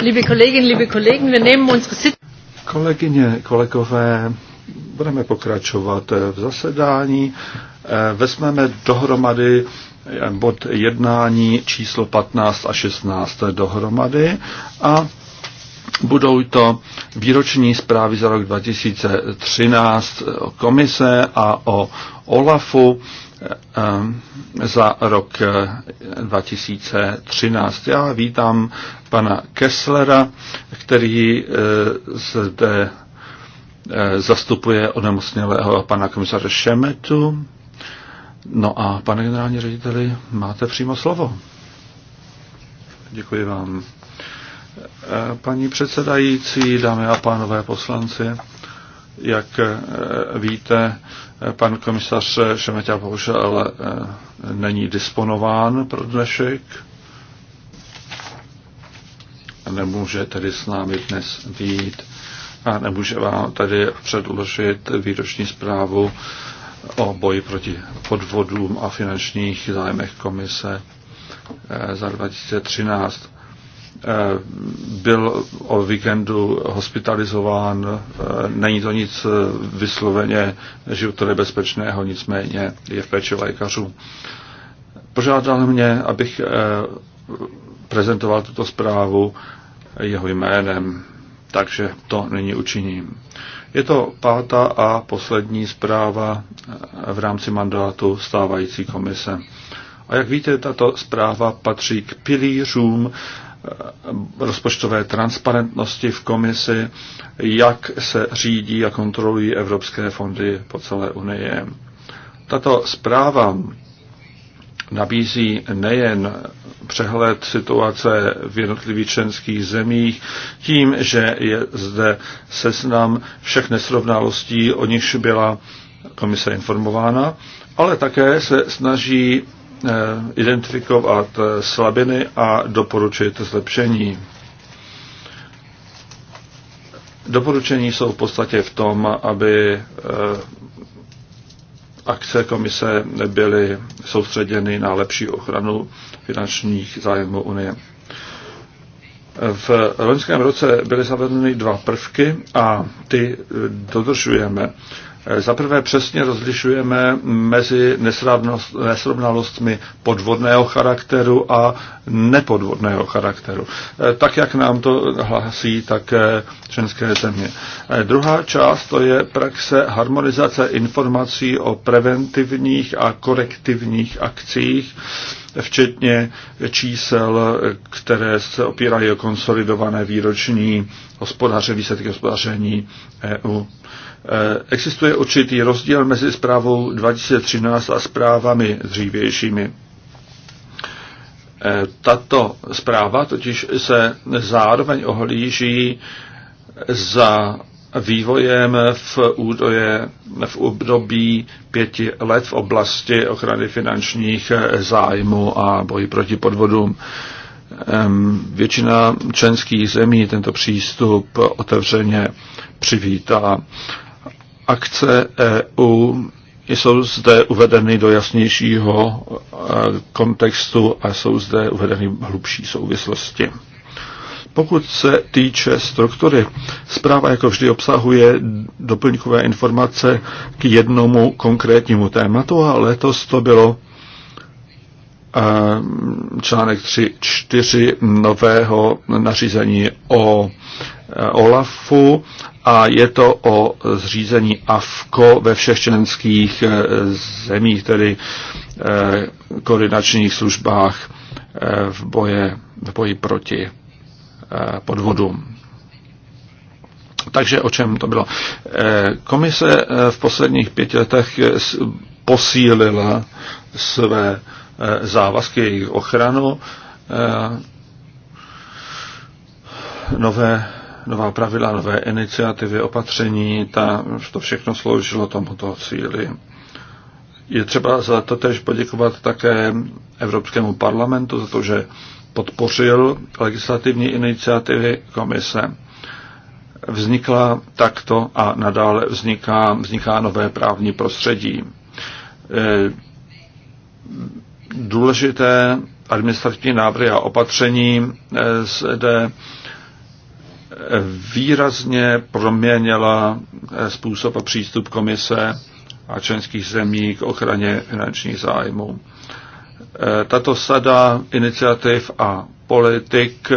Liebe Kolleginnen, liebe Kollegen, wir nehmen unsere Sitzung. Kolegyně, kolegové, budeme pokračovat v zasedání. Eh, vezmeme dohromady eh, bod jednání číslo 15 a 16 dohromady a budou to výroční zprávy za rok 2013 o komise a o OLAFu Eh, za rok 2013. Eh, Já vítám pana Kesslera, který eh, zde zastupuje onemocnělého pana komisaře Šemetu. No a pane generální řediteli, máte přímo slovo. Děkuji vám. Paní předsedající, dámy a pánové poslanci, jak eh, víte, pan komisař Šemeťa bohužel eh, není disponován pro dnešek. Nemůže tedy s námi dnes být a nemůže vám tady předložit výroční zprávu o boji proti podvodům a finančních zájmech komise eh, za 2013. Eh, byl o víkendu hospitalizován. Eh, není to nic eh, vysloveně životu nebezpečného, nicméně je v péči lékařů. Požádal mě, abych prezentoval tuto zprávu jeho jménem, takže to nyní učiním. Je to pátá a poslední zpráva v rámci mandátu stávající komise. A jak víte, tato zpráva patří k pilířům rozpočtové transparentnosti v komisi, jak se řídí a kontrolují evropské fondy po celé Unii. Tato zpráva nabízí nejen přehled situace v jednotlivých členských zemích, tím, že je zde seznam všech nesrovnalostí, o nichž byla komise informována, ale také se snaží Eh, identifikovat eh, slabiny a doporučit zlepšení. Doporučení jsou v podstatě v tom, aby eh, akce komise byly soustředěny na lepší ochranu finančních zájmů Unie. V loňském roce byly zavedeny dva prvky a ty dodržujeme. Zaprvé přesně rozlišujeme mezi nesrovnalostmi podvodného charakteru a nepodvodného charakteru. E, tak, jak nám to hlásí také členské země. E, druhá část to je praxe harmonizace informací o preventivních a korektivních akcích, včetně čísel, které se opírají o konsolidované výroční hospodaře, výsledky hospodaření EU. Eh, existuje určitý rozdíl mezi zprávou 2013 a zprávami dřívějšími. Eh, tato zpráva totiž se zároveň ohlíží za vývojem v, údoje, v období pěti let v oblasti ochrany finančních eh, zájmů a boji proti podvodům. Ehm, většina členských zemí tento přístup otevřeně přivítá akce EU jsou zde uvedeny do jasnějšího e, kontextu a jsou zde uvedeny hlubší souvislosti. Pokud se týče struktury, zpráva jako vždy obsahuje doplňkové informace k jednomu konkrétnímu tématu a letos to bylo e, článek 3.4 nového nařízení o e, OLAFu a je to o zřízení AFKO ve všech členských eh, zemích, tedy eh, koordinačních službách eh, v, boje, v boji proti podvodům. Takže o čem to bylo? Komise v posledních pěti letech posílila své závazky, jejich ochranu, nové nová pravidla, nové iniciativy, opatření, ta, to všechno sloužilo tomuto cíli. Je třeba za to tež poděkovat také Evropskému parlamentu za to, že podpořil legislativní iniciativy komise. Vznikla takto a nadále vzniká, vzniká nové právní prostředí. E, důležité administrativní návrhy a opatření zde e, výrazně proměnila eh, způsob a přístup komise a členských zemí k ochraně finančních zájmů. Eh, tato sada iniciativ a politik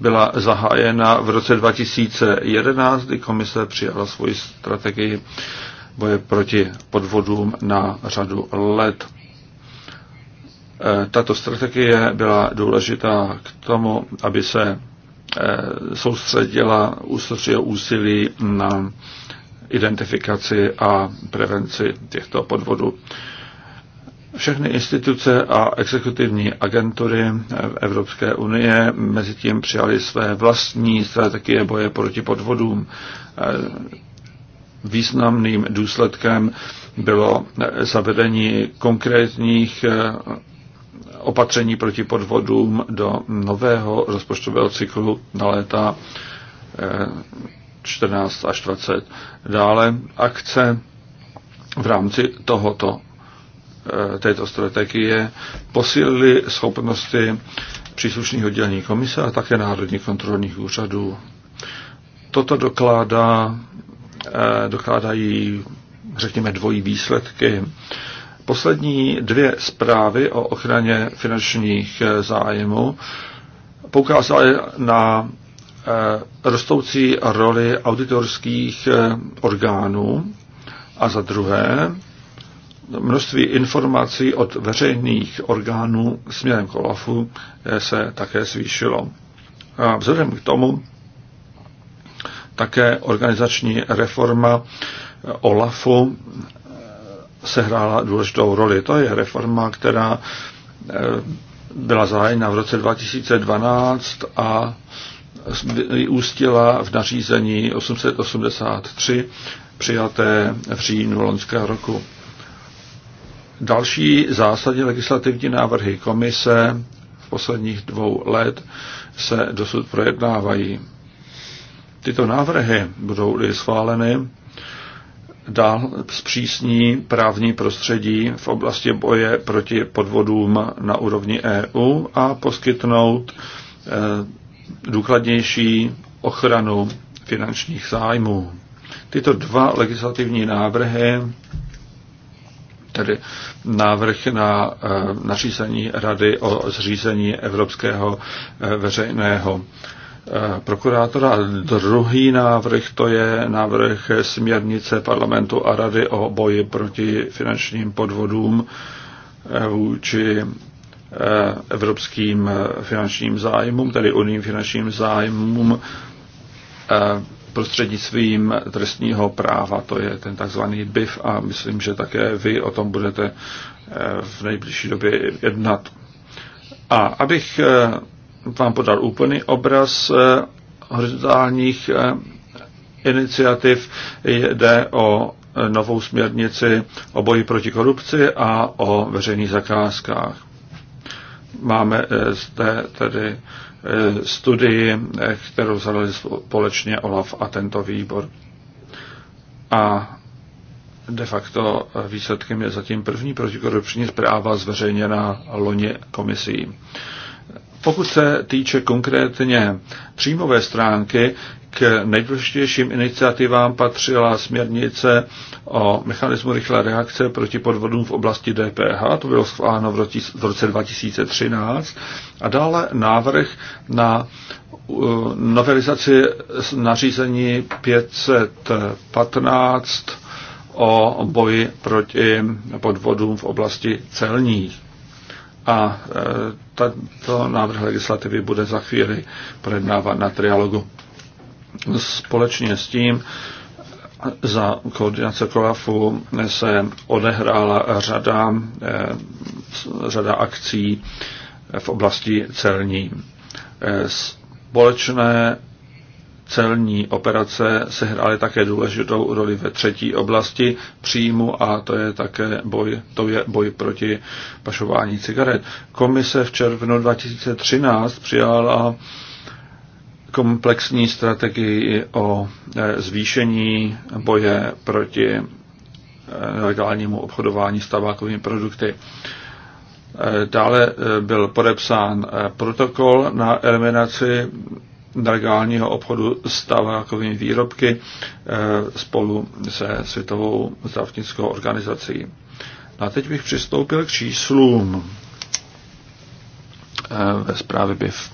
byla zahájena v roce 2011, kdy komise přijala svoji strategii boje proti podvodům na řadu let. Eh, tato strategie byla důležitá k tomu, aby se Eh, soustředila ústředního úsilí na identifikaci a prevenci těchto podvodů. Všechny instituce a exekutivní agentury Evropské unie mezi tím přijali své vlastní strategie boje proti podvodům. Eh, významným důsledkem bylo zavedení konkrétních eh, opatření proti podvodům do nového rozpočtového cyklu na léta 14 eh, až 20. Dále akce v rámci tohoto eh, této strategie posílily schopnosti příslušných oddělení komise a také národních kontrolních úřadů. Toto dokládá, eh, dokládají, řekněme, dvojí výsledky. Poslední dvě zprávy o ochraně finančních eh, zájmů poukázaly na eh, rostoucí roli auditorských eh, orgánů a za druhé množství informací od veřejných orgánů směrem k OLAFu se také zvýšilo. A vzhledem k tomu také organizační reforma OLAFu sehrála důležitou roli. To je reforma, která eh, byla zahájena v roce 2012 a vyústila v nařízení 883 přijaté v říjnu loňského roku. Další zásadní legislativní návrhy komise v posledních dvou let se dosud projednávají. Tyto návrhy budou schváleny dál zpřísní právní prostředí v oblasti boje proti podvodům na úrovni EU a poskytnout eh, důkladnější ochranu finančních zájmů. Tyto dva legislativní návrhy, tedy návrh na eh, nařízení Rady o zřízení Evropského eh, veřejného Eh, prokurátora. Druhý návrh to je návrh směrnice parlamentu a rady o boji proti finančním podvodům eh, vůči eh, evropským finančním zájmům, tedy unijním finančním zájmům prostřednictvím trestního práva. To je ten takzvaný BIF a myslím, že také vy o tom budete v nejbližší době jednat. A abych vám podal úplný obraz eh, horizontálních eh, iniciativ. Jde o eh, novou směrnici o boji proti korupci a o veřejných zakázkách. Máme zde tedy studii, kterou zadali společně OLAF a tento výbor. A de facto výsledkem je zatím první protikorupční zpráva zveřejněná loni komisí. Pokud se týče konkrétně příjmové stránky, k nejdůležitějším iniciativám patřila směrnice o mechanismu rychlé reakce proti podvodům v oblasti DPH, to bylo schváleno v roce 2013, a dále návrh na uh, novelizaci nařízení 515 o boji proti podvodům v oblasti celních a e, tento návrh legislativy bude za chvíli projednávat na trialogu. Společně s tím za koordinace Kolafu se odehrála řada, e, řada akcí v oblasti celní. E, společné celní operace sehrály také důležitou roli ve třetí oblasti příjmu a to je také boj, to je boj proti pašování cigaret. Komise v červnu 2013 přijala komplexní strategii o e, zvýšení boje proti e, nelegálnímu obchodování s tabákovými produkty. E, dále byl podepsán protokol na eliminaci legálního obchodu s tabákovými výrobky eh, spolu se Světovou zdravotnickou organizací. No a teď bych přistoupil k číslům eh, ve zprávě BIF.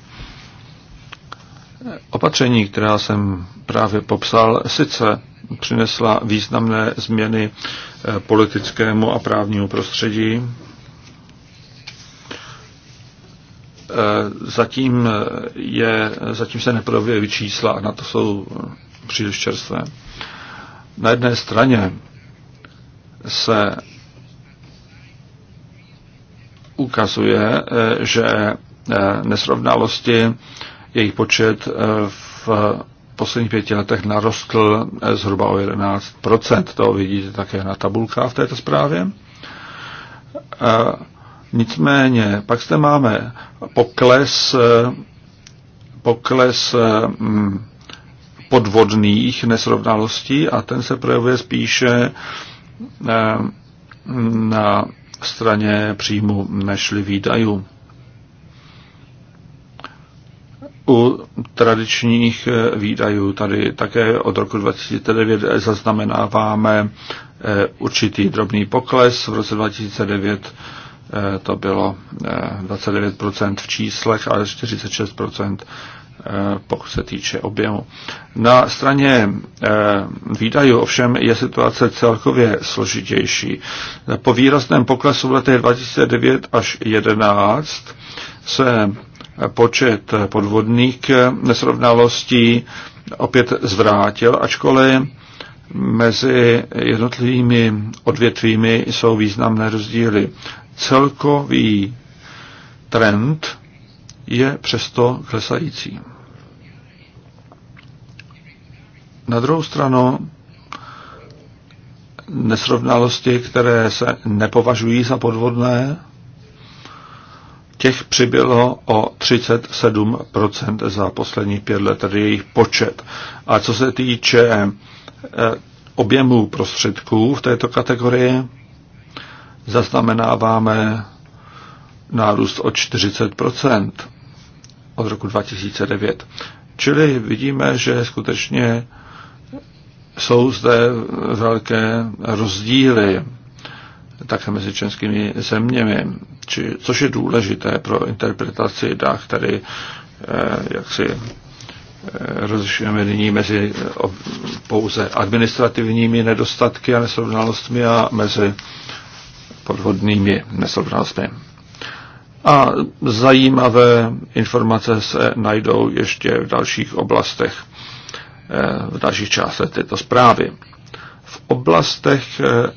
Opatření, která jsem právě popsal, sice přinesla významné změny eh, politickému a právnímu prostředí, Eh, zatím, eh, je, zatím se neprojevují čísla a na to jsou eh, příliš čerstvé. Na jedné straně se ukazuje, že nesrovnalosti, jejich počet v posledních pěti letech narostl zhruba o 11%. To vidíte také na tabulkách v této zprávě. Nicméně, pak zde máme pokles, eh, pokles eh, mm, podvodných nesrovnalostí a ten se projevuje spíše eh, na straně příjmu nežli výdajů. U tradičních výdajů tady také od roku 2009 zaznamenáváme určitý drobný pokles. V roce 2009 Eh, to bylo 29% eh, v číslech, ale 46% eh, pokud se týče objemu. Na straně výdajů ovšem je situace celkově složitější. Po výrazném poklesu v letech 2009 až 2011 se počet podvodných nesrovnalostí opět zvrátil, ačkoliv mezi jednotlivými odvětvími jsou významné rozdíly celkový trend je přesto klesající. Na druhou stranu nesrovnalosti, které se nepovažují za podvodné, těch přibylo o 37% za poslední pět let, tedy jejich počet. A co se týče eh, objemu prostředků v této kategorii, zaznamenáváme nárůst o 40 od roku 2009. Čili vidíme, že skutečně jsou zde velké rozdíly také mezi českými zeměmi, či, což je důležité pro interpretaci dách, tady, eh, jak si eh, rozlišujeme nyní mezi eh, pouze administrativními nedostatky a nesrovnalostmi a mezi eh, podvodnými nesrovnalostmi. A zajímavé informace se najdou ještě v dalších oblastech, eh, v dalších částech této zprávy. V oblastech eh,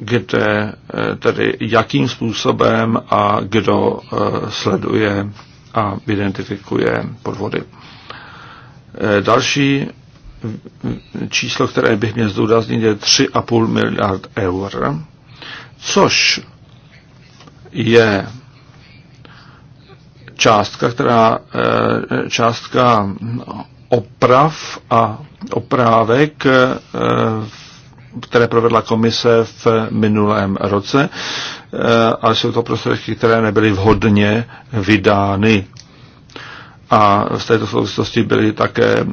kde eh, tedy jakým způsobem a kdo sleduje a identifikuje podvody. Další číslo, které bych měl zdůraznit, je 3,5 miliard eur, což je částka, která, eh, částka oprav a oprávek, eh, které provedla komise v minulém roce, eh, ale jsou to prostředky, které nebyly vhodně vydány a v této souvislosti byli také eh,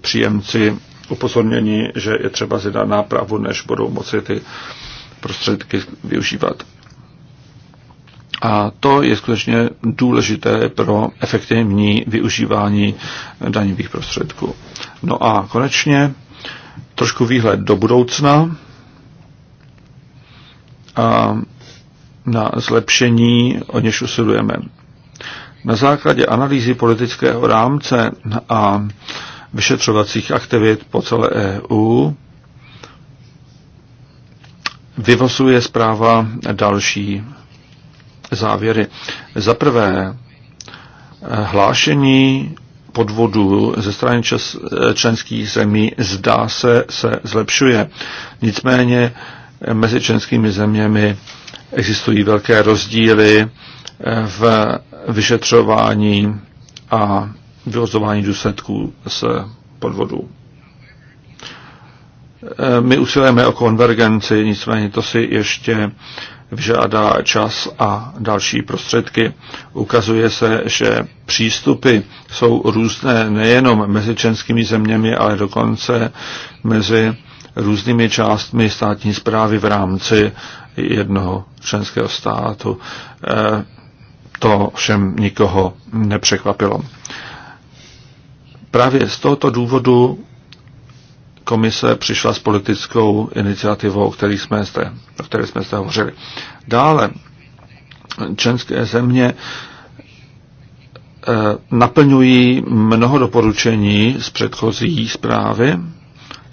příjemci upozornění, že je třeba si dát nápravu, než budou moci ty prostředky využívat. A to je skutečně důležité pro efektivní využívání daňových prostředků. No a konečně trošku výhled do budoucna a na zlepšení, o něž usilujeme. Na základě analýzy politického rámce a vyšetřovacích aktivit po celé EU vyvozuje zpráva další závěry. Za prvé, hlášení podvodů ze strany čes, členských zemí zdá se se zlepšuje. Nicméně mezi členskými zeměmi existují velké rozdíly v vyšetřování a vyhozování důsledků z podvodů. Eh, my usilujeme o konvergenci, nicméně to si ještě vyžádá čas a další prostředky. Ukazuje se, že přístupy jsou různé nejenom mezi členskými zeměmi, ale dokonce mezi různými částmi státní zprávy v rámci jednoho členského státu. Eh, to všem nikoho nepřekvapilo. Právě z tohoto důvodu komise přišla s politickou iniciativou, o které jsme zde, o které jsme zde hovořili. Dále členské země eh, naplňují mnoho doporučení z předchozí zprávy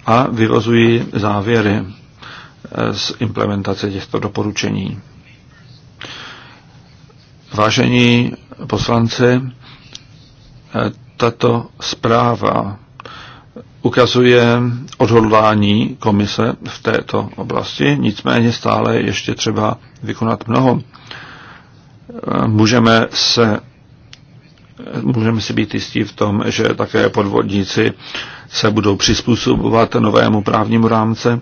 a vyvozují závěry eh, z implementace těchto doporučení. Vážení poslanci, eh, tato zpráva ukazuje odhodlání komise v této oblasti, nicméně stále ještě třeba vykonat mnoho. Eh, můžeme se můžeme si být jistí v tom, že také podvodníci se budou přizpůsobovat novému právnímu rámce.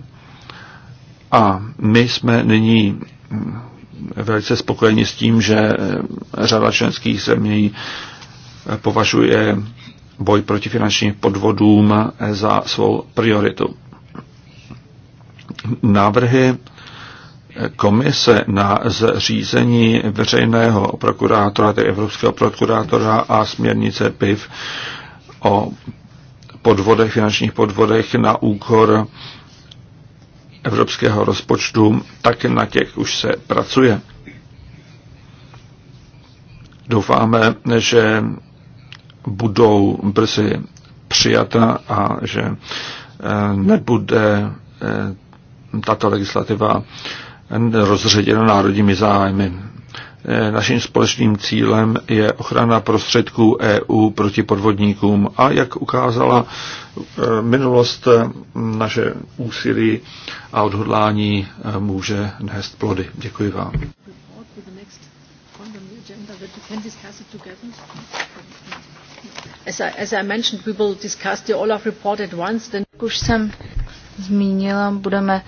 A my jsme nyní velice spokojeni s tím, že řada členských zemí považuje boj proti finančním podvodům za svou prioritu. Návrhy komise na zřízení veřejného prokurátora, tedy Evropského prokurátora a směrnice PIV o podvodech, finančních podvodech na úkor evropského rozpočtu, tak na těch už se pracuje. Doufáme, že budou brzy přijata a že eh, nebude eh, tato legislativa rozředěna národními zájmy. Eh, naším společným cílem je ochrana prostředků EU proti podvodníkům a jak ukázala eh, minulost, eh, naše úsilí a odhodlání může nést plody. Děkuji vám. Jak už jsem zmínila, budeme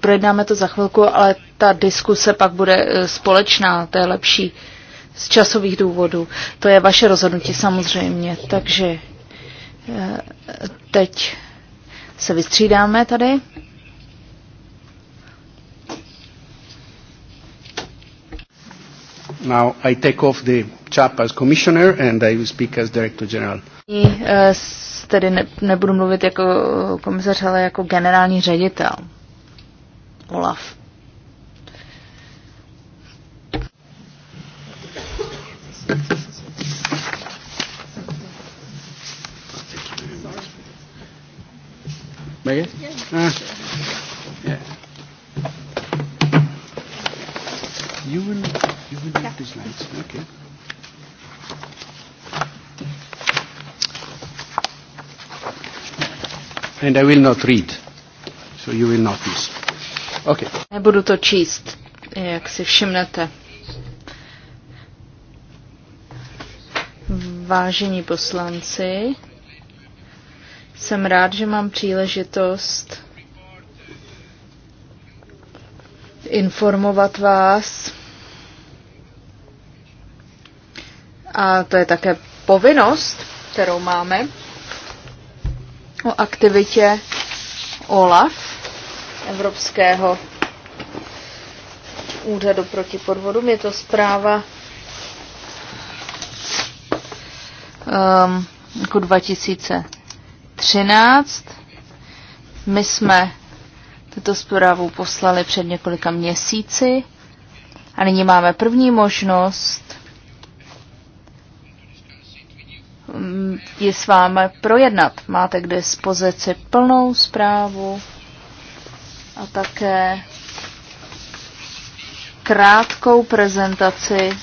projednáme to za chvilku, ale ta diskuse pak bude e, společná, to je lepší z časových důvodů. To je vaše rozhodnutí samozřejmě, takže e, teď se vystřídáme tady. Now I take off the chap as commissioner and I will speak as director general. E, tedy ne, nebudu mluvit jako komisař, ale jako generální ředitel. Olaf. Megan? Yeah. Ah. yeah. You will, you will yeah. these lights, okay? And I will not read, so you will not miss. Okay. Nebudu to číst, jak si všimnete. Vážení poslanci, jsem rád, že mám příležitost informovat vás. A to je také povinnost, kterou máme o aktivitě OLAF Evropského úřadu proti podvodům. Je to zpráva um, jako 2013. My jsme tuto zprávu poslali před několika měsíci a nyní máme první možnost um, ji s vámi projednat. Máte k dispozici plnou zprávu a také krátkou prezentaci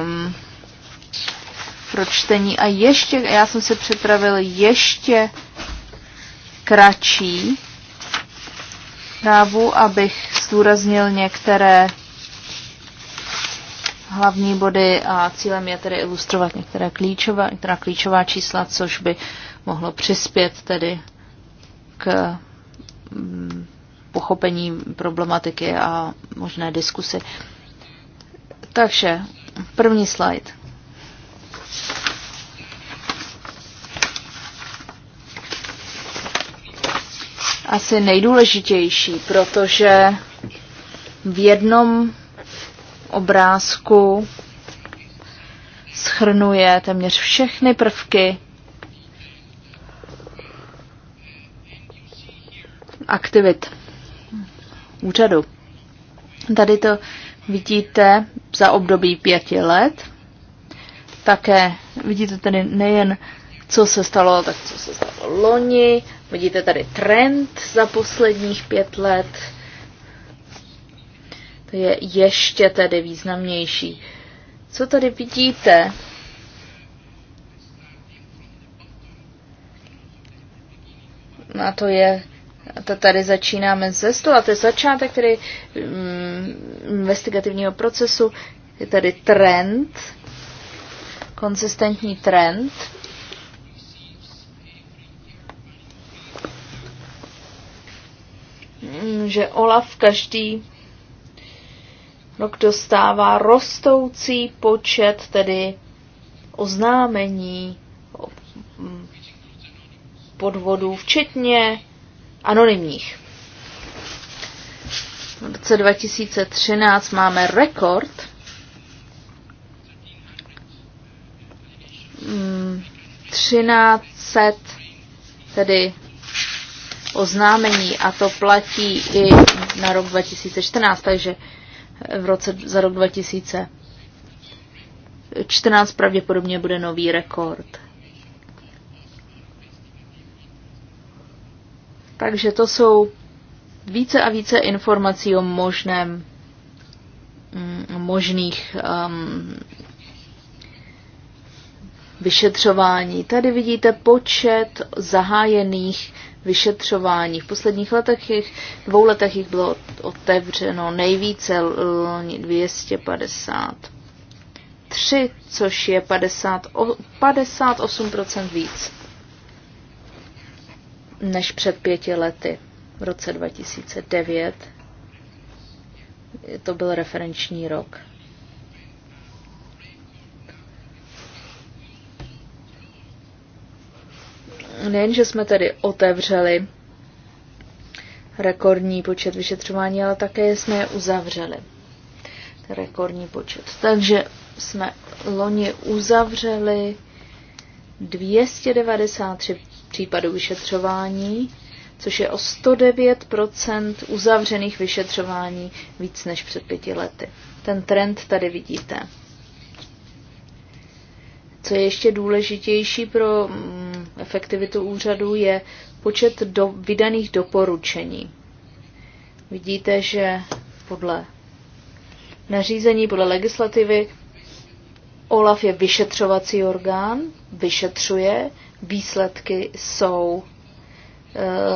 um, pro čtení. A ještě, já jsem si připravil ještě kratší právu, abych zdůraznil některé hlavní body a cílem je tedy ilustrovat některé klíčová, některá klíčová čísla, což by mohlo přispět tedy k Mm, pochopení problematiky a možné diskusy. Takže první slide. Asi nejdůležitější, protože v jednom obrázku schrnuje téměř všechny prvky aktivit úřadu. Tady to vidíte za období pěti let. Také vidíte tady nejen, co se stalo, tak co se stalo loni. Vidíte tady trend za posledních pět let. To je ještě tedy významnější. Co tady vidíte? Na to je to tady začínáme ze stola, to je začátek tedy mm, investigativního procesu, je tady trend, konsistentní trend. Mm, že Olaf každý rok dostává rostoucí počet tedy oznámení mm, podvodů, včetně anonymních. V roce 2013 máme rekord mm, 1300 tedy oznámení a to platí i na rok 2014, takže v roce, za rok 2014 pravděpodobně bude nový rekord. Takže to jsou více a více informací o možném, mm, možných um, vyšetřování. Tady vidíte počet zahájených vyšetřování. V posledních letech jich, dvou letech jich bylo otevřeno nejvíce 253, což je 50, 58% víc než před pěti lety. V roce 2009 to byl referenční rok. Nejenže jsme tedy otevřeli rekordní počet vyšetřování, ale také jsme je uzavřeli. Rekordní počet. Takže jsme loni uzavřeli 293 případů vyšetřování, což je o 109 uzavřených vyšetřování víc než před pěti lety. Ten trend tady vidíte. Co je ještě důležitější pro mm, efektivitu úřadu, je počet do, vydaných doporučení. Vidíte, že podle nařízení, podle legislativy, OLAF je vyšetřovací orgán, vyšetřuje, výsledky jsou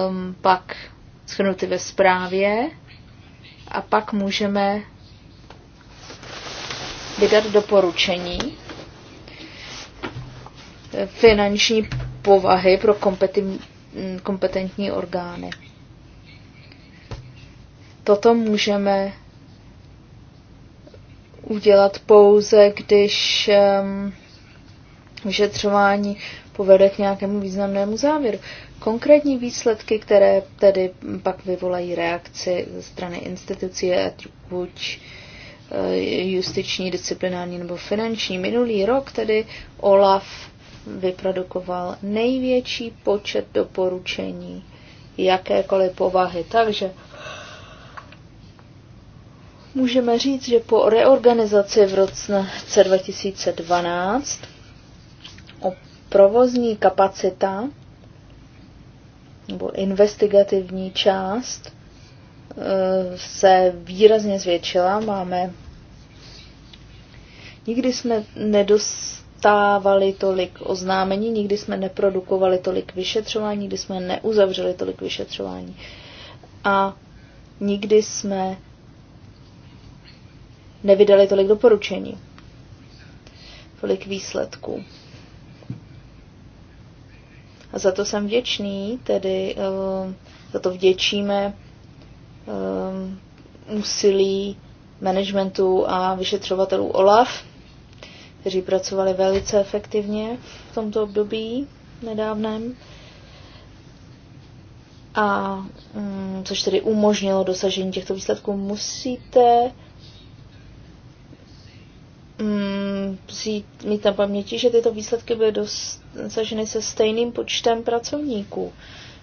um, pak schrnuty ve zprávě a pak můžeme vydat doporučení finanční povahy pro kompetentní orgány. Toto můžeme udělat pouze, když um, vyšetřování povede k nějakému významnému závěru. Konkrétní výsledky, které tedy pak vyvolají reakci ze strany institucí, ať buď eh, justiční, disciplinární nebo finanční. Minulý rok tedy OLAF vyprodukoval největší počet doporučení jakékoliv povahy. Takže můžeme říct, že po reorganizaci v roce 2012 provozní kapacita nebo investigativní část eh, se výrazně zvětšila. Máme Nikdy jsme nedostávali tolik oznámení, nikdy jsme neprodukovali tolik vyšetřování, nikdy jsme neuzavřeli tolik vyšetřování. A nikdy jsme nevydali tolik doporučení, tolik výsledků. A za to jsem vděčný, tedy eh, za to vděčíme eh, úsilí managementu a vyšetřovatelů OLAF, kteří pracovali velice efektivně v tomto období nedávném. A mm, což tedy umožnilo dosažení těchto výsledků, musíte mm, mít na paměti, že tyto výsledky byly dosaženy se stejným počtem pracovníků.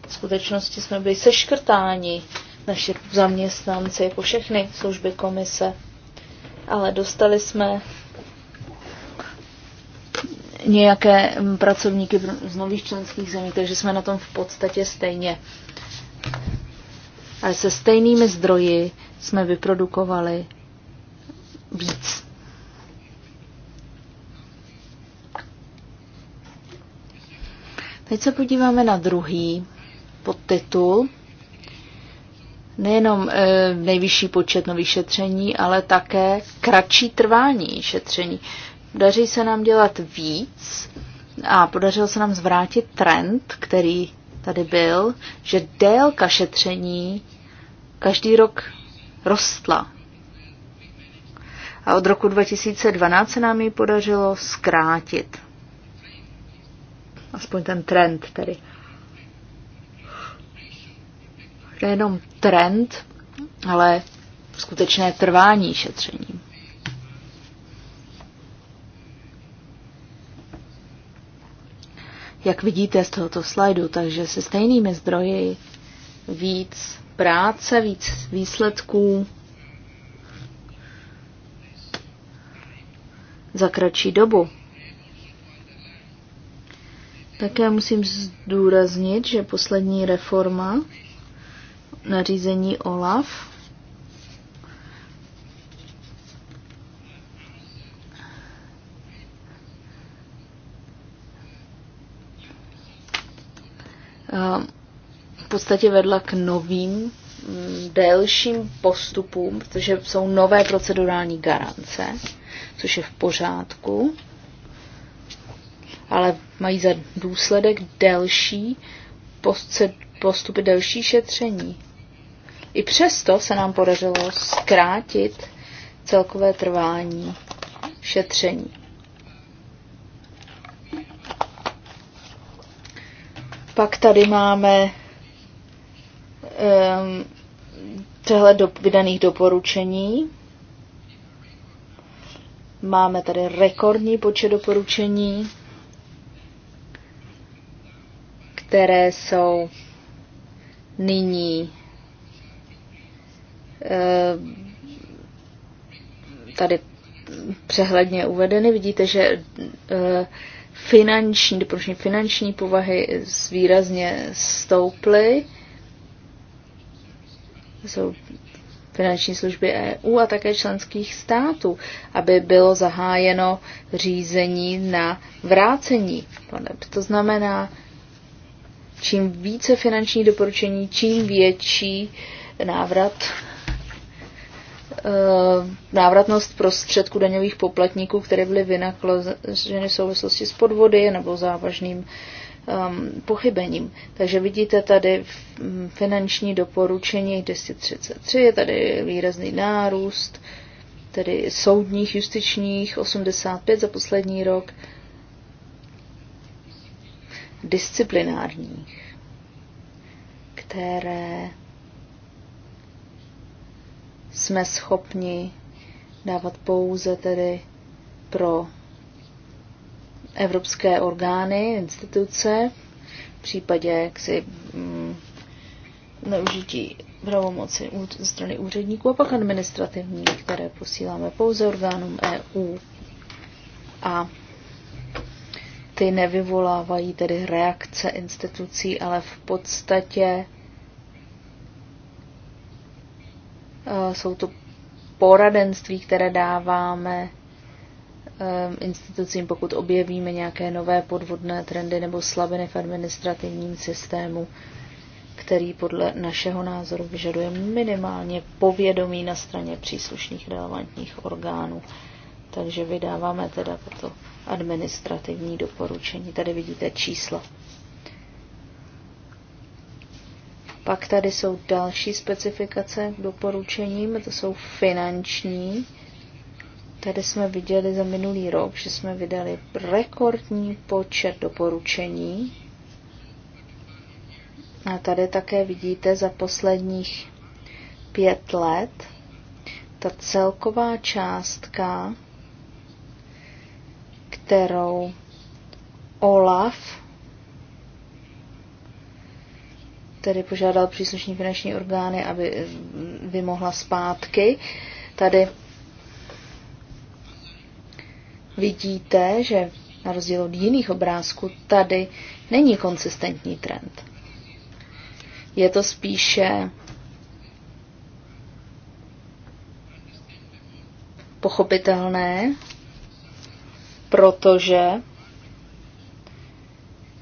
V skutečnosti jsme byli seškrtáni naši zaměstnanci, jako všechny služby komise. Ale dostali jsme nějaké mm, pracovníky z nových členských zemí, takže jsme na tom v podstatě stejně. Ale se stejnými zdroji jsme vyprodukovali víc Teď se podíváme na druhý podtitul. Nejenom e, nejvyšší počet nových šetření, ale také kratší trvání šetření. Daří se nám dělat víc a podařilo se nám zvrátit trend, který tady byl, že délka šetření každý rok rostla. A od roku 2012 se nám ji podařilo zkrátit. Aspoň ten trend tedy. Nejenom trend, ale skutečné trvání šetření. Jak vidíte z tohoto slajdu, takže se stejnými zdroji víc práce, víc výsledků za kratší dobu. Také musím zdůraznit, že poslední reforma nařízení OLAF v podstatě vedla k novým delším postupům, protože jsou nové procedurální garance, což je v pořádku ale mají za důsledek delší postupy delší šetření. I přesto se nám podařilo zkrátit celkové trvání šetření. Pak tady máme um, ehm, přehled do, vydaných doporučení. Máme tady rekordní počet doporučení. které jsou nyní eh, tady přehledně uvedeny. Vidíte, že eh, finanční, doporučení finanční povahy výrazně stouply. Jsou finanční služby EU a také členských států, aby bylo zahájeno řízení na vrácení. To znamená, Čím více finanční doporučení, čím větší návrat eh, návratnost prostředků daňových poplatníků, které byly vynakloženy v souvislosti s podvody nebo závažným um, pochybením. Takže vidíte tady mm, finanční doporučení 233, je tady výrazný nárůst, tedy soudních, justičních 85 za poslední rok, disciplinárních, které jsme schopni dávat pouze tedy pro evropské orgány, instituce, v případě jaksi mm, neužití pravomoci ze strany úředníků a pak administrativní, které posíláme pouze orgánům EU. A ty nevyvolávají tedy reakce institucí, ale v podstatě eh, jsou to poradenství, které dáváme eh, institucím, pokud objevíme nějaké nové podvodné trendy nebo slabiny v administrativním systému, který podle našeho názoru vyžaduje minimálně povědomí na straně příslušných relevantních orgánů. Takže vydáváme teda toto administrativní doporučení. Tady vidíte čísla. Pak tady jsou další specifikace k doporučením, to jsou finanční. Tady jsme viděli za minulý rok, že jsme vydali rekordní počet doporučení. A tady také vidíte za posledních pět let ta celková částka kterou OLAF tedy požádal příslušní finanční orgány, aby vymohla zpátky. Tady vidíte, že na rozdíl od jiných obrázků, tady není konsistentní trend. Je to spíše pochopitelné, protože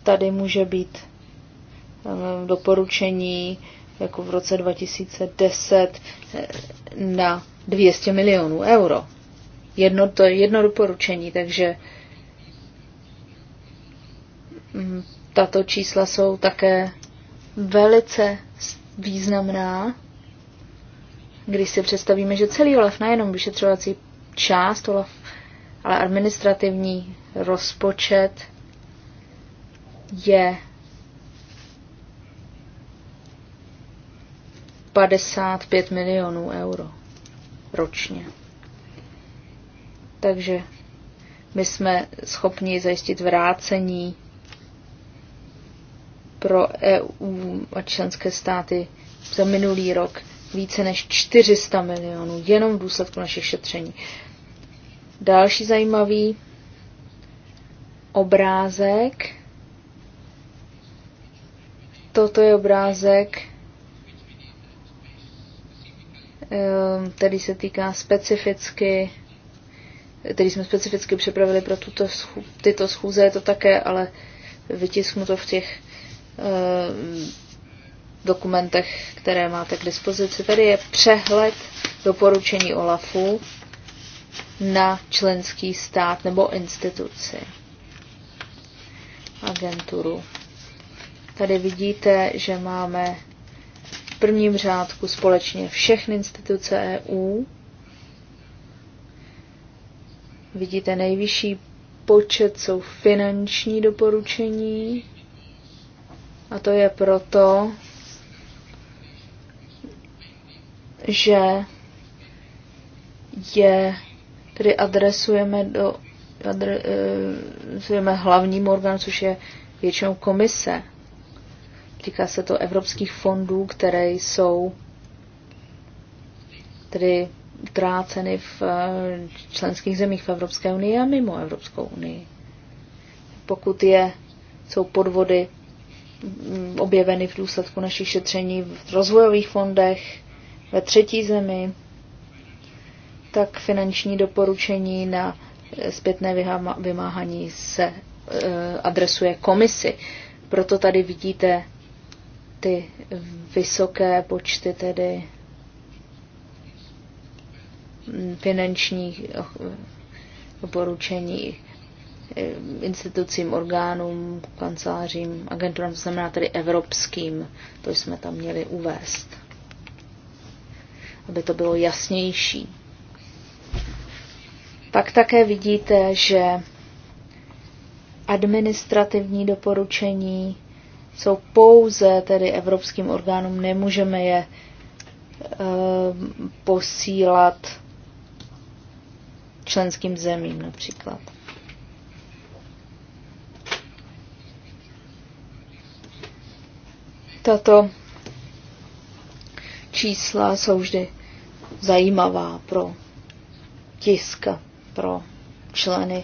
tady může být eh, doporučení jako v roce 2010 eh, na 200 milionů euro. Jedno, to je jedno doporučení, takže mm, tato čísla jsou také velice významná, když si představíme, že celý OLAF, nejenom vyšetřovací část OLAF, ale administrativní rozpočet je 55 milionů euro ročně. Takže my jsme schopni zajistit vrácení pro EU a členské státy za minulý rok více než 400 milionů jenom v důsledku našich šetření. Další zajímavý obrázek. Toto je obrázek, ehm, který se týká specificky, který jsme specificky připravili pro tuto schů, tyto schůze, je to také, ale vytisknu to v těch ehm, dokumentech, které máte k dispozici. Tady je přehled doporučení OLAFu na členský stát nebo instituci, agenturu. Tady vidíte, že máme v prvním řádku společně všechny instituce EU. Vidíte nejvyšší počet jsou finanční doporučení a to je proto, že je tedy adresujeme do eh, adresujeme hlavnímu orgánu, což je většinou komise. Týká se to evropských fondů, které jsou tedy tráceny v eh, členských zemích v Evropské unii a mimo Evropskou unii. Pokud je, jsou podvody mm, objeveny v důsledku našich šetření v rozvojových fondech, ve třetí zemi, tak finanční doporučení na eh, zpětné vymáhání se eh, adresuje komisi. Proto tady vidíte ty vysoké počty tedy mm, finančních eh, doporučení institucím, orgánům, kancelářím, agenturám, to znamená tedy evropským, to jsme tam měli uvést, aby to bylo jasnější. Pak také vidíte, že administrativní doporučení jsou pouze tedy evropským orgánům, nemůžeme je e, posílat členským zemím například. Tato čísla jsou vždy zajímavá pro tisk pro členy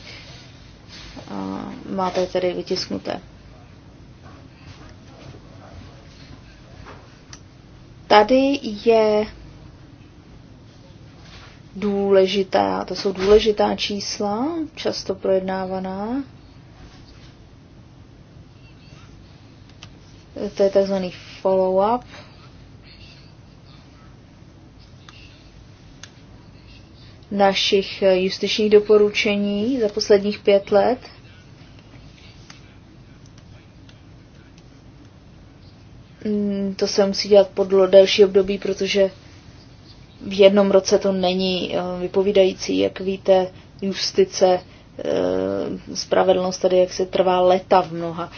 máte tedy vytisknuté. Tady je důležitá, to jsou důležitá čísla, často projednávaná. To je takzvaný follow-up, našich eh, justičních doporučení za posledních pět let. Hmm, to se musí dělat po delší období, protože v jednom roce to není eh, vypovídající. Jak víte, justice, eh, spravedlnost tady jak se trvá leta v mnoha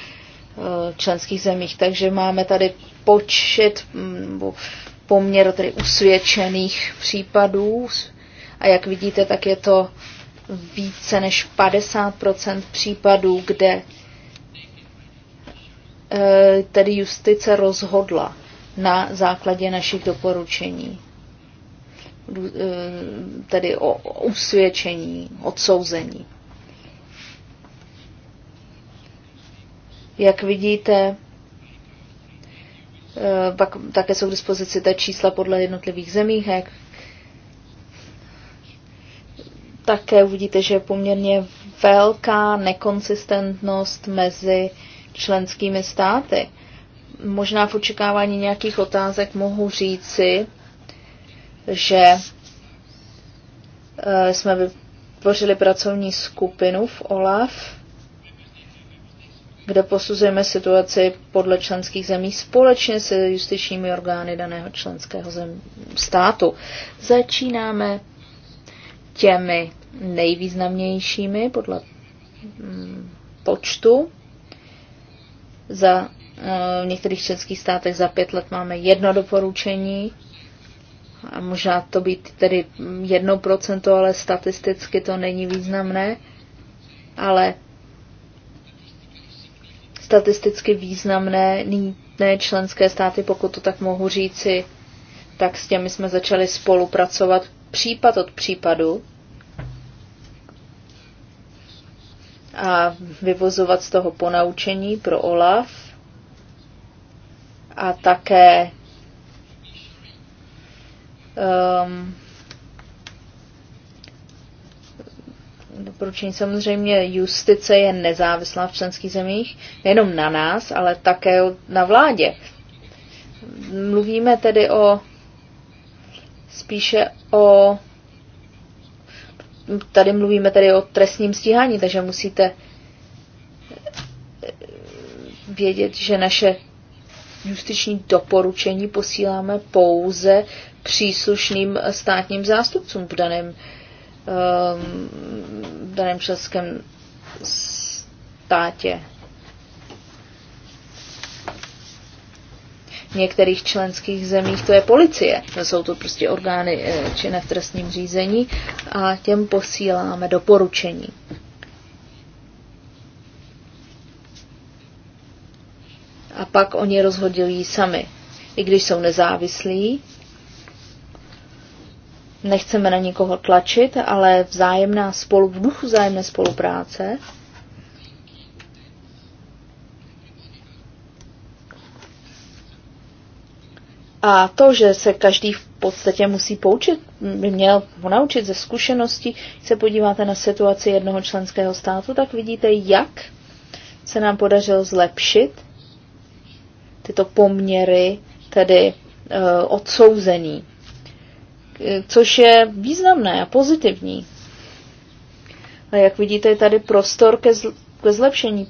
členských zemích. Takže máme tady počet mm, poměr tady usvědčených případů, a jak vidíte, tak je to více než 50 případů, kde e, tedy justice rozhodla na základě našich doporučení, e, tedy o usvědčení, odsouzení. Jak vidíte, e, pak také jsou k dispozici ta čísla podle jednotlivých zemí, jak také uvidíte, že je poměrně velká nekonsistentnost mezi členskými státy. Možná v očekávání nějakých otázek mohu říci, že eh, jsme vytvořili pracovní skupinu v OLAF, kde posuzujeme situaci podle členských zemí společně se justičními orgány daného členského zem- státu. Začínáme těmi nejvýznamnějšími podle mm, počtu. Za, eh, v některých českých státech za pět let máme jedno doporučení, a možná to být tedy jedno procento, ale statisticky to není významné, ale statisticky významné ne členské státy, pokud to tak mohu říci, tak s těmi jsme začali spolupracovat případ od případu a vyvozovat z toho ponaučení pro OLAF a také um, doporučení. Samozřejmě justice je nezávislá v členských zemích, nejenom na nás, ale také na vládě. Mluvíme tedy o spíše o tady mluvíme tady o trestním stíhání, takže musíte vědět, že naše justiční doporučení posíláme pouze příslušným státním zástupcům v daném, ehm, v daném českém státě. některých členských zemích to je policie. To jsou to prostě orgány eh, činné v trestním řízení a těm posíláme doporučení. A pak oni rozhodují sami, i když jsou nezávislí. Nechceme na nikoho tlačit, ale vzájemná spolu, v duchu vzájemné spolupráce A to, že se každý v podstatě musí poučit, by měl naučit ze Když se podíváte na situaci jednoho členského státu, tak vidíte, jak se nám podařilo zlepšit tyto poměry, tedy e, odsouzení, e, což je významné a pozitivní. A jak vidíte, je tady prostor ke, zlepšení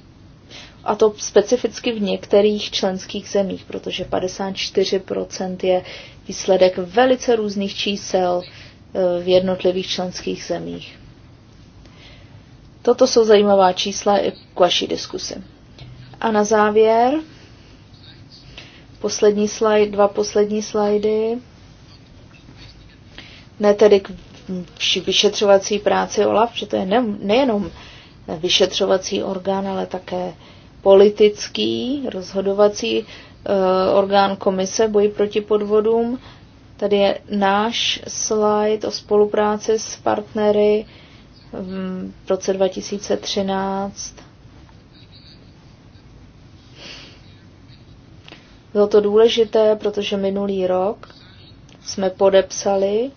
a to specificky v některých členských zemích, protože 54% je výsledek velice různých čísel eh, v jednotlivých členských zemích. Toto jsou zajímavá čísla i k vaší diskusi. A na závěr, poslední slide, dva poslední slajdy, ne tedy k vyšetřovací práci OLAF, protože to je ne, nejenom vyšetřovací orgán, ale také politický rozhodovací eh, orgán komise boji proti podvodům. Tady je náš slide o spolupráci s partnery v roce 2013. Bylo to důležité, protože minulý rok jsme podepsali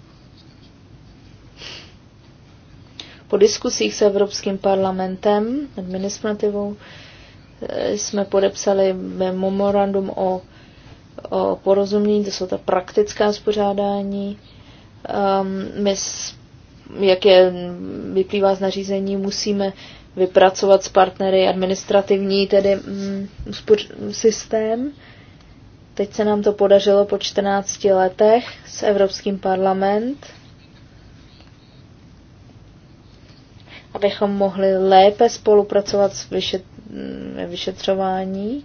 po diskusích s Evropským parlamentem, administrativou, jsme podepsali memorandum o, o porozumění, to jsou ta praktická spořádání. Um, my, jak je vyplývá z nařízení, musíme vypracovat s partnery administrativní tedy mm, systém. Teď se nám to podařilo po 14 letech s Evropským parlament, abychom mohli lépe spolupracovat s vyšet, Mm, vyšetřování,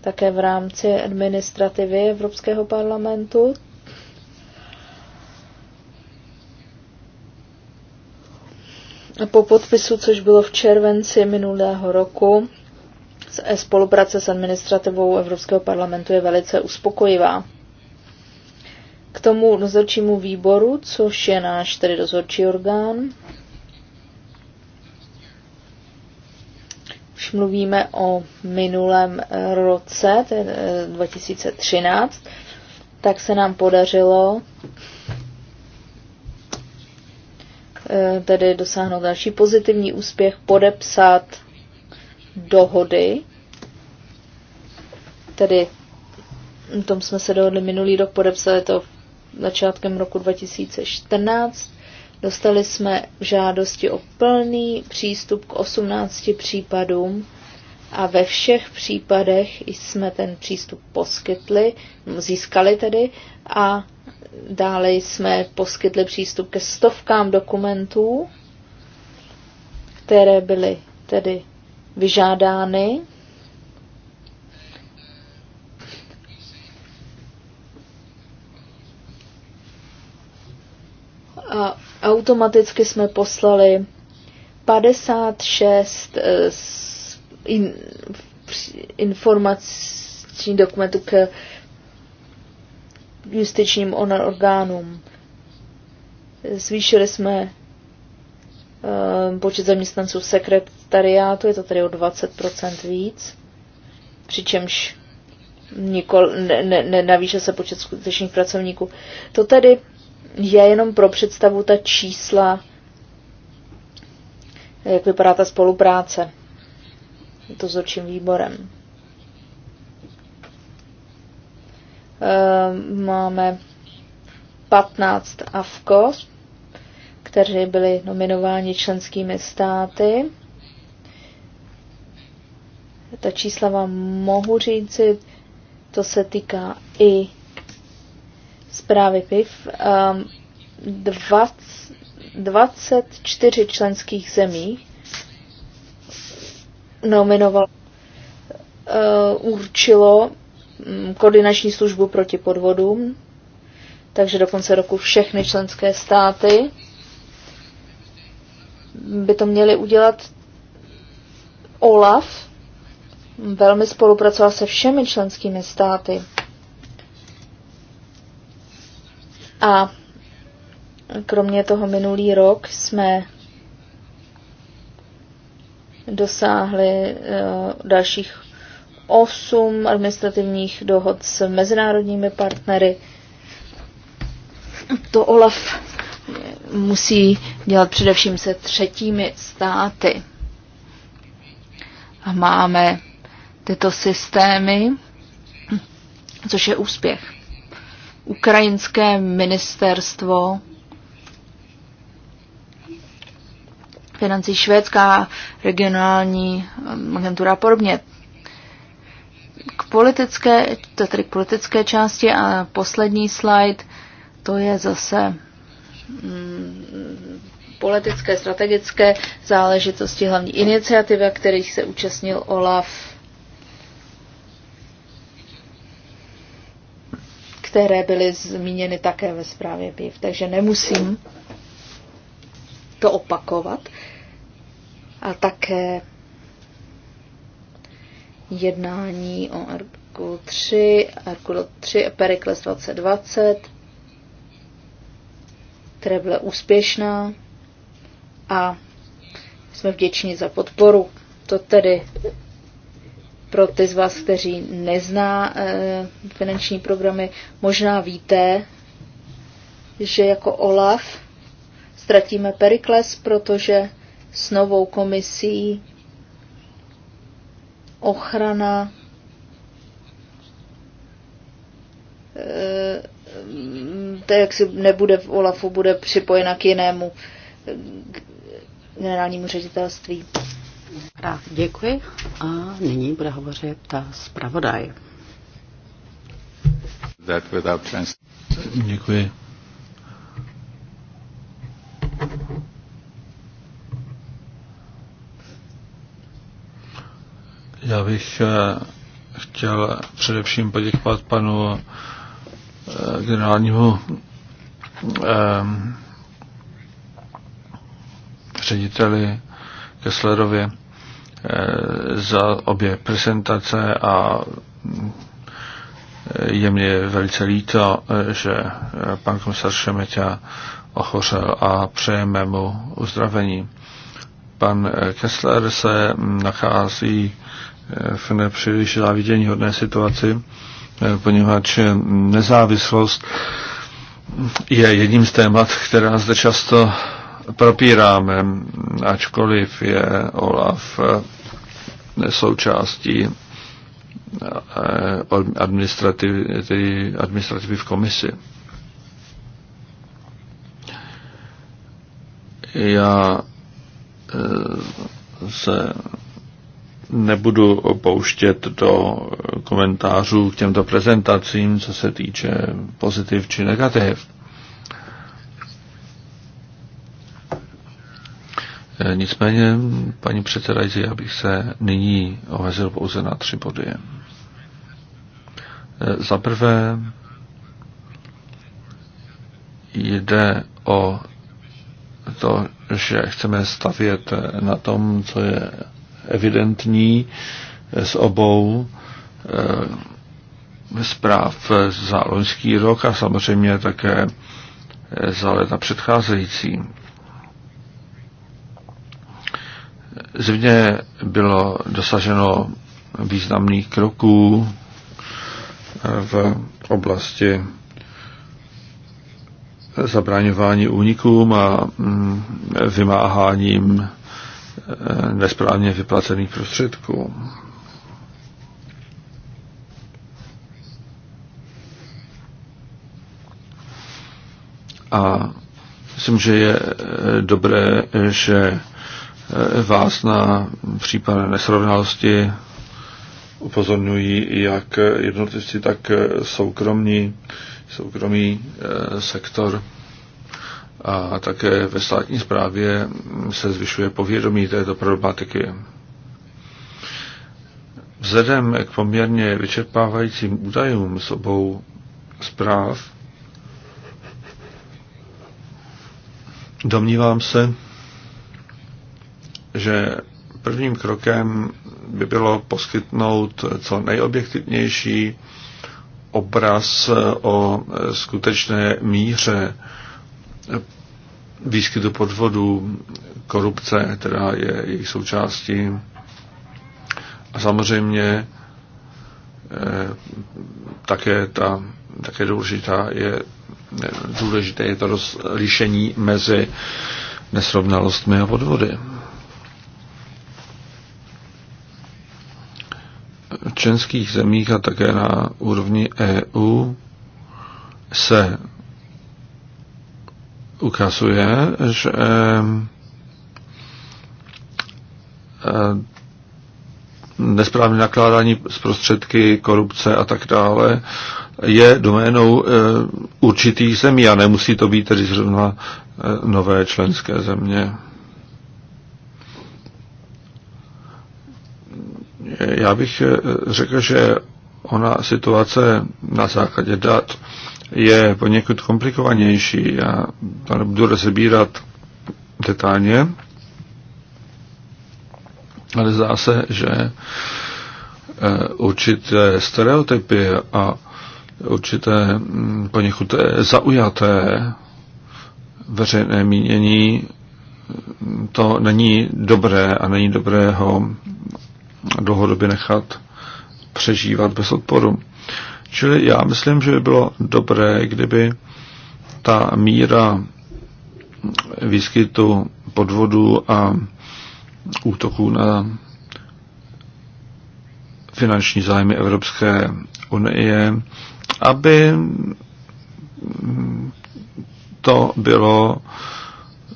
také v rámci administrativy Evropského parlamentu. A po podpisu, což bylo v červenci minulého roku, e, spolupráce s administrativou Evropského parlamentu je velice uspokojivá. K tomu dozorčímu výboru, což je náš tedy dozorčí orgán, Když mluvíme o minulém roce, to je 2013, eh, tak se nám podařilo eh, tedy dosáhnout další pozitivní úspěch, podepsat dohody, tedy tom jsme se dohodli minulý rok, podepsali to začátkem roku 2014 Dostali jsme žádosti o plný přístup k 18 případům a ve všech případech jsme ten přístup poskytli, získali tedy a dále jsme poskytli přístup ke stovkám dokumentů, které byly tedy vyžádány. A automaticky jsme poslali 56 eh, in, informační dokumentů k justičním orgánům. Zvýšili jsme eh, počet zaměstnanců sekretariátu, je to tedy o 20% víc, přičemž nikol, ne, ne, ne, navýšil se počet skutečných pracovníků. To tedy je jenom pro představu ta čísla, jak vypadá ta spolupráce. Je to s očím výborem. Ehm, máme 15 AFKOS, kteří byli nominováni členskými státy. Ta čísla vám mohu říci, to se týká i zprávy PIV, um, 24 členských zemí nominovalo, uh, určilo mm, koordinační službu proti podvodům, takže do konce roku všechny členské státy by to měli udělat OLAF, velmi spolupracoval se všemi členskými státy A kromě toho minulý rok jsme dosáhli eh, dalších osm administrativních dohod s mezinárodními partnery. To OLAF musí dělat především se třetími státy. A máme tyto systémy, což je úspěch ukrajinské ministerstvo financí švédská regionální um, agentura a podobně. K politické, to je tedy k politické části a poslední slide, to je zase mm, politické, strategické záležitosti, hlavní iniciativa, kterých se účastnil OLAF které byly zmíněny také ve zprávě PIV, takže nemusím to opakovat. A také jednání o Arku 3, Arku 3 a Perikles 2020, které byla úspěšná a jsme vděční za podporu. To tedy pro ty z vás, kteří nezná eh, finanční programy, možná víte, že jako OLAF ztratíme Perikles, protože s novou komisí ochrana eh, to jak si nebude v OLAFu, bude připojena k jinému generálnímu ředitelství. Tak, děkuji. A nyní bude hovořit ta eh, zpravodaj. Děkuji. Já bych eh, chtěl především poděkovat panu eh, generálnímu řediteli Kesslerovi Eh, za obě prezentace a je mě velice líto, eh, že eh, pan komisař Šemeťa ochořel a přejeme mu uzdravení. Pan Kessler se nachází v nepříliš závidění hodné situaci, poněvadž nezávislost je jedním z témat, která zde často propíráme, ačkoliv je OLAF eh, součástí eh, administrativy, administrativy v komisi. Já eh, se nebudu pouštět do komentářů k těmto prezentacím, co se týče pozitiv či negativ. Eh, nicméně, paní předsedající, já bych se nyní omezil pouze na tři body. Eh, za prvé jde o to, že chceme stavět na tom, co je evidentní z obou eh, zpráv za loňský rok a samozřejmě také za leta předcházející. Zřejmě bylo dosaženo významných kroků eh, v oblasti zabraňování únikům a mm, vymáháním eh, nesprávně vyplacených prostředků. A myslím, že je eh, dobré, že Eh, vás na případné nesrovnalosti upozorňují jak jednotlivci, tak eh, soukromní, soukromý eh, sektor. A také ve státní správě mm, se zvyšuje povědomí této problematiky. Vzhledem k poměrně vyčerpávajícím údajům s obou zpráv, domnívám se, že prvním krokem by bylo poskytnout co nejobjektivnější obraz o skutečné míře výskytu podvodů, korupce, která je jejich součástí. A samozřejmě eh, také, ta, také důležitá je, eh, důležité je to rozlišení mezi nesrovnalostmi a podvody. členských zemích a také na úrovni EU se ukazuje, že eh, eh, nesprávné nakládání s prostředky, korupce a tak dále je doménou eh, určitých zemí a nemusí to být tedy zrovna nové členské země. Já bych eh, řekl, že ona situace na základě dat je poněkud komplikovanější. Já to nebudu rozebírat detailně, ale zdá se, že eh, určité stereotypy a určité hm, poněkud eh, zaujaté veřejné mínění, hm, to není dobré a není dobré ho dlouhodobě nechat přežívat bez odporu. Čili já myslím, že by bylo dobré, kdyby ta míra výskytu podvodu a útoků na finanční zájmy Evropské unie, aby to bylo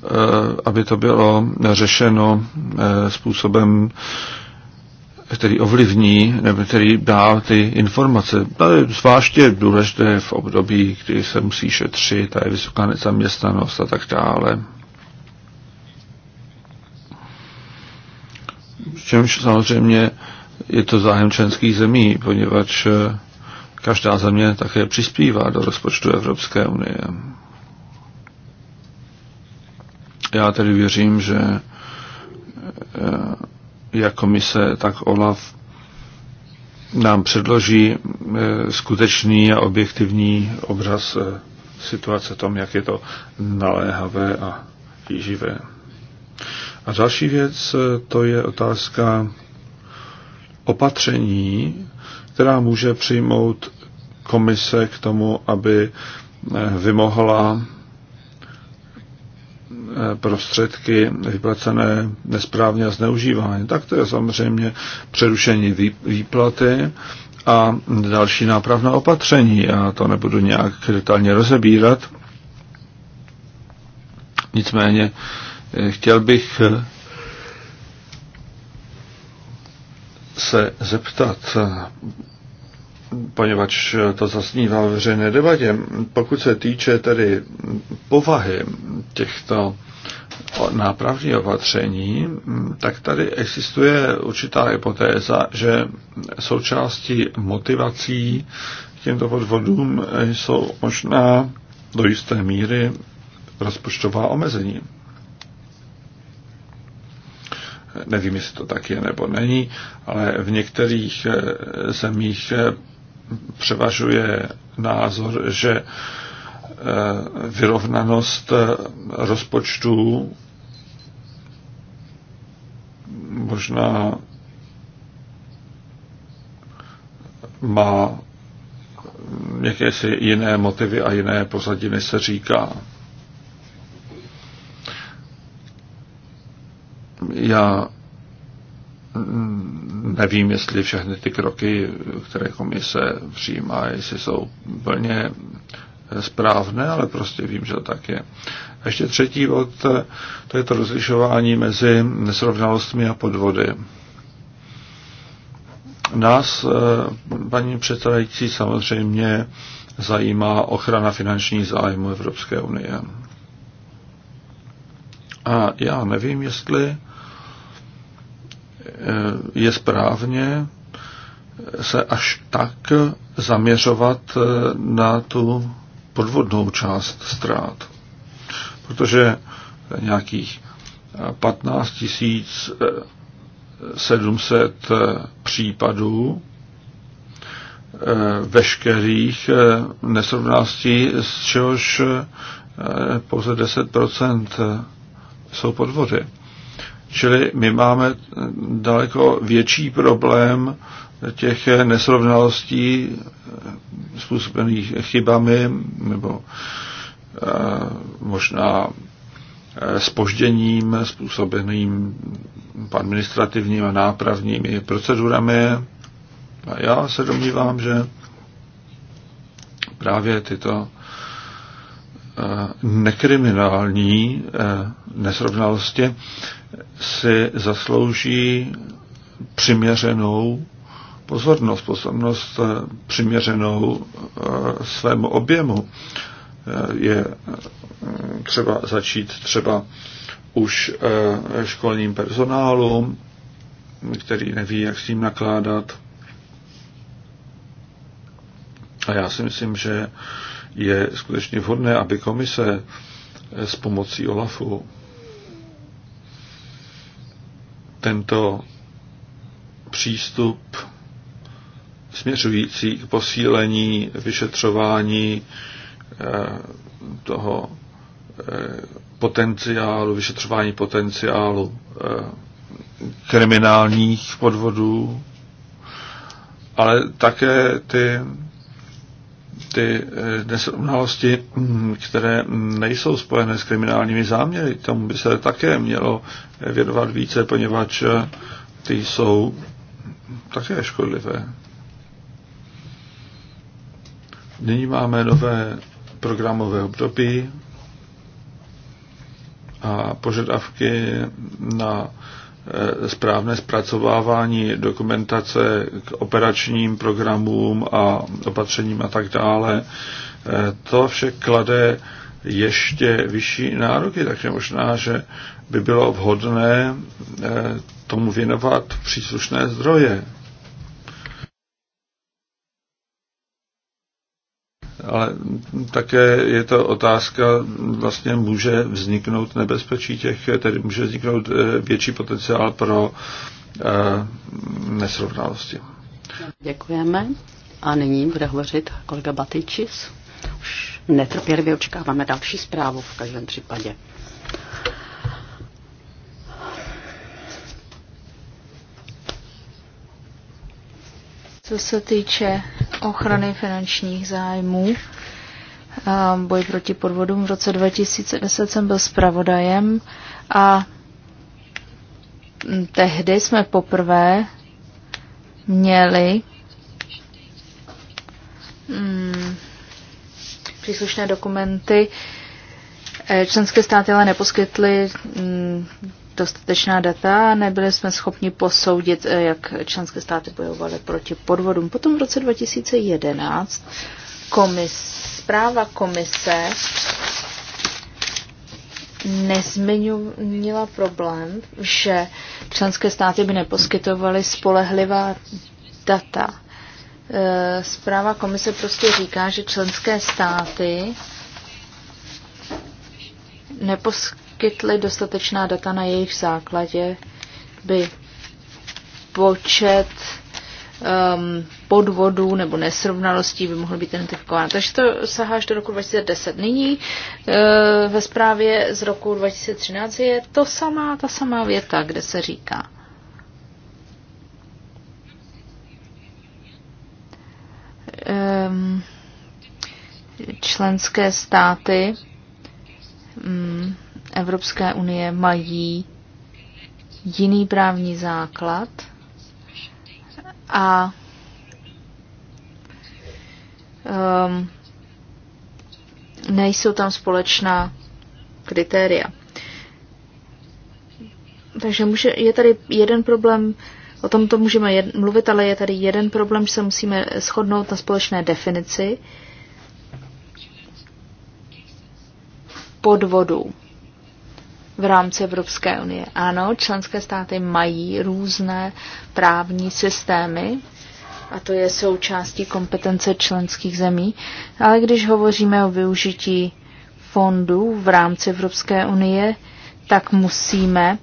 eh, aby to bylo řešeno eh, způsobem který ovlivní nebo který dá ty informace. To je zvláště důležité v období, kdy se musí šetřit a je vysoká nezaměstnanost a tak dále. Čemž samozřejmě je to zájem členských zemí, poněvadž každá země také přispívá do rozpočtu Evropské unie. Já tedy věřím, že eh, jak komise, tak OLAF nám předloží e, skutečný a objektivní obraz e, situace tom, jak je to naléhavé a živé. A další věc, e, to je otázka opatření, která může přijmout komise k tomu, aby vymohla prostředky vyplacené nesprávně a zneužívání, tak to je samozřejmě přerušení výplaty a další nápravná opatření. Já to nebudu nějak detailně rozebírat. Nicméně eh, chtěl bych eh, se zeptat eh, poněvadž to zasnívá ve veřejné debatě. Pokud se týče tedy povahy těchto nápravných opatření, tak tady existuje určitá hypotéza, že součástí motivací k těmto podvodům jsou možná do jisté míry rozpočtová omezení. Nevím, jestli to tak je nebo není, ale v některých zemích převažuje názor, že eh, vyrovnanost eh, rozpočtů možná má jakési jiné motivy a jiné pozadí, než se říká. Já Mm, nevím, jestli všechny ty kroky, které komise přijímá, jestli jsou plně správné, ale prostě vím, že to tak je. A ještě třetí bod, to je to rozlišování mezi nesrovnalostmi a podvody. Nás, eh, paní předsedající, samozřejmě zajímá ochrana finančních zájmů Evropské unie. A já nevím, jestli je správně se až tak zaměřovat eh, na tu podvodnou část ztrát. Protože nějakých 15 eh, 700 eh, případů veškerých nesrovností, z čehož pouze 10% jsou podvody. Čili my máme daleko větší problém těch nesrovnalostí způsobených chybami nebo eh, možná spožděním eh, způsobeným administrativními a nápravními procedurami. A já se domnívám, že právě tyto Eh, nekriminální eh, nesrovnalosti si zaslouží přiměřenou pozornost, pozornost eh, přiměřenou svému objemu. Je třeba začít třeba už školním personálu, který neví, jak s tím nakládat. A já si myslím, že je skutečně vhodné, aby komise eh, s pomocí OLAFu tento přístup směřující k posílení vyšetřování eh, toho eh, potenciálu, vyšetřování potenciálu kriminálních podvodů, ale také ty ty eh, nesrovnalosti, mm, které nejsou spojené s kriminálními záměry, tomu by se také mělo věnovat více, poněvadž eh, ty jsou také škodlivé. Nyní máme nové programové období a požadavky na Eh, správné zpracovávání dokumentace k operačním programům a opatřením a tak dále, eh, to vše klade ještě vyšší nároky, takže možná, že by bylo vhodné eh, tomu věnovat příslušné zdroje. ale také je to otázka, vlastně může vzniknout nebezpečí těch, tedy může vzniknout eh, větší potenciál pro eh, nesrovnalosti. Děkujeme. A nyní bude hovořit kolega Batyčis. Už netrpělivě očekáváme další zprávu v každém případě. Co se týče ochrany finančních zájmů, boj proti podvodům v roce 2010 jsem byl zpravodajem a tehdy jsme poprvé měli hmm, příslušné dokumenty. E, členské státy ale neposkytly mm, dostatečná data a nebyli jsme schopni posoudit, eh, jak členské státy bojovaly proti podvodům. Potom v roce 2011 komis, zpráva komise nezmiňovala problém, že členské státy by neposkytovaly spolehlivá data. Eh, zpráva komise prostě říká, že členské státy neposkytovaly poskytly dostatečná data na jejich základě, by počet um, podvodů nebo nesrovnalostí by mohl být identifikován. Takže to sahá až do roku 2010. Nyní e, ve zprávě z roku 2013 je to samá, ta samá věta, kde se říká. Um, členské státy um, Evropské unie mají jiný právní základ a um, nejsou tam společná kritéria. Takže může, je tady jeden problém, o tom to můžeme jed, mluvit, ale je tady jeden problém, že se musíme shodnout na společné definici podvodů v rámci Evropské unie. Ano, členské státy mají různé právní systémy a to je součástí kompetence členských zemí, ale když hovoříme o využití fondů v rámci Evropské unie, tak musíme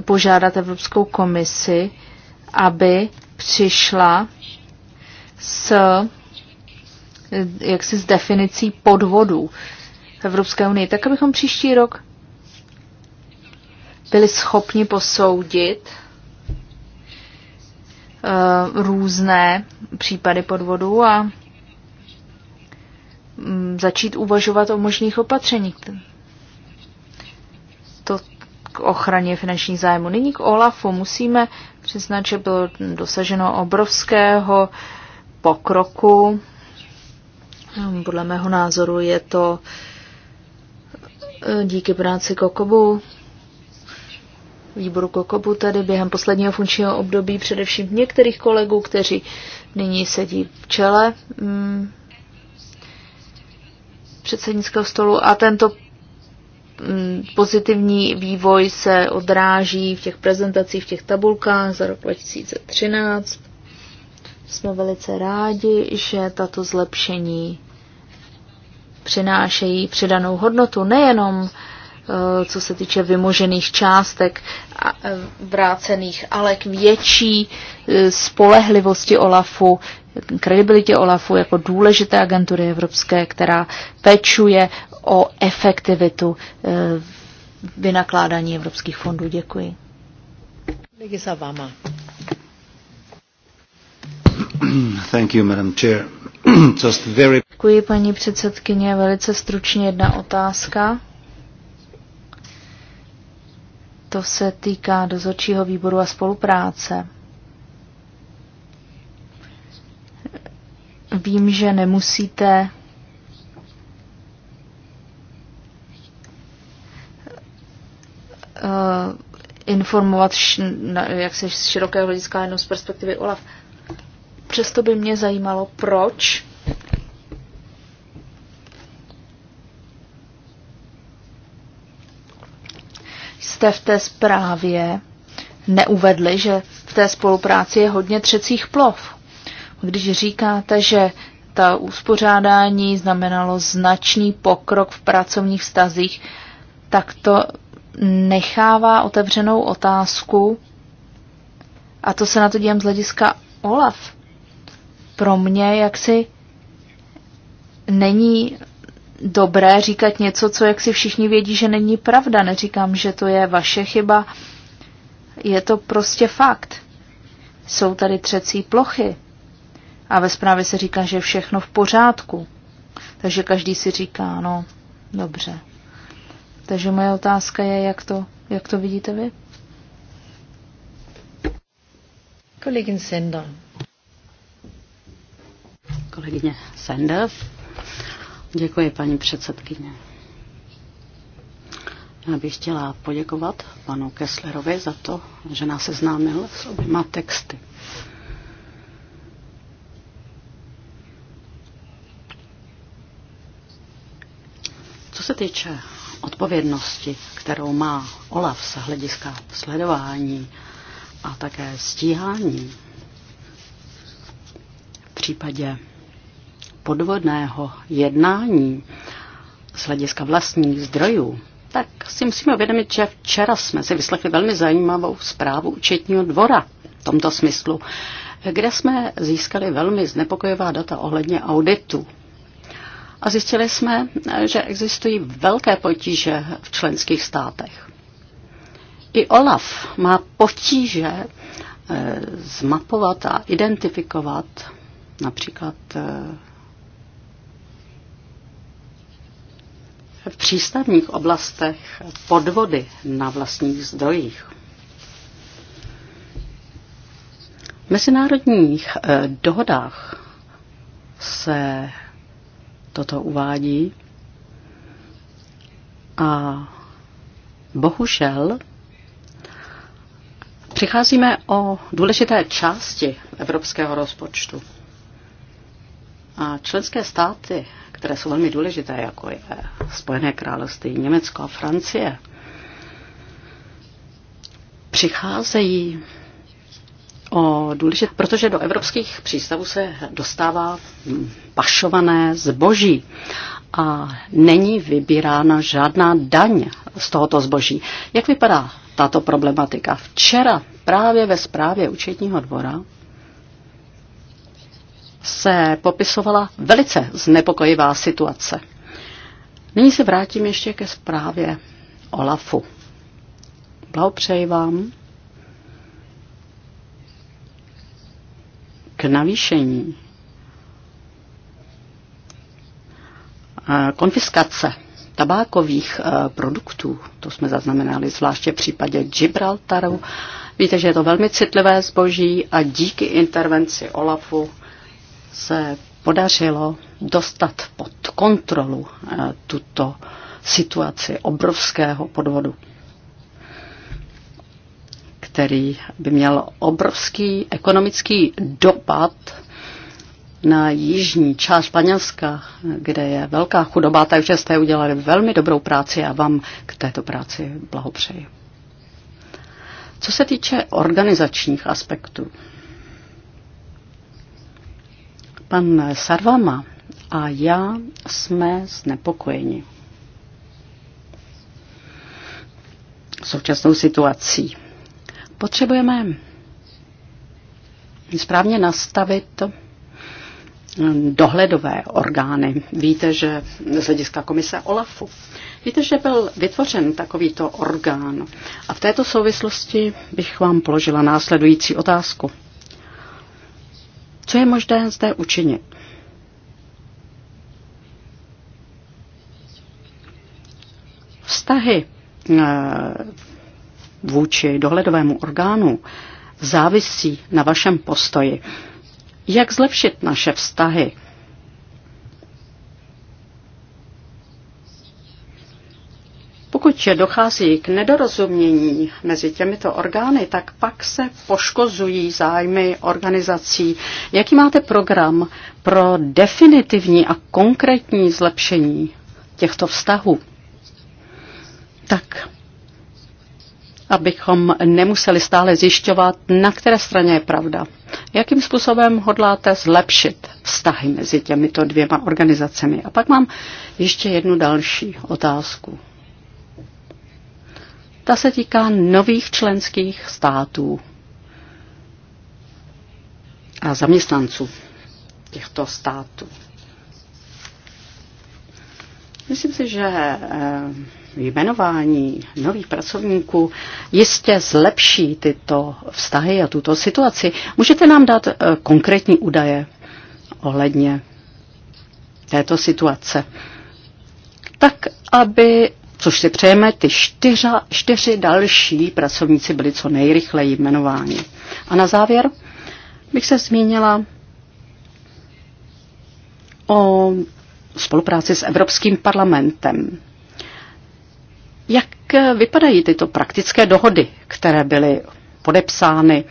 požádat Evropskou komisi, aby přišla s jaksi s definicí podvodů v Evropské unii, tak abychom příští rok byli schopni posoudit eh, různé případy podvodu a mm, začít uvažovat o možných opatřeních. To k ochraně finančních zájmu. Nyní k OLAFu musíme přiznat, že bylo dosaženo obrovského pokroku. Ehm, podle mého názoru je to eh, díky práci Kokobu, výboru Kokobu tady během posledního funkčního období, především některých kolegů, kteří nyní sedí v čele mm, předsednického stolu a tento mm, pozitivní vývoj se odráží v těch prezentacích, v těch tabulkách za rok 2013. Jsme velice rádi, že tato zlepšení přinášejí přidanou hodnotu nejenom Eh, co se týče vymožených částek eh, vrácených, ale k větší eh, spolehlivosti OLAFu, kredibilitě OLAFu jako důležité agentury evropské, která pečuje o efektivitu vynakládání evropských fondů. Děkuji. Thank you, Madam Chair. Just very... Děkuji, paní předsedkyně. Velice stručně jedna otázka. To se týká dozorčího výboru a spolupráce. Vím, že nemusíte eh, informovat, jak se z širokého hlediska jenom z perspektivy OLAF. Přesto by mě zajímalo, proč jste v té zprávě neuvedli, že v té spolupráci je hodně třecích plov. Když říkáte, že ta uspořádání znamenalo značný pokrok v pracovních vztazích, tak to nechává otevřenou otázku, a to se na to dívám z hlediska Olaf. Pro mě jaksi není dobré říkat něco, co jak si všichni vědí, že není pravda. Neříkám, že to je vaše chyba. Je to prostě fakt. Jsou tady třecí plochy. A ve zprávě se říká, že je všechno v pořádku. Takže každý si říká, no, dobře. Takže moje otázka je, jak to, jak to vidíte vy? Kolegin Sender. Kolegyně Sender. Děkuji, paní předsedkyně. Já bych chtěla poděkovat panu Kesslerovi za to, že nás seznámil s oběma texty. Co se týče odpovědnosti, kterou má OLAF z hlediska sledování a také stíhání v případě podvodného jednání z hlediska vlastních zdrojů, tak si musíme uvědomit, že včera jsme si vyslechli velmi zajímavou zprávu účetního dvora v tomto smyslu, kde jsme získali velmi znepokojivá data ohledně auditu. A zjistili jsme, že existují velké potíže v členských státech. I OLAF má potíže eh, zmapovat a identifikovat například eh, v přístavních oblastech podvody na vlastních zdrojích. V mezinárodních eh, dohodách se toto uvádí a bohužel přicházíme o důležité části evropského rozpočtu. A členské státy které jsou velmi důležité, jako je Spojené království, Německo a Francie, přicházejí o důležité, protože do evropských přístavů se dostává pašované zboží a není vybírána žádná daň z tohoto zboží. Jak vypadá tato problematika? Včera právě ve zprávě účetního dvora se popisovala velice znepokojivá situace. Nyní se vrátím ještě ke zprávě Olafu. Blahopřeji vám k navýšení eh, konfiskace tabákových eh, produktů, to jsme zaznamenali zvláště v případě Gibraltaru. Víte, že je to velmi citlivé zboží a díky intervenci OLAFu se podařilo dostat pod kontrolu eh, tuto situaci obrovského podvodu, který by měl obrovský ekonomický dopad na jižní část Španělska, kde je velká chudoba, takže jste udělali velmi dobrou práci a vám k této práci blahopřeji. Co se týče organizačních aspektů, Pan Sarvama a já jsme znepokojeni současnou situací. Potřebujeme správně nastavit dohledové orgány. Víte, že z hlediska komise OLAFu. Víte, že byl vytvořen takovýto orgán. A v této souvislosti bych vám položila následující otázku. Co je možné zde učinit? Vztahy eh, vůči dohledovému orgánu závisí na vašem postoji. Jak zlepšit naše vztahy Pokud dochází k nedorozumění mezi těmito orgány, tak pak se poškozují zájmy organizací. Jaký máte program pro definitivní a konkrétní zlepšení těchto vztahů? Tak, abychom nemuseli stále zjišťovat, na které straně je pravda. Jakým způsobem hodláte zlepšit vztahy mezi těmito dvěma organizacemi? A pak mám ještě jednu další otázku. Ta se týká nových členských států a zaměstnanců těchto států. Myslím si, že eh, jmenování nových pracovníků jistě zlepší tyto vztahy a tuto situaci. Můžete nám dát eh, konkrétní údaje ohledně této situace? Tak, aby což si přejeme, ty čtyři, čtyři další pracovníci byli co nejrychleji jmenováni. A na závěr bych se zmínila o spolupráci s Evropským parlamentem. Jak vypadají tyto praktické dohody, které byly podepsány?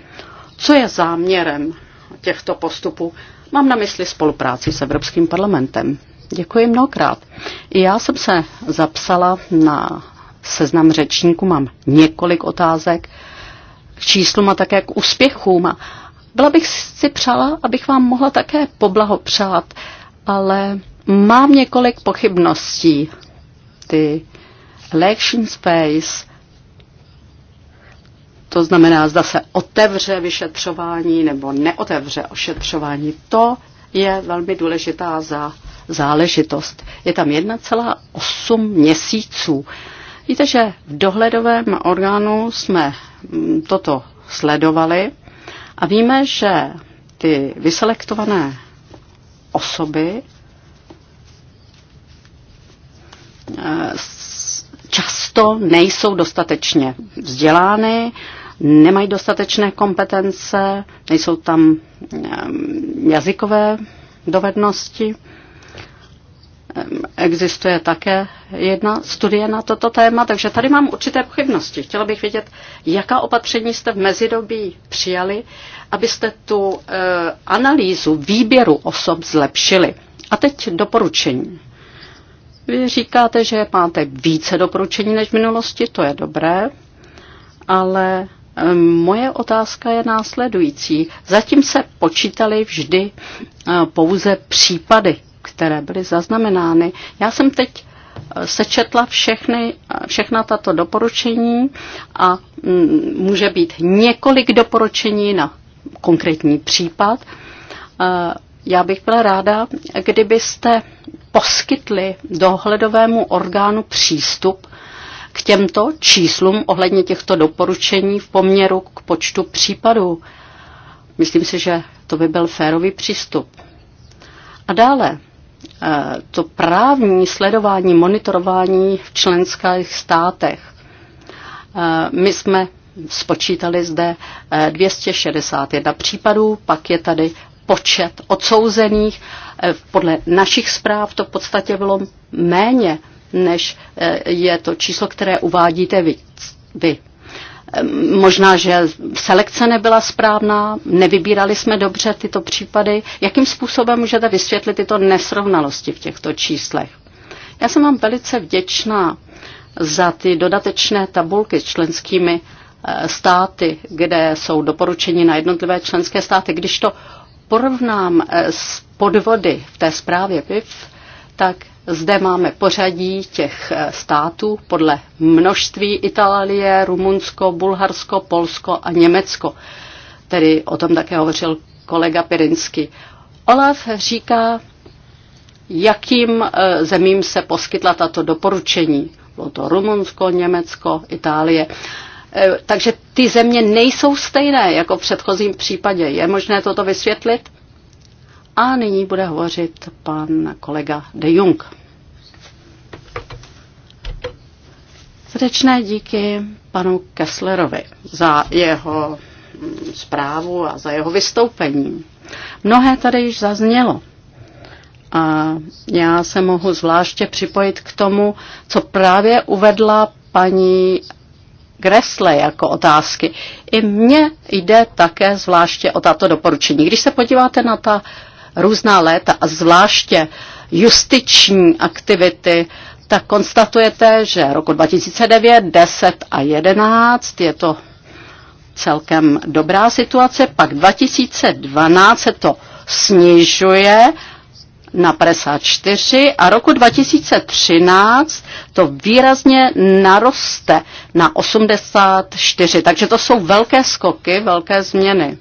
Co je záměrem těchto postupů? Mám na mysli spolupráci s Evropským parlamentem. Děkuji mnohokrát. Já jsem se zapsala na seznam řečníků, mám několik otázek k číslům a také k úspěchům. Byla bych si přála, abych vám mohla také poblahopřát, ale mám několik pochybností. Ty election space, to znamená, zda se otevře vyšetřování nebo neotevře ošetřování, to je velmi důležitá za záležitost. Je tam 1,8 měsíců. Víte, že v dohledovém orgánu jsme mm, toto sledovali a víme, že ty vyselektované osoby eh, často nejsou dostatečně vzdělány, nemají dostatečné kompetence, nejsou tam eh, jazykové dovednosti. Existuje také jedna studie na toto téma, takže tady mám určité pochybnosti. Chtěla bych vědět, jaká opatření jste v mezidobí přijali, abyste tu e, analýzu výběru osob zlepšili. A teď doporučení. Vy říkáte, že máte více doporučení než v minulosti, to je dobré, ale Moje otázka je následující. Zatím se počítali vždy e, pouze případy které byly zaznamenány. Já jsem teď eh, sečetla všechny, eh, všechna tato doporučení a mm, může být několik doporučení na konkrétní případ. Eh, já bych byla ráda, kdybyste poskytli dohledovému orgánu přístup k těmto číslům ohledně těchto doporučení v poměru k počtu případů. Myslím si, že to by byl férový přístup. A dále Eh, to právní sledování, monitorování v členských státech. Eh, my jsme spočítali zde 261 eh, případů, pak je tady počet odsouzených. Podle našich zpráv to v podstatě bylo méně, než je to číslo, které uvádíte vy. vy. Ehm, možná, že selekce nebyla správná, nevybírali jsme dobře tyto případy. Jakým způsobem můžete vysvětlit tyto nesrovnalosti v těchto číslech? Já jsem vám velice vděčná za ty dodatečné tabulky s členskými eh, státy, kde jsou doporučení na jednotlivé členské státy. Když to porovnám eh, s podvody v té zprávě PIV, tak zde máme pořadí těch eh, států podle množství Itálie, Rumunsko, Bulharsko, Polsko a Německo. Tedy o tom také hovořil kolega Pirinsky. Olaf říká, jakým eh, zemím se poskytla tato doporučení. Bylo to Rumunsko, Německo, Itálie. Eh, takže ty země nejsou stejné jako v předchozím případě. Je možné toto vysvětlit? A nyní bude hovořit pan kolega De Jung. Srdečné díky panu Kesslerovi za jeho mm, zprávu a za jeho vystoupení. Mnohé tady již zaznělo. A já se mohu zvláště připojit k tomu, co právě uvedla paní Gressle jako otázky. I mně jde také zvláště o tato doporučení. Když se podíváte na ta různá léta a zvláště justiční aktivity, tak konstatujete, že roku 2009, 10 a 11 je to celkem dobrá situace, pak 2012 se to snižuje na 54 a roku 2013 to výrazně naroste na 84. Takže to jsou velké skoky, velké změny.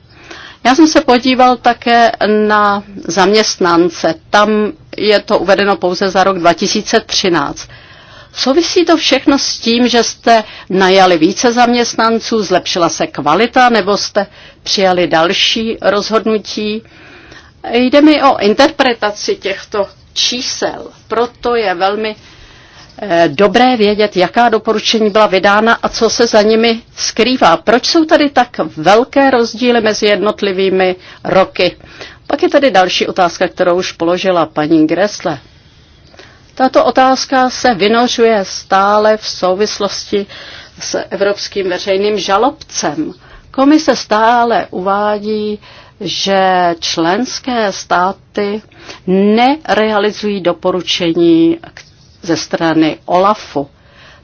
Já jsem se podíval také na zaměstnance. Tam je to uvedeno pouze za rok 2013. Souvisí to všechno s tím, že jste najali více zaměstnanců, zlepšila se kvalita, nebo jste přijali další rozhodnutí? Jde mi o interpretaci těchto čísel, proto je velmi Eh, dobré vědět, jaká doporučení byla vydána a co se za nimi skrývá. Proč jsou tady tak velké rozdíly mezi jednotlivými roky? Pak je tady další otázka, kterou už položila paní Gresle. Tato otázka se vynořuje stále v souvislosti s evropským veřejným žalobcem. Komise stále uvádí, že členské státy nerealizují doporučení, ze strany OLAFu.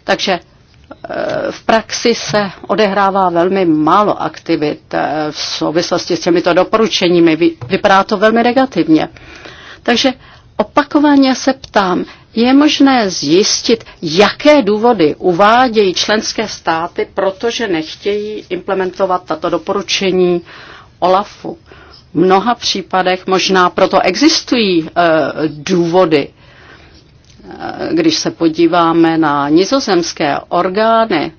Takže eh, v praxi se odehrává velmi málo aktivit eh, v souvislosti s těmito doporučeními. Vypadá to velmi negativně. Takže opakovaně se ptám, je možné zjistit, jaké důvody uvádějí členské státy, protože nechtějí implementovat tato doporučení OLAFu. V mnoha případech možná proto existují e, důvody, Eh, když se podíváme na nizozemské orgány,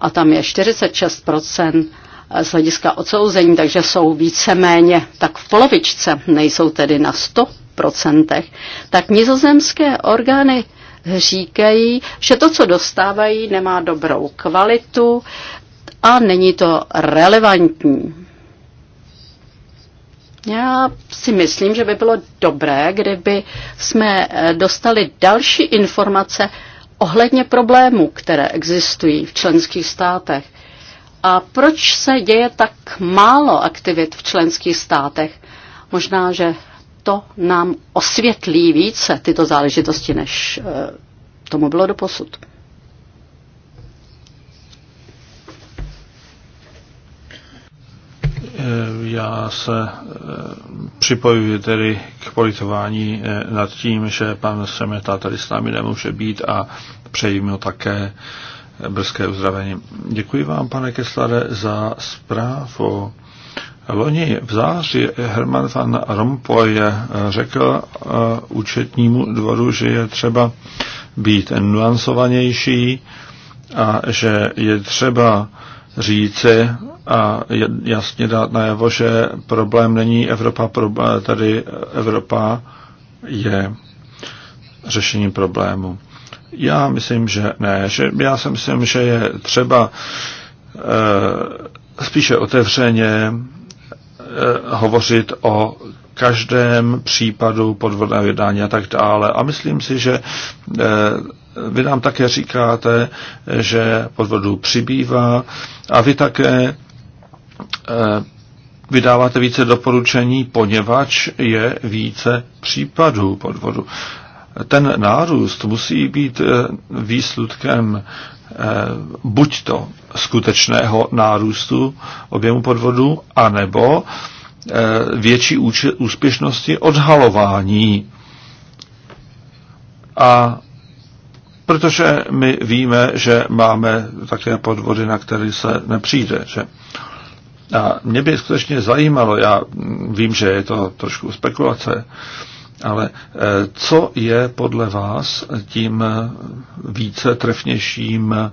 a tam je 46 eh, z hlediska odsouzení, takže jsou víceméně tak v polovičce, nejsou tedy na 100 tak nizozemské orgány říkají, že to, co dostávají, nemá dobrou kvalitu a není to relevantní. Já si myslím, že by bylo dobré, kdyby jsme eh, dostali další informace ohledně problémů, které existují v členských státech. A proč se děje tak málo aktivit v členských státech? Možná, že to nám osvětlí více tyto záležitosti, než eh, tomu bylo do posud. Eh, já se eh, připojuji tedy k politování eh, nad tím, že pan Semeta tady s námi nemůže být a přeji mu také brzké uzdravení. Děkuji vám, pane Keslare, za zprávu. Loni v září Herman van Rompuy řekl účetnímu dvoru, že je třeba být nuancovanější a že je třeba říci, a jasně dát najevo, že problém není Evropa, tady Evropa je řešením problému. Já myslím, že ne. Že já si myslím, že je třeba e, spíše otevřeně e, hovořit o každém případu podvodného jednání a tak dále. A myslím si, že e, vy nám také říkáte, že podvodů přibývá a vy také Eh, vydáváte více doporučení, poněvadž je více případů podvodu. Ten nárůst musí být eh, výsledkem eh, buď to skutečného nárůstu objemu podvodu, anebo větší úspěšnosti odhalování. A protože my víme, že máme také podvody, na které se nepřijde. Že? A mě by skutečně zajímalo, já vím, že je to trošku spekulace, ale eh, co je podle vás tím eh, více trefnějším eh,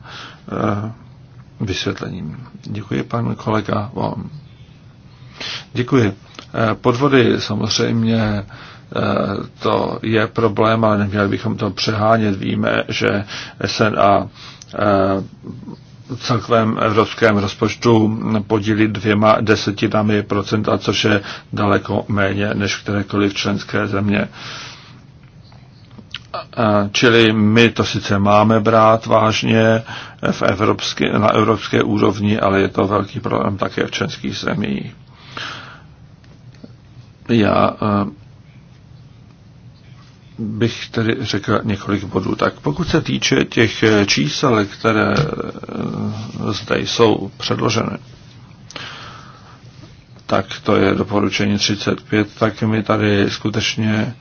vysvětlením? Děkuji, pan kolega vám. Děkuji. Podvody samozřejmě to je problém, ale neměli bychom to přehánět. Víme, že SNA celkovém evropském rozpočtu podílí dvěma desetinami procenta, což je daleko méně než kterékoliv členské země. Čili my to sice máme brát vážně v evropské, na evropské úrovni, ale je to velký problém také v členských zemích. Já bych tedy řekl několik bodů. Tak pokud se týče těch čísel, které eh, zde jsou předloženy, tak to je doporučení 35, tak my tady skutečně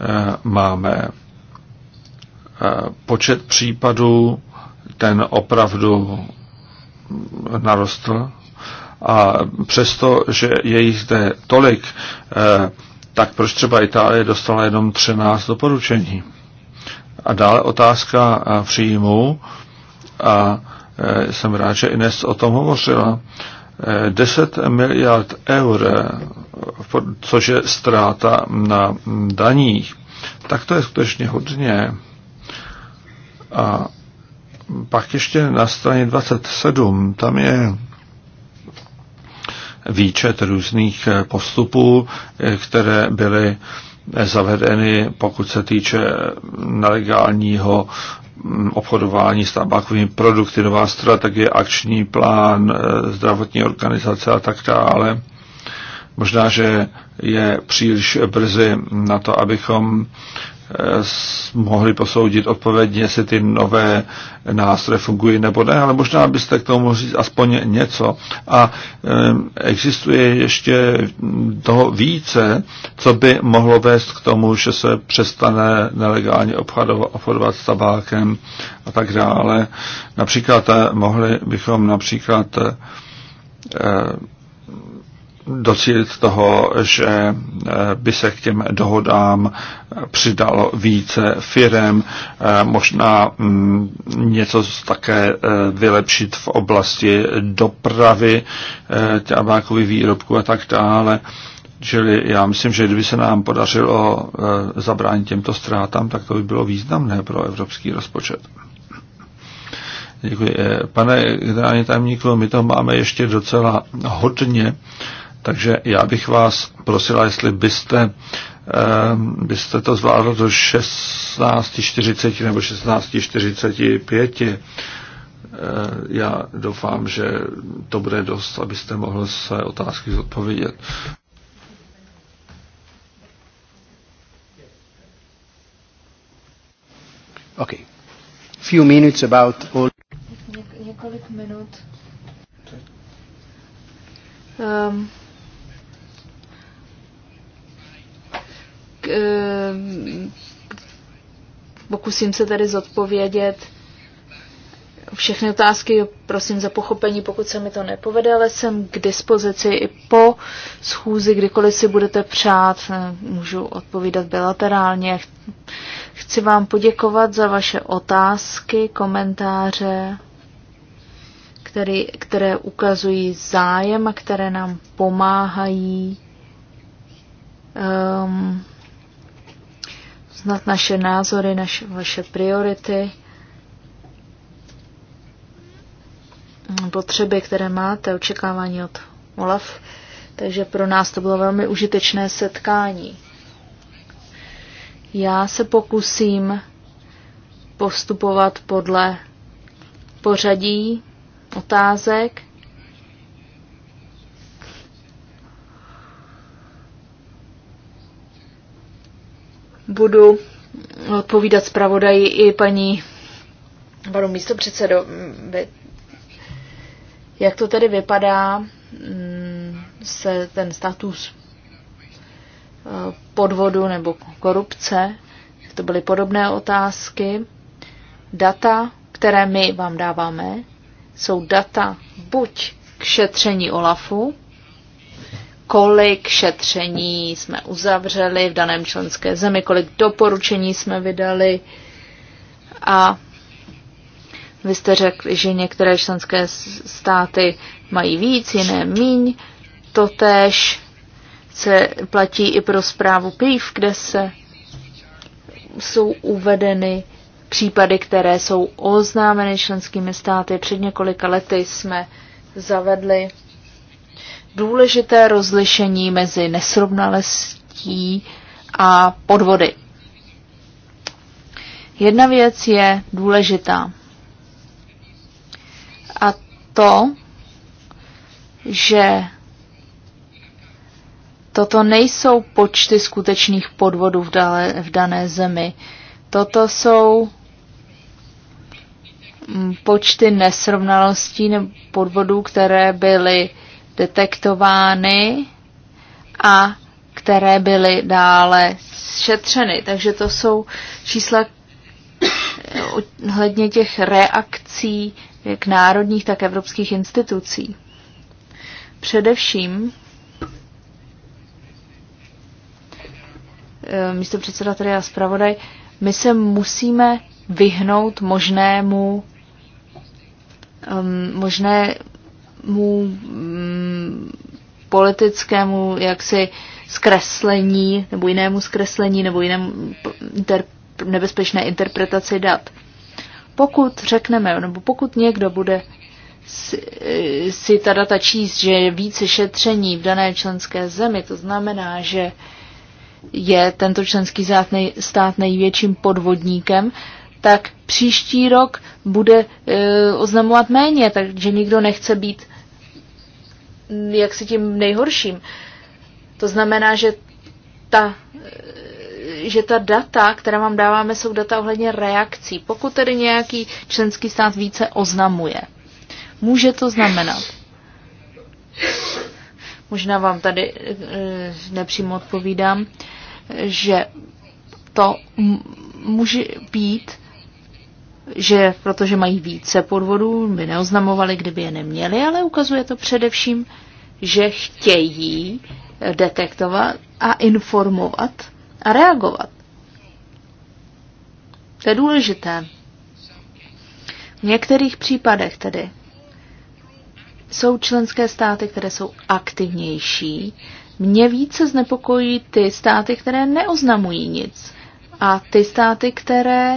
eh, máme eh, počet případů, ten opravdu narostl a přesto, že je jich zde tolik, tak proč třeba Itálie dostala jenom 13 doporučení? A dále otázka příjmu a e, jsem rád, že Ines o tom hovořila. 10 e, miliard eur, e, což je ztráta na daních, tak to je skutečně hodně. A pak ještě na straně 27, tam je výčet různých eh, postupů, eh, které byly eh, zavedeny, pokud se týče nelegálního mm, obchodování s tabákovými produkty, nová strategie, akční plán, zdravotní organizace a tak dále. Možná, že je příliš brzy na to, abychom Eh, mohli posoudit odpovědně, jestli ty nové nástroje fungují nebo ne, ale možná byste k tomu mohli říct aspoň něco. A eh, existuje ještě toho více, co by mohlo vést k tomu, že se přestane nelegálně obchodovat s tabákem a tak dále. Například eh, mohli bychom například docílit toho, že eh, by se k těm dohodám eh, přidalo více firem, eh, možná mm, něco také vylepšit v oblasti dopravy tabákových výrobků a tak dále. Čili já myslím, že kdyby se nám podařilo zabránit těmto ztrátám, tak to by bylo významné pro evropský rozpočet. Děkuji. Pane generální tajemníku, my to máme ještě docela hodně takže já bych vás prosila, jestli byste, eh, byste to zvládl do 16.40 nebo 16.45. Eh, já doufám, že to bude dost, abyste mohl se otázky zodpovědět. Okay. Few minutes about all... několik minut. Um, Eh, pokusím se tady zodpovědět všechny otázky, prosím za pochopení, pokud se mi to nepovede, ale jsem k dispozici i po schůzi, kdykoliv si budete přát, eh, můžu odpovídat bilaterálně. Chci vám poděkovat za vaše otázky, komentáře, který, které ukazují zájem a které nám pomáhají um, znat naše názory, naše, vaše priority, potřeby, které máte, očekávání od Olaf. Takže pro nás to bylo velmi užitečné setkání. Já se pokusím postupovat podle pořadí otázek budu odpovídat zpravodaji i paní panu předsedo, jak to tedy vypadá mm, se ten status eh, podvodu nebo korupce, to byly podobné otázky. Data, které my vám dáváme, jsou data buď k šetření OLAFu, kolik šetření jsme uzavřeli v daném členské zemi, kolik doporučení jsme vydali. A vy jste řekli, že některé členské státy mají víc, jiné míň. Totež se platí i pro zprávu PIV, kde se jsou uvedeny případy, které jsou oznámeny členskými státy. Před několika lety jsme zavedli důležité rozlišení mezi nesrovnalostí a podvody. Jedna věc je důležitá. A to, že toto nejsou počty skutečných podvodů v, dale, v dané zemi. Toto jsou mm, počty nesrovnalostí nebo podvodů, které byly detektovány a které byly dále šetřeny. Takže to jsou čísla eh, hledně těch reakcí jak národních, tak evropských institucí. Především eh, místo předseda tady a zpravodaj, my se musíme vyhnout možnému um, možné mu mm, politickému jaksi zkreslení nebo jinému zkreslení nebo jinému inter, nebezpečné interpretaci dat. Pokud řekneme, nebo pokud někdo bude si, si ta data číst, že je více šetření v dané členské zemi, to znamená, že je tento členský stát, nej, stát největším podvodníkem, tak příští rok bude e, oznamovat méně, takže nikdo nechce být jak si tím nejhorším. To znamená, že ta, že ta data, která vám dáváme, jsou data ohledně reakcí. Pokud tedy nějaký členský stát více oznamuje, může to znamenat. Možná vám tady eh, nepřímo odpovídám, že to může být že protože mají více podvodů, by neoznamovali, kdyby je neměli, ale ukazuje to především, že chtějí detektovat a informovat a reagovat. To je důležité. V některých případech tedy jsou členské státy, které jsou aktivnější. Mě více znepokojí ty státy, které neoznamují nic. A ty státy, které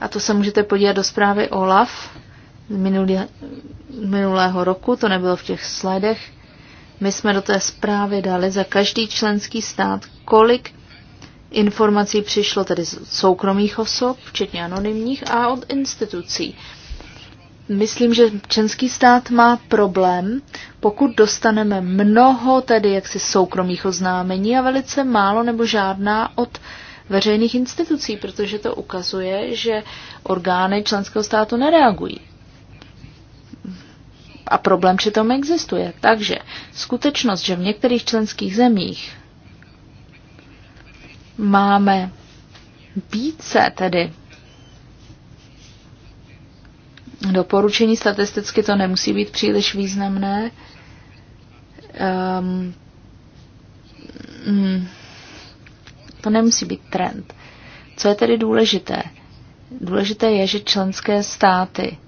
a to se můžete podívat do zprávy OLAF minulý, minulého roku, to nebylo v těch sledech. My jsme do té zprávy dali za každý členský stát, kolik informací přišlo tedy z soukromých osob, včetně anonymních, a od institucí. Myslím, že členský stát má problém, pokud dostaneme mnoho tedy jaksi soukromých oznámení a velice málo nebo žádná od uh, veřejných institucí, protože to ukazuje, že orgány členského státu nereagují. A problém přitom existuje. Takže skutečnost, že v některých členských zemích máme více tedy doporučení, statisticky to nemusí být příliš významné. Um, mm, to nemusí být trend. Co je tedy důležité? Důležité je, že členské státy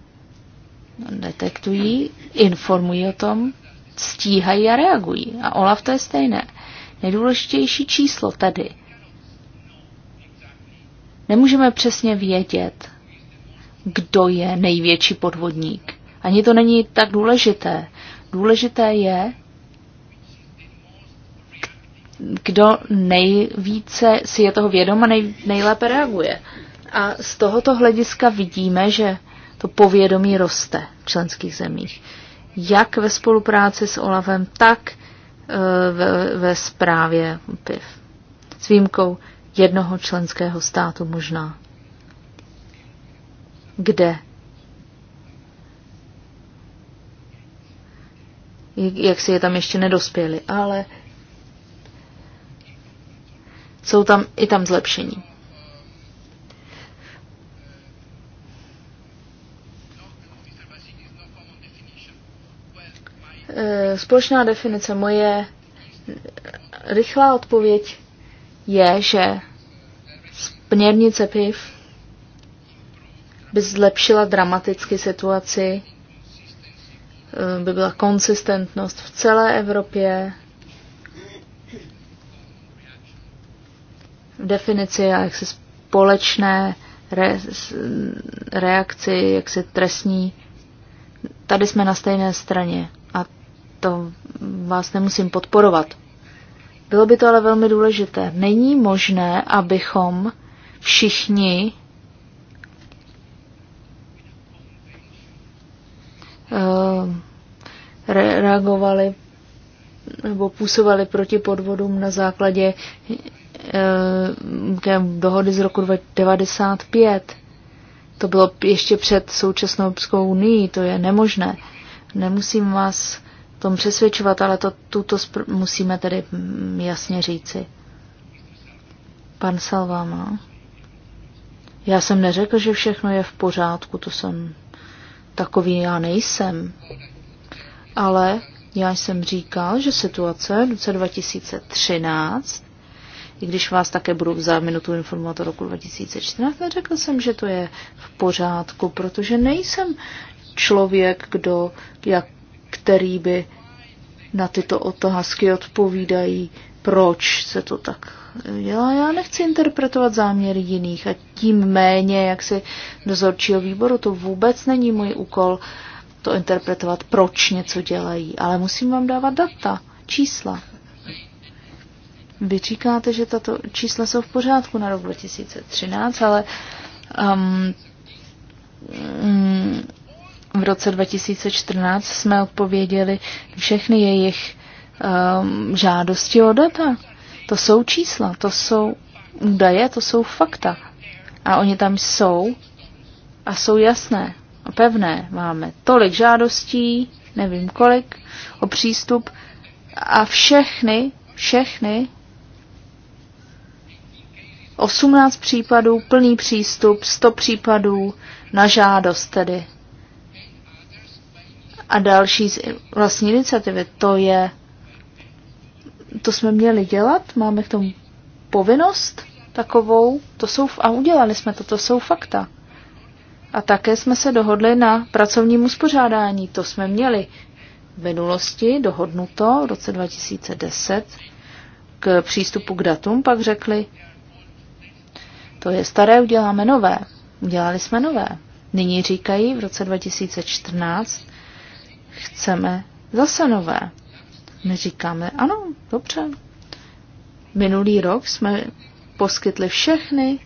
detektují, informují o tom, stíhají a reagují. A OLAF to je stejné. Nejdůležitější číslo tedy. Nemůžeme přesně vědět, kdo je největší podvodník. Ani to není tak důležité. Důležité je, kdo nejvíce si je toho vědom a nej, nejlépe reaguje. A z tohoto hlediska vidíme, že to povědomí roste v členských zemích. Jak ve spolupráci s Olavem, tak e, ve, ve zprávě PIV. S výjimkou jednoho členského státu možná. Kde? Jak si je tam ještě nedospěli, ale jsou tam i tam zlepšení. Eh, společná definice moje rychlá odpověď je, že směrnice PIV by zlepšila dramaticky situaci, eh, by byla konsistentnost v celé Evropě, definici a jaksi společné re, reakci, jaksi trestní. Tady jsme na stejné straně a to vás nemusím podporovat. Bylo by to ale velmi důležité. Není možné, abychom všichni eh, reagovali nebo působili proti podvodům na základě Eh, dohody z roku 1995. To bylo ještě před současnou Evropskou unii, to je nemožné. Nemusím vás tom přesvědčovat, ale to, tuto musíme tedy mm, jasně říci. Pan Salvama. Já jsem neřekl, že všechno je v pořádku, to jsem takový já nejsem. Ale já jsem říkal, že situace v roce 2013 i když vás také budu za minutu informovat o roku 2014, neřekl no, jsem, že to je v pořádku, protože nejsem člověk, kdo, jak, který by na tyto otázky odpovídají, proč se to tak dělá. Já nechci interpretovat záměr jiných a tím méně, jak si dozorčího výboru, to vůbec není můj úkol to interpretovat, proč něco dělají, ale musím vám dávat data, čísla. Vy říkáte, že tato čísla jsou v pořádku na rok 2013, ale um, mm, v roce 2014 jsme odpověděli všechny jejich um, žádosti o data. To jsou čísla, to jsou údaje, to jsou fakta. A oni tam jsou a jsou jasné a pevné. Máme tolik žádostí, nevím kolik, o přístup a všechny, všechny 18 případů, plný přístup, 100 případů na žádost tedy. A další vlastní iniciativy, to je, to jsme měli dělat, máme k tomu povinnost takovou, to jsou, a udělali jsme to, to jsou fakta. A také jsme se dohodli na pracovním uspořádání, to jsme měli v minulosti dohodnuto v roce 2010 k přístupu k datům, pak řekli, to je staré, uděláme nové. Udělali jsme nové. Nyní říkají v roce 2014, chceme zase nové. My říkáme, ano, dobře. Minulý rok jsme poskytli všechny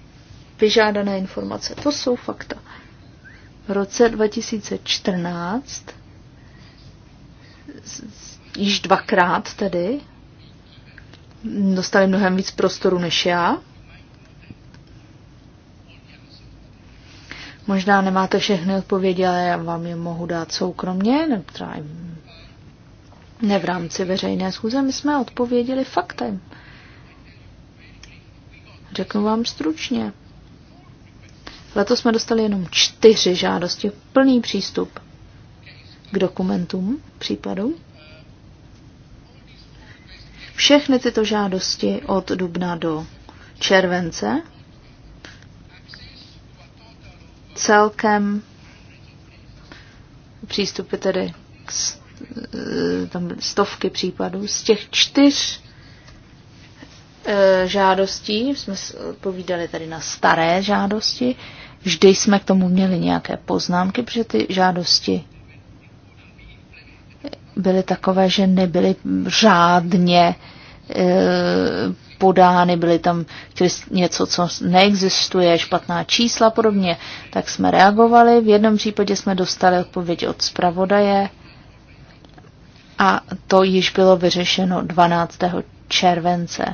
vyžádané informace. To jsou fakta. V roce 2014 již dvakrát tedy dostali mnohem víc prostoru než já Možná nemáte všechny odpovědi, ale já vám je mohu dát soukromně, nebo ne v rámci veřejné schůze. My jsme odpověděli faktem. Řeknu vám stručně. Letos jsme dostali jenom čtyři žádosti, plný přístup k dokumentům případu. Všechny tyto žádosti od dubna do července celkem přístupy tedy k e, tam stovky případů. Z těch čtyř e, žádostí, jsme odpovídali tady na staré žádosti, vždy jsme k tomu měli nějaké poznámky, protože ty žádosti byly takové, že nebyly řádně e, podány, byly tam něco, co neexistuje, špatná čísla a podobně, tak jsme reagovali. V jednom případě jsme dostali odpověď od zpravodaje a to již bylo vyřešeno 12. července.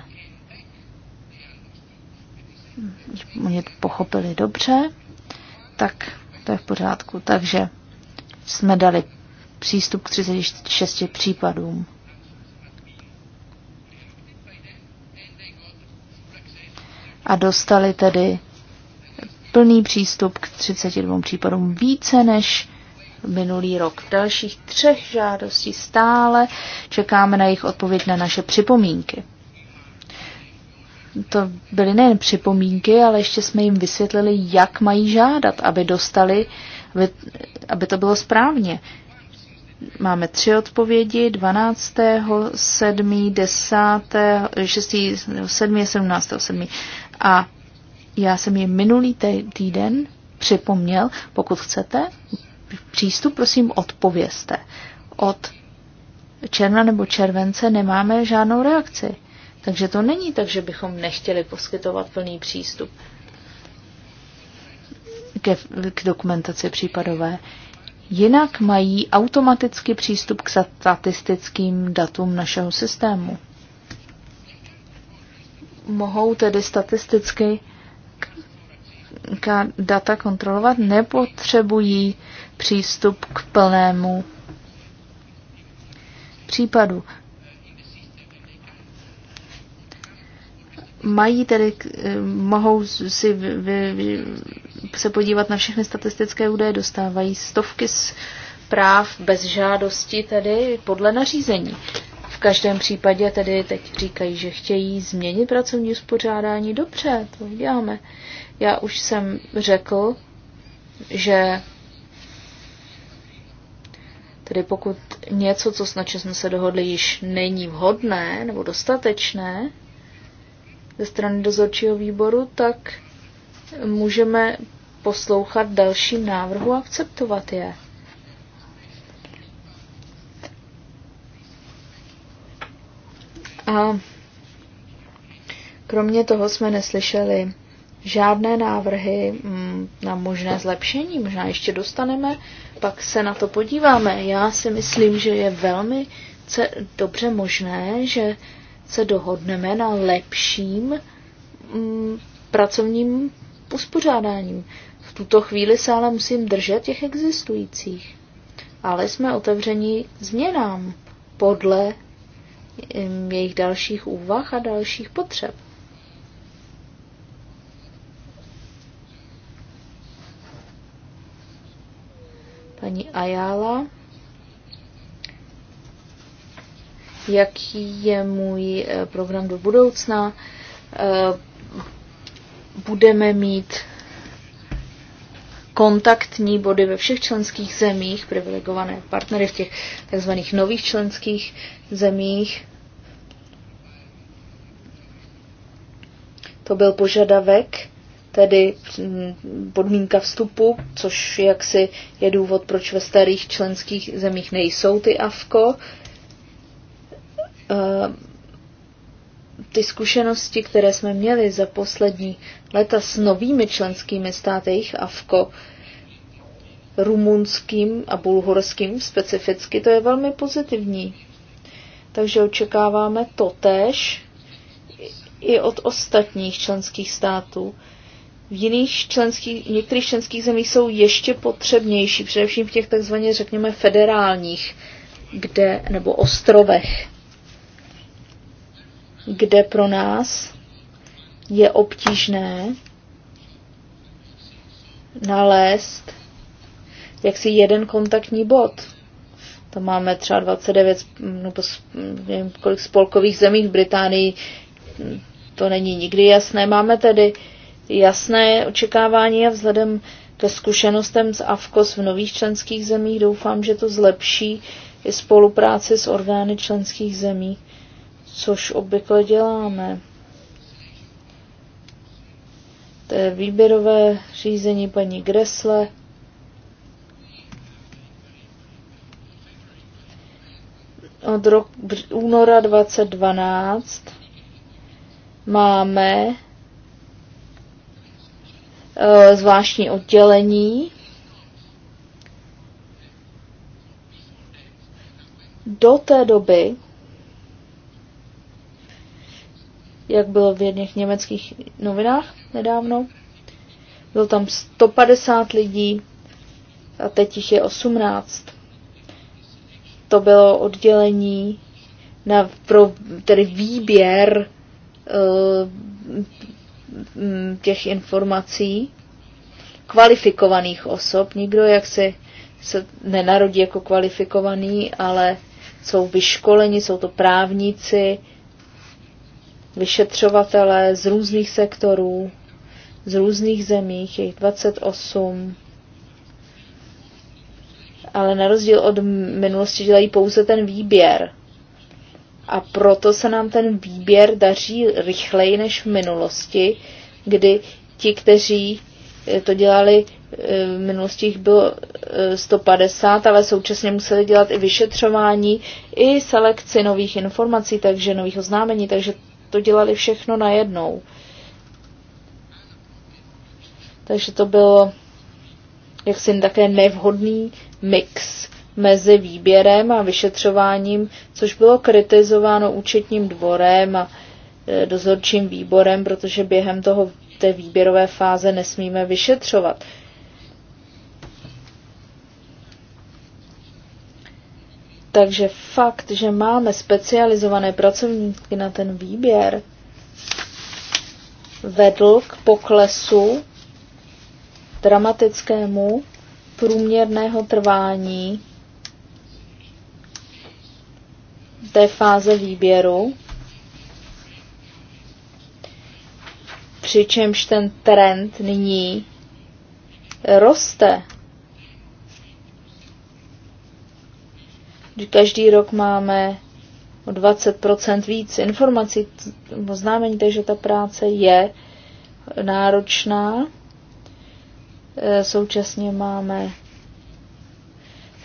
Oni pochopili dobře, tak to je v pořádku. Takže jsme dali přístup k 36 případům. a dostali tedy plný přístup k 32 případům více než minulý rok. V dalších třech žádostí stále čekáme na jejich odpověď na naše připomínky. To byly nejen připomínky, ale ještě jsme jim vysvětlili, jak mají žádat, aby dostali, aby, aby to bylo správně. Máme tři odpovědi, 12., 7., 10., 6., 7., 17., 7. A já jsem ji minulý týden připomněl, pokud chcete, přístup prosím odpověste. Od června nebo července nemáme žádnou reakci. Takže to není tak, že bychom nechtěli poskytovat plný přístup ke, k dokumentaci případové. Jinak mají automaticky přístup k statistickým datům našeho systému mohou tedy statisticky data kontrolovat, nepotřebují přístup k plnému případu. Mají tedy, mohou si vy, vy, se podívat na všechny statistické údaje, dostávají stovky zpráv bez žádosti, tedy podle nařízení každém případě tedy teď říkají, že chtějí změnit pracovní uspořádání. Dobře, to uděláme. Já už jsem řekl, že tedy pokud něco, co snadče jsme se dohodli, již není vhodné nebo dostatečné ze strany dozorčího výboru, tak můžeme poslouchat další návrhu a akceptovat je. A kromě toho jsme neslyšeli žádné návrhy mm, na možné zlepšení, možná ještě dostaneme, pak se na to podíváme. Já si myslím, že je velmi dobře možné, že se dohodneme na lepším mm, pracovním uspořádáním. V tuto chvíli se ale musím držet těch existujících. Ale jsme otevření změnám podle Um, jejich dalších úvah a dalších potřeb. Paní Ayala, jaký je můj eh, program do budoucna? Eh, budeme mít kontaktní body ve všech členských zemích, privilegované partnery v těch tzv. nových členských zemích. To byl požadavek, tedy mm, podmínka vstupu, což jaksi je důvod, proč ve starých členských zemích nejsou ty AFKO. Eh, ty zkušenosti, které jsme měli za poslední leta s novými členskými státy, jejich AFKO, rumunským a bulhorským specificky, to je velmi pozitivní. Takže očekáváme totéž i od ostatních členských států. V jiných členských, v některých členských zemích jsou ještě potřebnější, především v těch takzvaně, řekněme, federálních, kde, nebo ostrovech, kde pro nás je obtížné nalézt jaksi jeden kontaktní bod. Tam máme třeba 29 nebo nevím, kolik spolkových zemí v Británii, to není nikdy jasné. Máme tedy jasné očekávání a vzhledem ke zkušenostem z AFKOS v nových členských zemích doufám, že to zlepší i spolupráci s orgány členských zemí, což obvykle děláme. To je výběrové řízení paní Gresle. Od roku února 2012 máme eh, zvláštní oddělení, do té doby, jak bylo v jedných německých novinách nedávno, bylo tam 150 lidí a teď jich je 18. To bylo oddělení na, pro tedy výběr Eh, těch informací, kvalifikovaných osob. Nikdo jak se, se nenarodí jako kvalifikovaný, ale jsou vyškoleni, jsou to právníci, vyšetřovatelé z různých sektorů, z různých zemích, jejich 28. Ale na rozdíl od minulosti dělají pouze ten výběr. A proto se nám ten výběr daří rychleji než v minulosti, kdy ti, kteří eh, to dělali eh, v minulosti jich bylo 150, eh, ale současně museli dělat i vyšetřování, i selekci nových informací, takže nových oznámení, takže to dělali všechno najednou. Takže to bylo jaksi také nevhodný mix mezi výběrem a vyšetřováním, což bylo kritizováno účetním dvorem a e, dozorčím výborem, protože během toho té výběrové fáze nesmíme vyšetřovat. Takže fakt, že máme specializované pracovníky na ten výběr, vedl k poklesu dramatickému průměrného trvání té fáze výběru, přičemž ten trend nyní roste. Každý rok máme o 20% víc informací, oznámení, takže ta práce je náročná. E, současně máme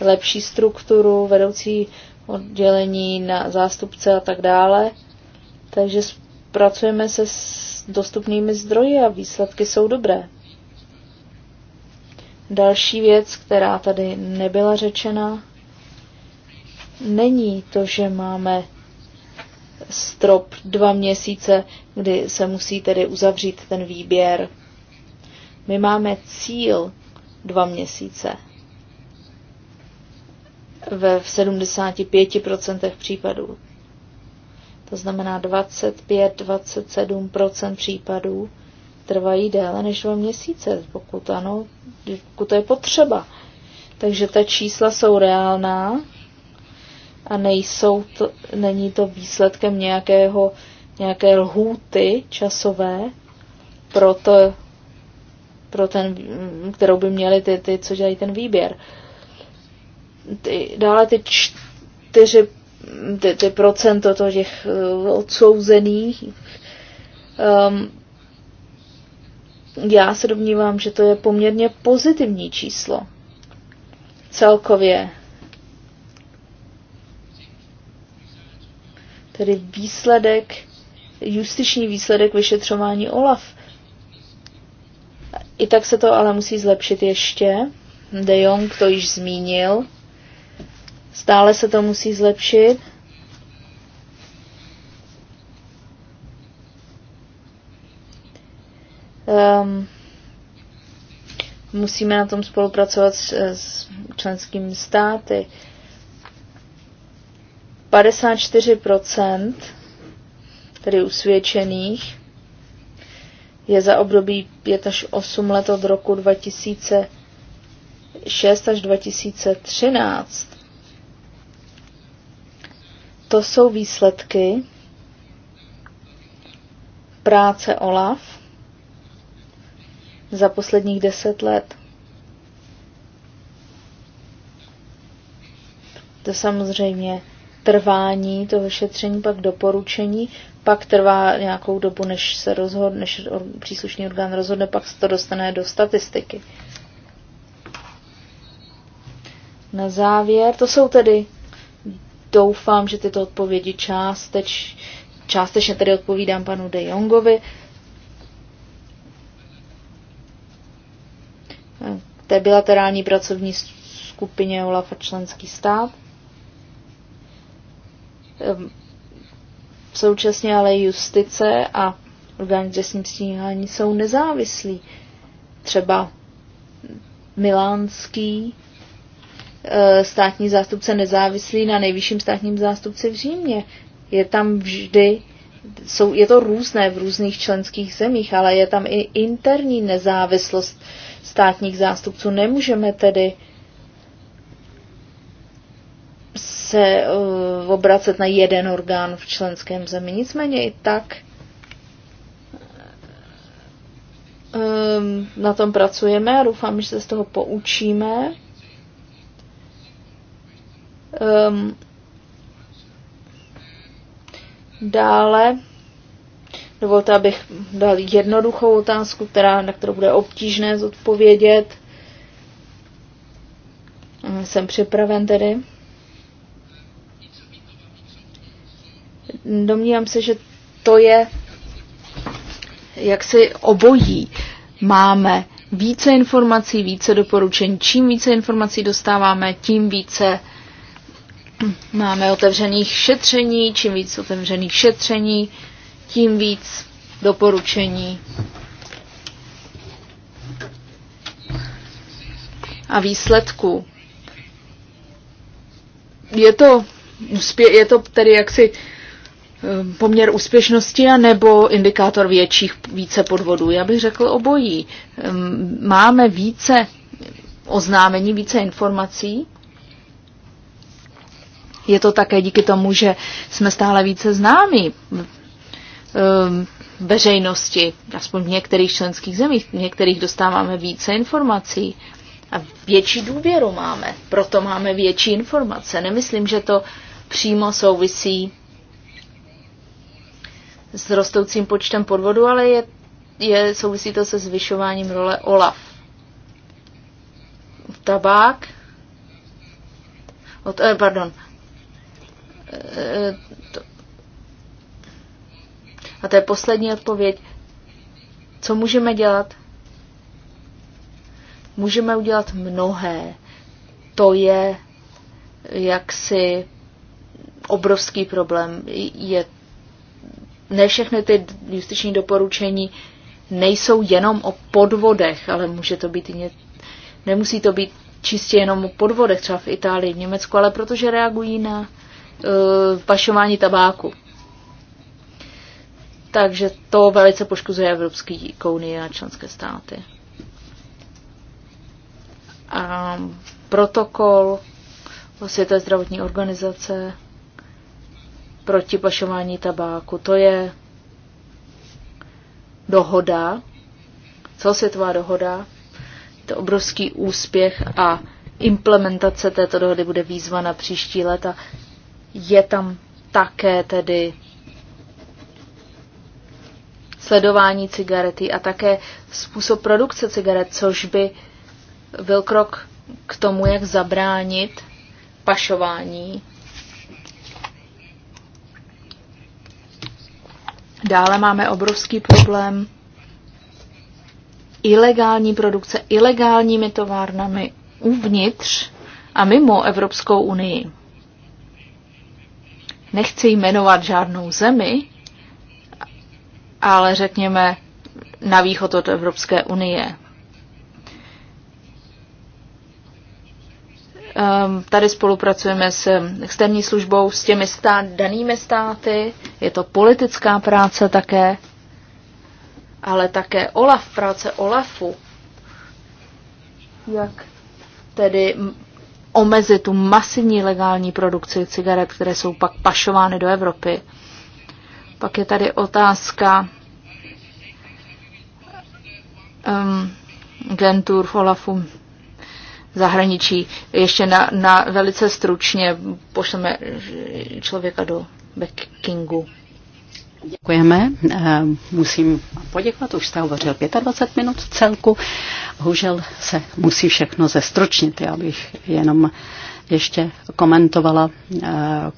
lepší strukturu, vedoucí oddělení na zástupce a tak dále. Takže pracujeme se s dostupnými zdroji a výsledky jsou dobré. Další věc, která tady nebyla řečena, není to, že máme strop dva měsíce, kdy se musí tedy uzavřít ten výběr. My máme cíl dva měsíce v 75% případů. To znamená 25-27% případů trvají déle než dva měsíce, pokud ano, pokud to je potřeba. Takže ta čísla jsou reálná a nejsou to, není to výsledkem nějakého, nějaké lhůty časové pro, to, pro ten, kterou by měli ty, ty, co dělají ten výběr. Uh, ty, dále ty čtyři ty, ty procento to těch uh, odsouzených. Um, já se domnívám, že to je poměrně pozitivní číslo. Celkově. Tedy výsledek, justiční výsledek vyšetřování OLAF. I tak se to ale musí zlepšit ještě. De Jong to již zmínil Stále se to musí zlepšit. Um, musíme na tom spolupracovat s, s členskými státy. 54% tedy usvědčených je za období 5 až 8 let od roku 2006 až 2013. To jsou výsledky práce OLAF za posledních deset let. To samozřejmě trvání to vyšetření, pak doporučení, pak trvá nějakou dobu, než se rozhodne, než příslušný orgán rozhodne, pak se to dostane do statistiky. Na závěr, to jsou tedy doufám, že tyto odpovědi částeč, částečně tedy odpovídám panu De Jongovi. K té bilaterální pracovní skupině OLAF a členský stát. Ehm, současně ale justice a orgány trestní stíhání jsou nezávislí. Třeba milánský Eh, státní zástupce nezávislý na nejvyšším státním zástupci v Římě. Je tam vždy, jsou, je to různé v různých členských zemích, ale je tam i interní nezávislost státních zástupců. Nemůžeme tedy se uh, obracet na jeden orgán v členském zemi. Nicméně i tak um, na tom pracujeme a doufám, že se z toho poučíme. Um, dále dovolte, abych dal jednoduchou otázku, která, na kterou bude obtížné zodpovědět. Ehm, jsem připraven tedy. Domnívám se, že to je jak si obojí. Máme více informací, více doporučení. Čím více informací dostáváme, tím více Máme otevřených šetření, čím víc otevřených šetření, tím víc doporučení. A výsledků. Je to, je to tedy jaksi eh, poměr úspěšnosti a nebo indikátor větších více podvodů. Já bych řekl obojí. Ehm, máme více oznámení, více informací, je to také díky tomu, že jsme stále více známí ehm, veřejnosti, aspoň v některých členských zemích, v některých dostáváme více informací a větší důvěru máme, proto máme větší informace. Nemyslím, že to přímo souvisí s rostoucím počtem podvodu, ale je, je souvisí to se zvyšováním role OLAF. Tabák, od, eh, pardon, a to je poslední odpověď. Co můžeme dělat? Můžeme udělat mnohé. To je jaksi obrovský problém. Je, ne všechny ty justiční doporučení nejsou jenom o podvodech, ale může to být ně, nemusí to být čistě jenom o podvodech, třeba v Itálii, v Německu, ale protože reagují na Eh, pašování tabáku. Takže to velice poškozuje Evropský unii a členské státy. A protokol Světové vlastně zdravotní organizace proti pašování tabáku. To je dohoda, celosvětová dohoda. Je to obrovský úspěch a implementace této dohody bude výzva na příští let a je tam také tedy sledování cigarety a také způsob produkce cigaret, což by byl krok k tomu, jak zabránit pašování. Dále máme obrovský problém ilegální produkce ilegálními továrnami uvnitř a mimo Evropskou unii nechci jmenovat žádnou zemi, ale řekněme na východ od Evropské unie. Ehm, tady spolupracujeme s externí službou, s těmi stát, danými státy. Je to politická práce také, ale také OLAF, práce OLAFu. Jak tedy omezit tu masivní legální produkci cigaret, které jsou pak pašovány do Evropy. Pak je tady otázka um, Gentur v Olafu zahraničí. Ještě na, na velice stručně pošleme člověka do Pekingu. Děkujeme. Eh, musím poděkovat, už jste hovořil 25 minut celku. Bohužel se musí všechno zestročnit. Já bych jenom ještě komentovala eh,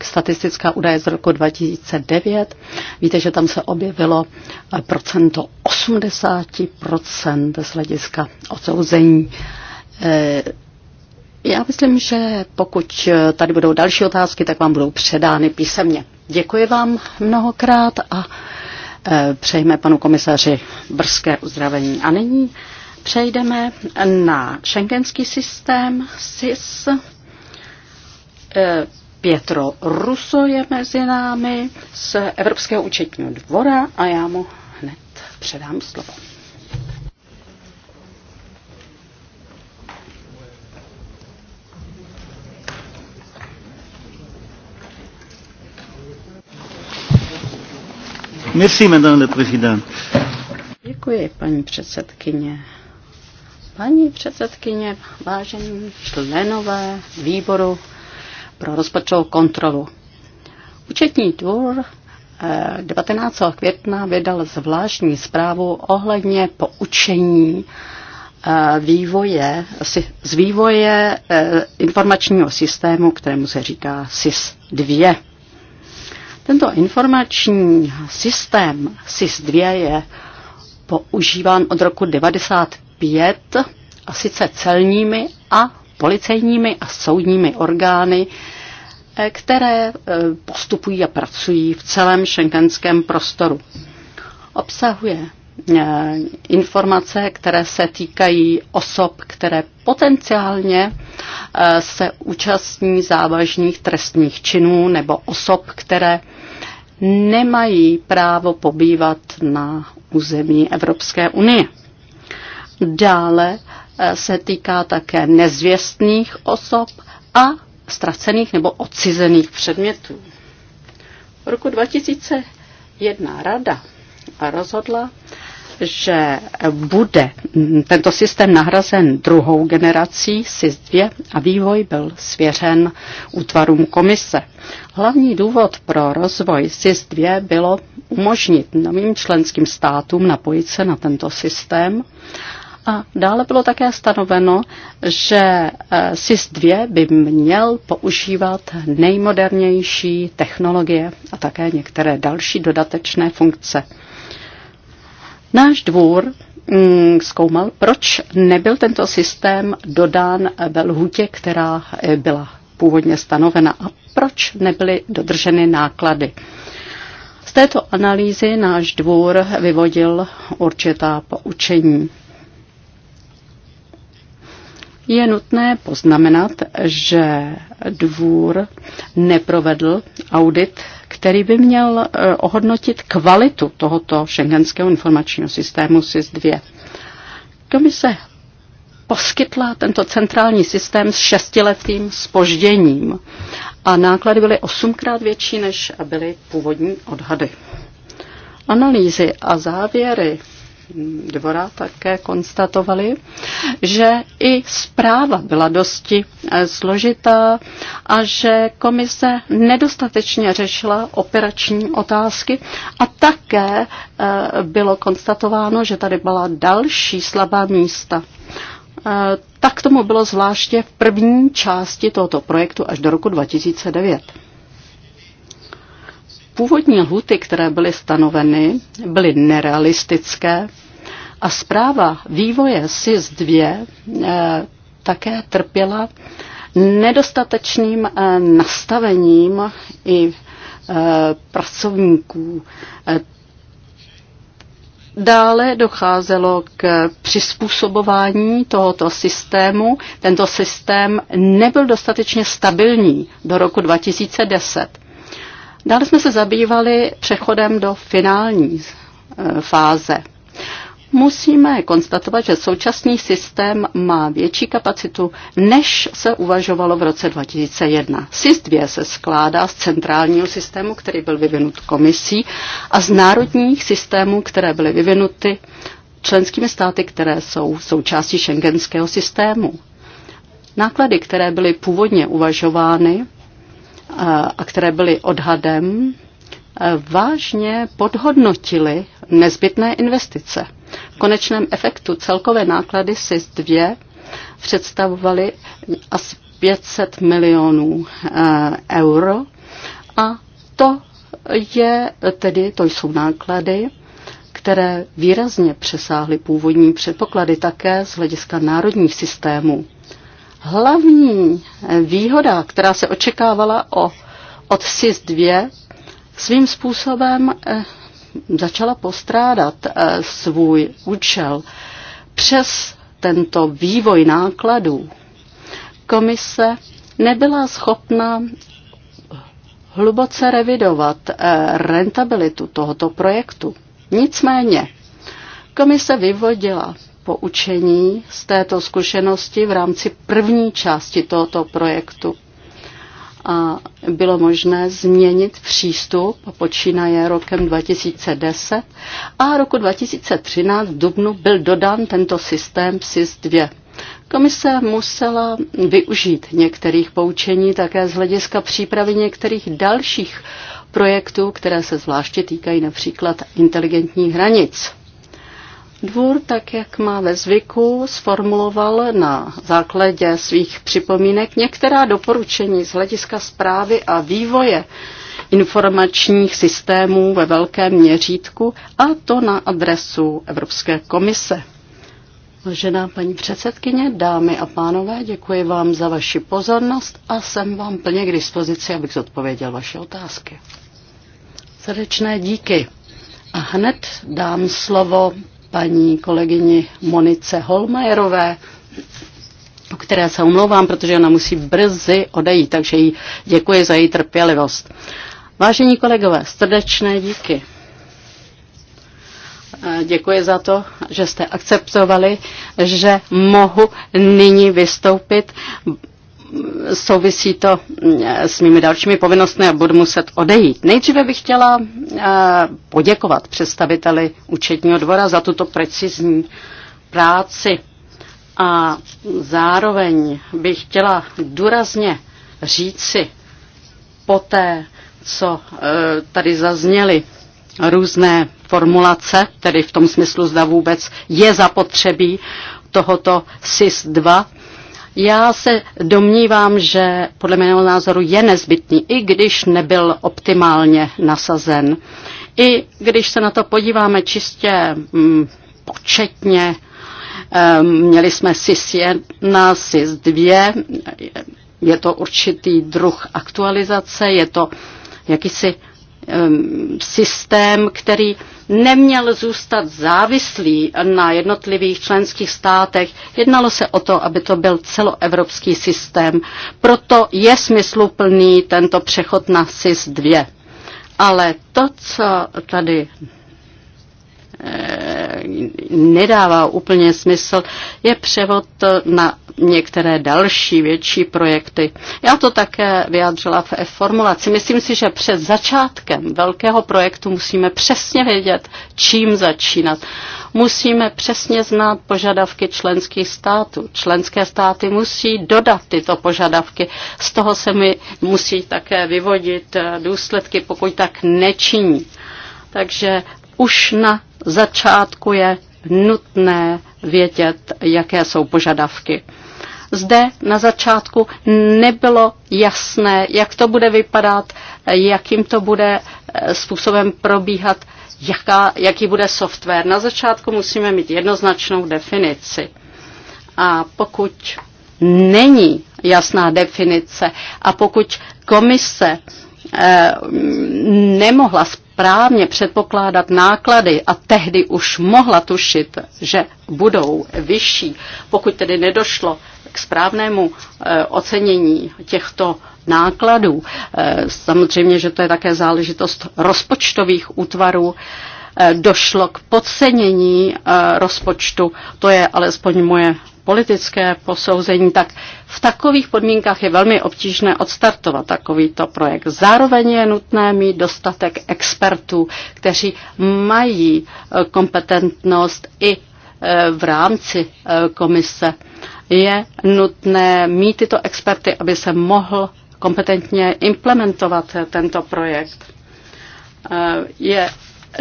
statistická údaje z roku 2009. Víte, že tam se objevilo eh, procento 80% z hlediska odsouzení já myslím, že pokud eh, tady budou další otázky, tak vám budou předány písemně. Děkuji vám mnohokrát a eh, přejme panu komisaři brzké uzdravení. A nyní přejdeme na šengenský systém SIS. Eh, Pietro Russo je mezi námi z Evropského účetního dvora a já mu hned předám slovo. Merci, madame Děkuji, paní předsedkyně. Paní předsedkyně, vážení členové výboru pro rozpočtovou kontrolu. Účetní dvůr eh, 19. května vydal zvláštní zprávu ohledně poučení eh, vývoje, z vývoje eh, informačního systému, kterému se říká SIS 2. Tento informační systém SIS-2 je používán od roku 1995 a sice celními a policejními a soudními orgány, eh, které eh, postupují a pracují v celém šengenském prostoru. Obsahuje eh, informace, které se týkají osob, které potenciálně se účastní závažných trestních činů nebo osob, které nemají právo pobývat na území Evropské unie. Dále eh, se týká také nezvěstných osob a ztracených nebo odcizených předmětů. V roku 2001 rada rozhodla, že bude tento systém nahrazen druhou generací SIS-2 a vývoj byl svěřen útvarům komise. Hlavní důvod pro rozvoj SIS-2 bylo umožnit novým členským státům napojit se na tento systém a dále bylo také stanoveno, že eh, SIS-2 by měl používat nejmodernější technologie a také některé další dodatečné funkce. Náš dvůr mm, zkoumal, proč nebyl tento systém dodán ve lhutě, která eh, byla původně stanovena a proč nebyly dodrženy náklady. Z této analýzy náš dvůr vyvodil určitá poučení. Je nutné poznamenat, že dvůr neprovedl audit který by měl eh, ohodnotit kvalitu tohoto šengenského informačního systému SIS-2. Komise poskytla tento centrální systém s šestiletým spožděním a náklady byly osmkrát větší, než byly původní odhady. Analýzy a závěry dvora také konstatovali, že i zpráva byla dosti eh, složitá a že komise nedostatečně řešila operační otázky a také eh, bylo konstatováno, že tady byla další slabá místa. Eh, tak tomu bylo zvláště v první části tohoto projektu až do roku 2009. Původní lhuty, které byly stanoveny, byly nerealistické a zpráva vývoje SIS 2 eh, také trpěla nedostatečným eh, nastavením i eh, pracovníků. Dále docházelo k přizpůsobování tohoto systému. Tento systém nebyl dostatečně stabilní do roku 2010. Dále jsme se zabývali přechodem do finální eh, fáze. Musíme konstatovat, že současný systém má větší kapacitu, než se uvažovalo v roce 2001. SIS-2 se skládá z centrálního systému, který byl vyvinut komisí, a z národních systémů, které byly vyvinuty členskými státy, které jsou součástí šengenského systému. Náklady, které byly původně uvažovány, a které byly odhadem, e, vážně podhodnotily nezbytné investice. V konečném efektu celkové náklady SIS 2 představovaly asi 500 milionů e, euro a to je tedy, to jsou náklady, které výrazně přesáhly původní předpoklady také z hlediska národních systémů. Hlavní výhoda, která se očekávala o, od SIS-2, svým způsobem eh, začala postrádat eh, svůj účel. Přes tento vývoj nákladů komise nebyla schopna hluboce revidovat eh, rentabilitu tohoto projektu. Nicméně komise vyvodila poučení z této zkušenosti v rámci první části tohoto projektu. A bylo možné změnit přístup, počínaje rokem 2010 a roku 2013 v Dubnu byl dodán tento systém SIS-2. Komise musela využít některých poučení také z hlediska přípravy některých dalších projektů, které se zvláště týkají například inteligentních hranic. Dvůr, tak jak má ve zvyku, sformuloval na základě svých připomínek některá doporučení z hlediska zprávy a vývoje informačních systémů ve velkém měřítku a to na adresu Evropské komise. Vážená paní předsedkyně, dámy a pánové, děkuji vám za vaši pozornost a jsem vám plně k dispozici, abych zodpověděl vaše otázky. Srdečné díky. A hned dám slovo paní kolegyni Monice Holmajerové, o které se omlouvám, protože ona musí brzy odejít, takže jí děkuji za její trpělivost. Vážení kolegové, srdečné díky. Děkuji za to, že jste akceptovali, že mohu nyní vystoupit souvisí to mm, s mými dalšími povinnostmi a budu muset odejít. Nejdříve bych chtěla eh, poděkovat představiteli účetního dvora za tuto precizní práci a zároveň bych chtěla důrazně říci po té, co eh, tady zazněly různé formulace, tedy v tom smyslu, zda vůbec je zapotřebí tohoto SIS-2, já se domnívám, že podle mého názoru je nezbytný, i když nebyl optimálně nasazen. I když se na to podíváme čistě mm, početně, Měli jsme SIS 1, SIS 2, je to určitý druh aktualizace, je to jakýsi systém, který neměl zůstat závislý na jednotlivých členských státech. Jednalo se o to, aby to byl celoevropský systém. Proto je smysluplný tento přechod na SIS 2. Ale to, co tady eh, nedává úplně smysl, je převod na některé další větší projekty. Já to také vyjádřila v formulaci. Myslím si, že před začátkem velkého projektu musíme přesně vědět, čím začínat. Musíme přesně znát požadavky členských států. Členské státy musí dodat tyto požadavky. Z toho se mi musí také vyvodit eh, důsledky, pokud tak nečiní. Takže už na začátku je nutné vědět, jaké jsou požadavky zde na začátku nebylo jasné, jak to bude vypadat, jakým to bude eh, způsobem probíhat, jaká, jaký bude software. Na začátku musíme mít jednoznačnou definici. A pokud není jasná definice a pokud komise eh, nemohla správně předpokládat náklady a tehdy už mohla tušit, že budou vyšší, pokud tedy nedošlo k správnému eh, ocenění těchto nákladů. Eh, samozřejmě, že to je také záležitost rozpočtových útvarů. Eh, došlo k podcenění rozpočtu, to je alespoň moje politické posouzení, tak v takových podmínkách je velmi obtížné odstartovat takovýto projekt. Zároveň je nutné mít dostatek expertů, kteří mají kompetentnost i v rámci komise je nutné mít tyto experty, aby se mohl kompetentně implementovat tento projekt. Eh, je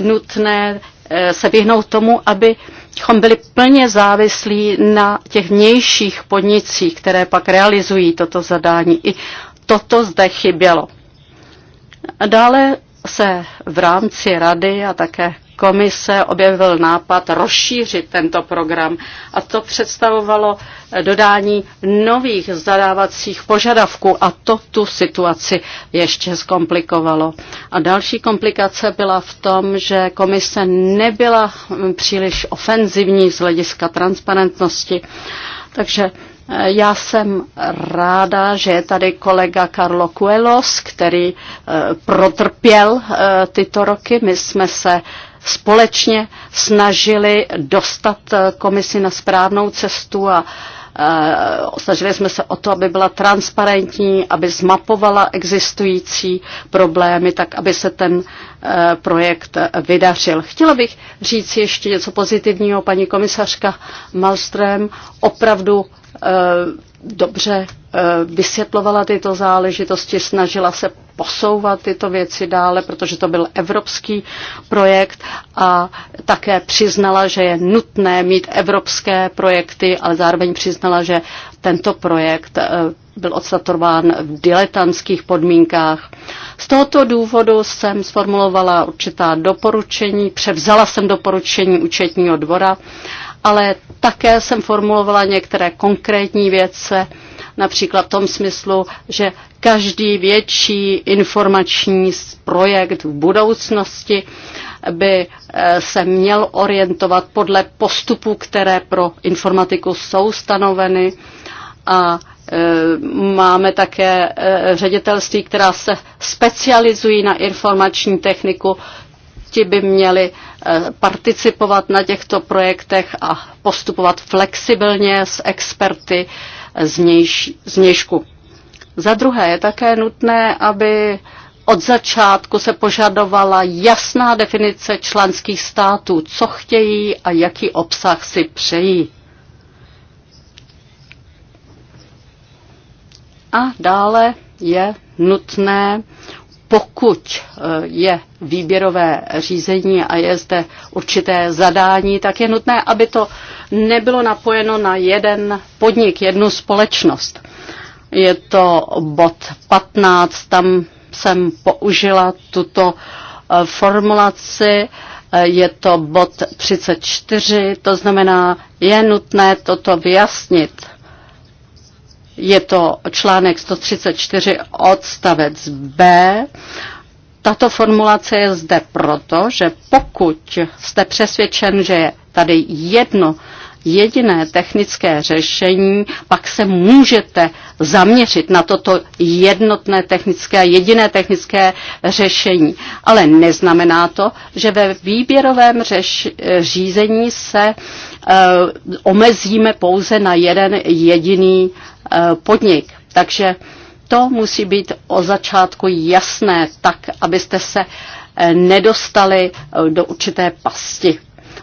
nutné eh, se vyhnout tomu, abychom byli plně závislí na těch vnějších podnicích, které pak realizují toto zadání. I toto zde chybělo. Dále se v rámci rady a také komise objevil nápad rozšířit tento program a to představovalo dodání nových zadávacích požadavků a to tu situaci ještě zkomplikovalo. A další komplikace byla v tom, že komise nebyla příliš ofenzivní z hlediska transparentnosti. Takže eh, já jsem ráda, že je tady kolega Carlo Kuelos, který eh, protrpěl eh, tyto roky. My jsme se společně snažili dostat eh, komisi na správnou cestu a eh, snažili jsme se o to, aby byla transparentní, aby zmapovala existující problémy, tak aby se ten eh, projekt vydařil. Chtěla bych říct ještě něco pozitivního, paní komisařka Malström opravdu dobře eh, vysvětlovala tyto záležitosti, snažila se posouvat tyto věci dále, protože to byl evropský projekt a také přiznala, že je nutné mít evropské projekty, ale zároveň přiznala, že tento projekt eh, byl odstatován v diletantských podmínkách. Z tohoto důvodu jsem sformulovala určitá doporučení, převzala jsem doporučení účetního dvora ale také jsem formulovala některé konkrétní věce, například v tom smyslu, že každý větší informační projekt v budoucnosti by eh, se měl orientovat podle postupů, které pro informatiku jsou stanoveny a eh, Máme také eh, ředitelství, která se specializují na informační techniku, Ti by měli eh, participovat na těchto projektech a postupovat flexibilně s experty z nějšku. Za druhé je také nutné, aby od začátku se požadovala jasná definice členských států, co chtějí a jaký obsah si přejí. A dále je nutné pokud eh, je výběrové řízení a je zde určité zadání, tak je nutné, aby to nebylo napojeno na jeden podnik, jednu společnost. Je to bod 15, tam jsem použila tuto eh, formulaci, eh, je to bod 34, to znamená, je nutné toto vyjasnit. Je to článek 134 odstavec B. Tato formulace je zde proto, že pokud jste přesvědčen, že je tady jedno jediné technické řešení, pak se můžete zaměřit na toto jednotné technické, jediné technické řešení. Ale neznamená to, že ve výběrovém řeš, řízení se e, omezíme pouze na jeden jediný Eh, podnik. Takže to musí být od začátku jasné, tak abyste se eh, nedostali eh, do určité pasti.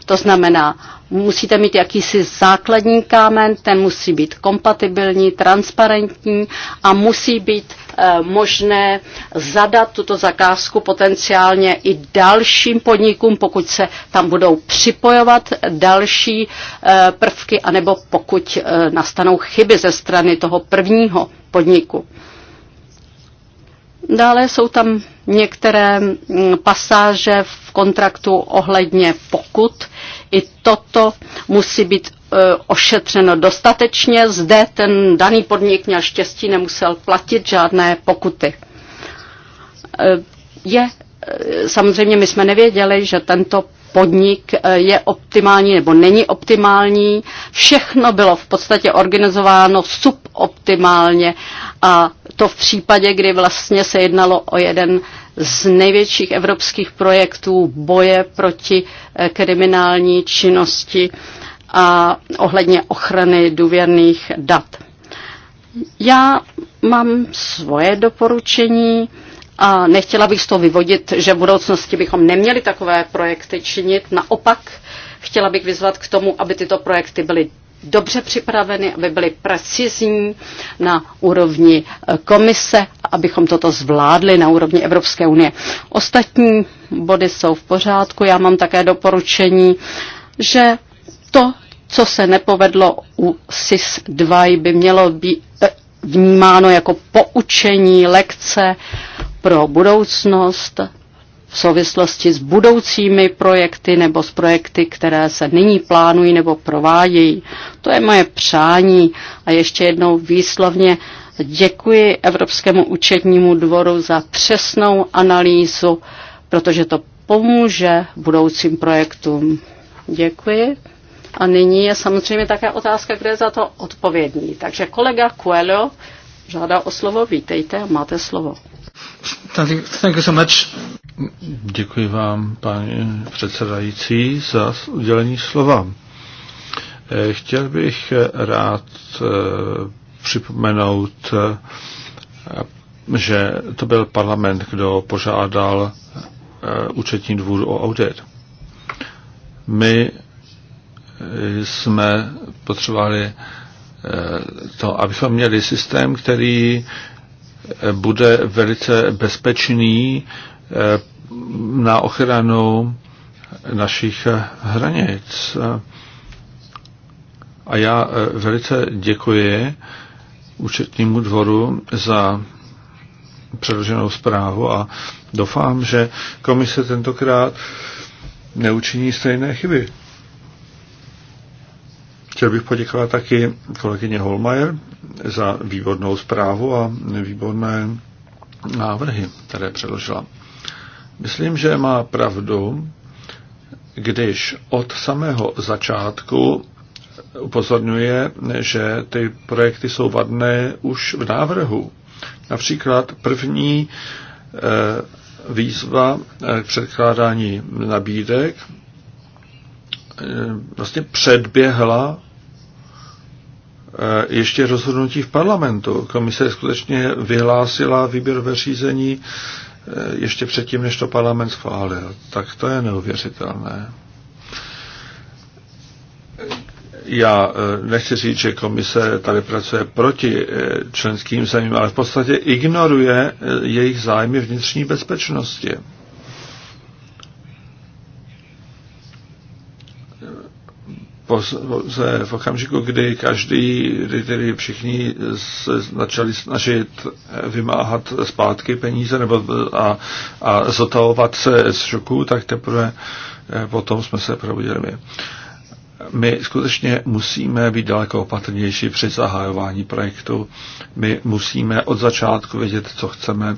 To znamená, musíte mít jakýsi základní kámen, ten musí být kompatibilní, transparentní a musí být eh, možné zadat tuto zakázku potenciálně i dalším podnikům, pokud se tam budou připojovat další eh, prvky, anebo pokud eh, nastanou chyby ze strany toho prvního podniku. Dále jsou tam některé mm, pasáže v kontraktu ohledně pokut. I toto musí být e, ošetřeno dostatečně. Zde ten daný podnik měl štěstí, nemusel platit žádné pokuty. E, je, e, samozřejmě my jsme nevěděli, že tento podnik je optimální nebo není optimální. Všechno bylo v podstatě organizováno super optimálně a to v případě, kdy vlastně se jednalo o jeden z největších evropských projektů boje proti eh, kriminální činnosti a ohledně ochrany důvěrných dat. Já mám svoje doporučení a nechtěla bych z toho vyvodit, že v budoucnosti bychom neměli takové projekty činit. Naopak, chtěla bych vyzvat k tomu, aby tyto projekty byly dobře připraveny, aby byly precizní na úrovni eh, komise, abychom toto zvládli na úrovni Evropské unie. Ostatní body jsou v pořádku. Já mám také doporučení, že to, co se nepovedlo u SIS-2, by mělo být eh, vnímáno jako poučení, lekce pro budoucnost, v souvislosti s budoucími projekty nebo s projekty, které se nyní plánují nebo provádějí. To je moje přání a ještě jednou výslovně děkuji Evropskému účetnímu dvoru za přesnou analýzu, protože to pomůže budoucím projektům. Děkuji. A nyní je samozřejmě také otázka, kde je za to odpovědní. Takže kolega Coelho žádá o slovo. Vítejte a máte slovo. Thank you so much. Děkuji vám, paní předsedající, za udělení slova. Eh, chtěl bych eh, rád eh, připomenout, že to byl parlament, kdo požádal účetní dvůr o audit. My jsme potřebovali to, abychom měli systém, který bude velice bezpečný Eh, na ochranu našich eh, hranic. Eh, a já velice děkuji účetnímu dvoru za předloženou zprávu a doufám, že komise tentokrát neučiní stejné chyby. Chtěl bych poděkovat taky kolegyně Holmajer za výbornou zprávu a výborné návrhy, které předložila. Myslím, že má pravdu, když od samého začátku upozorňuje, že ty projekty jsou vadné už v návrhu. Například první eh, výzva eh, k předkládání nabídek eh, vlastně předběhla ještě rozhodnutí v parlamentu. Komise skutečně vyhlásila výběrové řízení Eh, ještě předtím, než to parlament schválil. Tak to je neuvěřitelné. Já eh, nechci říct, že komise tady pracuje proti eh, členským zemím, ale v podstatě ignoruje jejich zájmy vnitřní bezpečnosti. pouze v okamžiku, kdy každý, kdy tedy všichni se začali snažit vymáhat zpátky peníze nebo a, a zotavovat se z šoku, tak teprve eh, potom jsme se probudili my. My skutečně musíme být daleko opatrnější při zahájování projektu. My musíme od začátku vědět, co chceme,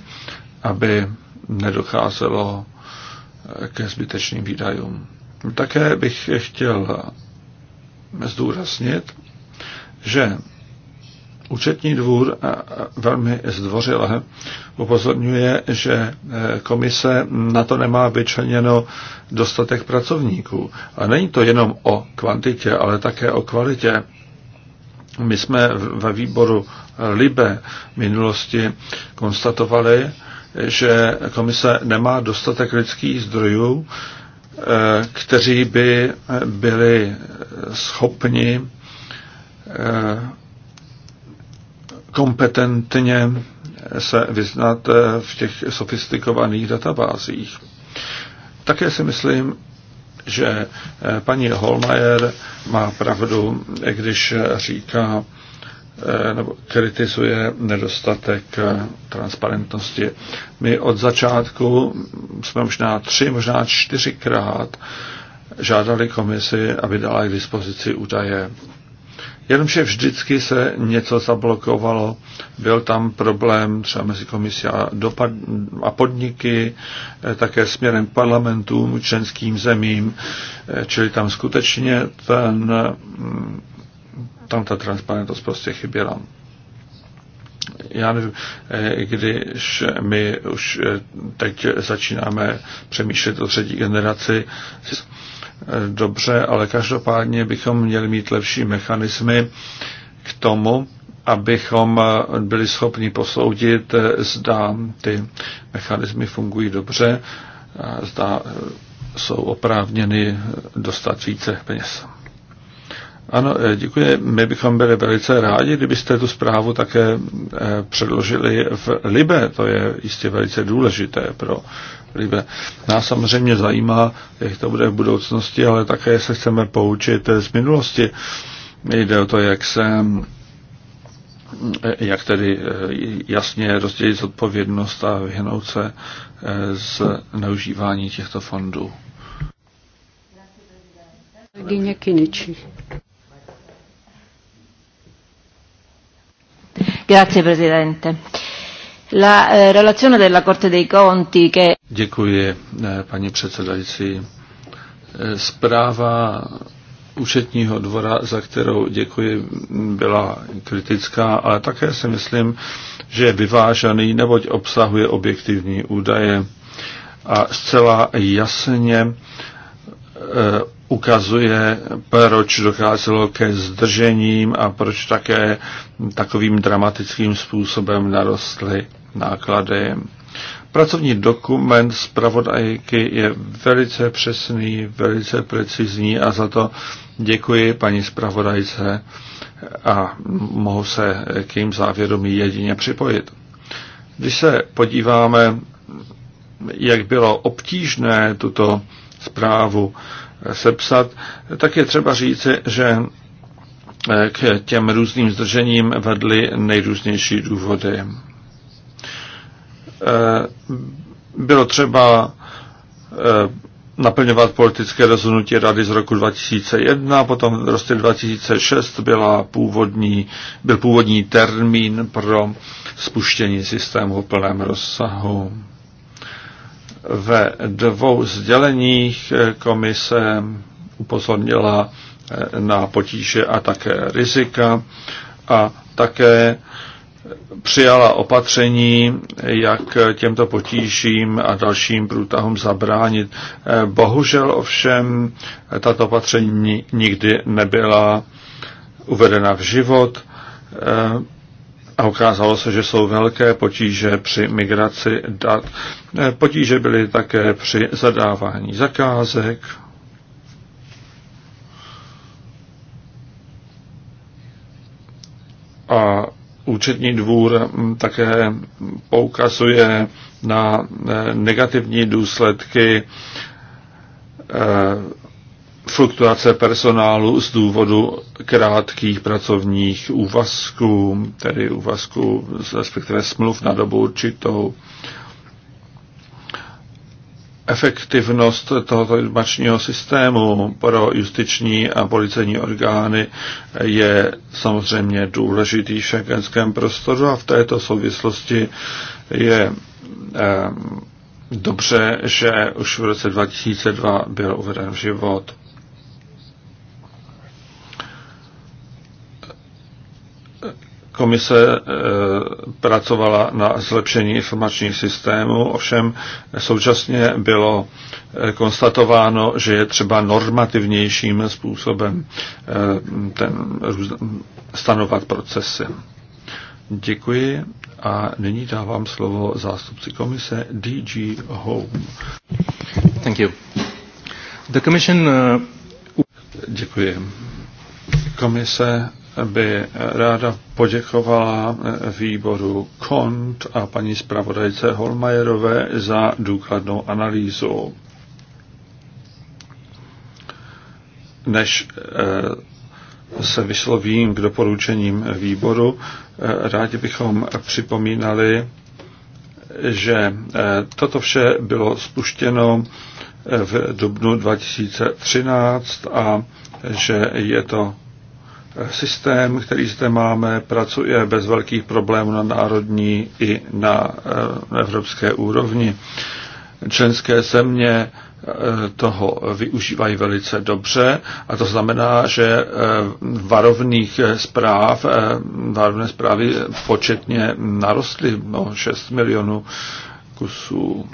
aby nedocházelo eh, ke zbytečným výdajům. Také bych chtěl zdůraznit, že Účetní dvůr a velmi zdvořile upozorňuje, že e, komise na to nemá vyčleněno dostatek pracovníků. A není to jenom o kvantitě, ale také o kvalitě. My jsme ve výboru Libe minulosti konstatovali, že komise nemá dostatek lidských zdrojů Eh, kteří by eh, byli eh, schopni kompetentně se vyznat v těch sofistikovaných databázích. Také si myslím, že paní Holmajer má pravdu, když říká, Eh, nebo kritizuje nedostatek eh, transparentnosti. My od začátku jsme možná tři, možná čtyřikrát žádali komisi, aby dala k dispozici údaje. Jenomže vždycky se něco zablokovalo, byl tam problém třeba mezi komisí a, dopad, a podniky, eh, také směrem k parlamentům, členským zemím, čili tam skutečně ten tam ta transparentnost prostě chyběla. Já nevím, eh, když my už eh, teď začínáme přemýšlet o třetí generaci, eh, dobře, ale každopádně bychom měli mít lepší mechanismy k tomu, abychom byli schopni posoudit, zda ty mechanismy fungují dobře, zda jsou oprávněny dostat více peněz. Ano, eh, děkuji. My bychom byli velice rádi, kdybyste tu zprávu také eh, předložili v Libe. To je jistě velice důležité pro Libe. Nás samozřejmě zajímá, jak to bude v budoucnosti, ale také se chceme poučit z minulosti. Jde o to, jak se eh, jak tedy jasně rozdělit odpovědnost a vyhnout se z neužívání těchto fondů. Kolegyně Kiniči. Grazie Presidente. La eh, relazione della Corte dei Conti che... Děkuji, eh, paní předsedající. Eh, zpráva účetního dvora, za kterou děkuji, byla kritická, ale také si myslím, že je vyvážený, neboť obsahuje objektivní údaje a zcela jasně Eh, ukazuje, proč docházelo ke zdržením a proč také takovým dramatickým způsobem narostly náklady. Pracovní dokument zpravodajky je velice přesný, velice precizní a za to děkuji paní zpravodajce a mohu se k jejím závěrům jedině připojit. Když se podíváme, jak bylo obtížné tuto zprávu eh, sepsat, tak je třeba říci, že eh, k těm různým zdržením vedly nejrůznější důvody. Eh, bylo třeba naplňovat politické rozhodnutí rady z roku 2001, potom v roce 2006 byla původní, byl původní termín pro spuštění systému v plném rozsahu. Ve dvou sděleních komise upozornila eh, na potíže a také rizika a také přijala opatření, jak těmto potížím a dalším průtahům zabránit. Eh, bohužel ovšem tato opatření nikdy nebyla uvedena v život. Eh, a ukázalo se, že jsou velké potíže při migraci dat. Eh, potíže byly také při zadávání zakázek. A účetní dvůr hm, také poukazuje na eh, negativní důsledky eh, fluktuace personálu z důvodu krátkých pracovních úvazků, tedy úvazků, respektive smluv na dobu určitou. Efektivnost tohoto informačního systému pro justiční a policejní orgány je samozřejmě důležitý v šengenském prostoru a v této souvislosti je eh, dobře, že už v roce 2002 byl uveden v život Komise e, pracovala na zlepšení informačních systémů, ovšem současně bylo e, konstatováno, že je třeba normativnějším způsobem e, ten, stanovat procesy. Děkuji a nyní dávám slovo zástupci komise DG Home. Thank you. The commission, uh... Děkuji. Komise by ráda poděkovala výboru KONT a paní zpravodajce Holmajerové za důkladnou analýzu. Než eh, se vyslovím k doporučením výboru, eh, rádi bychom připomínali, že eh, toto vše bylo spuštěno v dubnu 2013 a že je to systém, který zde máme, pracuje bez velkých problémů na národní i na eh, evropské úrovni. Členské země eh, toho využívají velice dobře a to znamená, že eh, varovných zpráv, varovné zprávy početně narostly o 6 milionů kusů.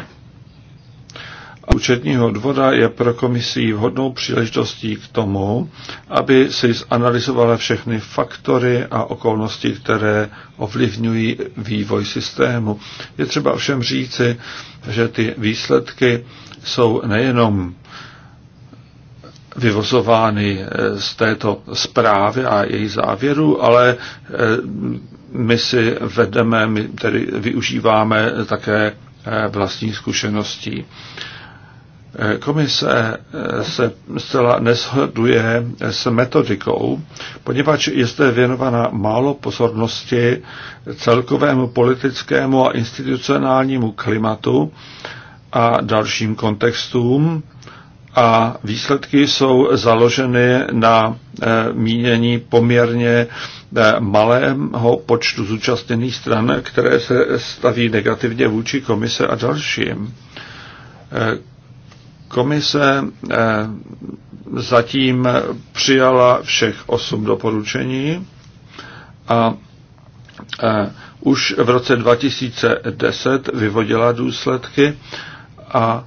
Účetního dvora je pro komisí vhodnou příležitostí k tomu, aby si zanalizovala všechny faktory a okolnosti, které ovlivňují vývoj systému. Je třeba všem říci, že ty výsledky jsou nejenom vyvozovány eh, z této zprávy a její závěru, ale eh, my si vedeme, my tedy využíváme také eh, vlastní zkušeností. Komise eh, se zcela neshoduje s metodikou, poněvadž je zde věnovaná málo pozornosti celkovému politickému a institucionálnímu klimatu a dalším kontextům a výsledky jsou založeny na eh, mínění poměrně eh, malého počtu zúčastněných stran, které se staví negativně vůči komise a dalším Komise eh, zatím přijala všech osm doporučení a eh, už v roce 2010 vyvodila důsledky a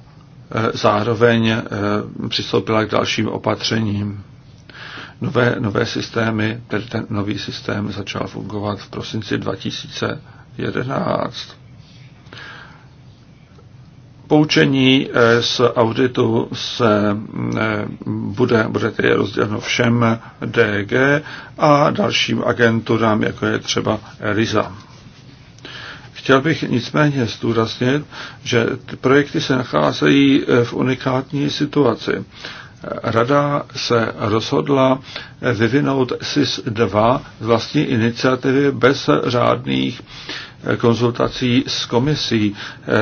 eh, zároveň přistoupila k dalším opatřením. Nové, nové systémy, tedy ten nový systém začal fungovat v prosinci 2011. Poučení eh, z auditu se eh, bude, bude tedy rozděleno všem DG a dalším agenturám, jako je třeba RISA. Chtěl bych nicméně zdůraznit, že projekty se nacházejí eh, v unikátní situaci. Rada se rozhodla vyvinout SIS-2 z vlastní iniciativy bez řádných konzultací s komisí.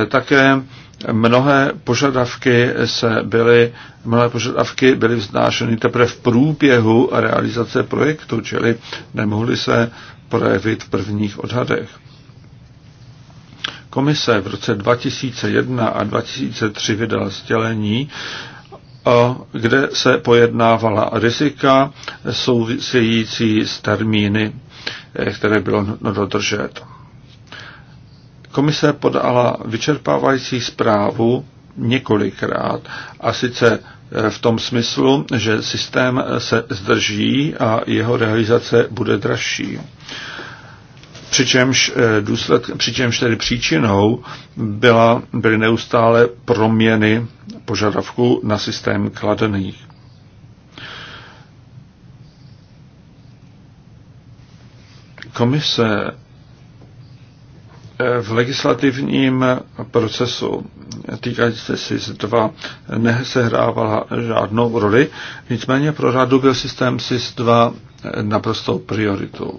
Také Mnohé požadavky se byly, mnohé požadavky byly vznášeny teprve v průběhu realizace projektu, čili nemohly se projevit v prvních odhadech. Komise v roce 2001 a 2003 vydala sdělení, kde se pojednávala rizika související s termíny, eh, které bylo dodržet. Komise podala vyčerpávající zprávu několikrát a sice eh, v tom smyslu, že systém eh, se zdrží a jeho realizace bude dražší. Přičemž, eh, důsled, přičemž tedy příčinou byla, byly neustále proměny požadavků na systém kladených. Komise v legislativním procesu týkající SIS 2 nesehrávala žádnou roli, nicméně pro řádu byl systém SIS 2 naprostou prioritou.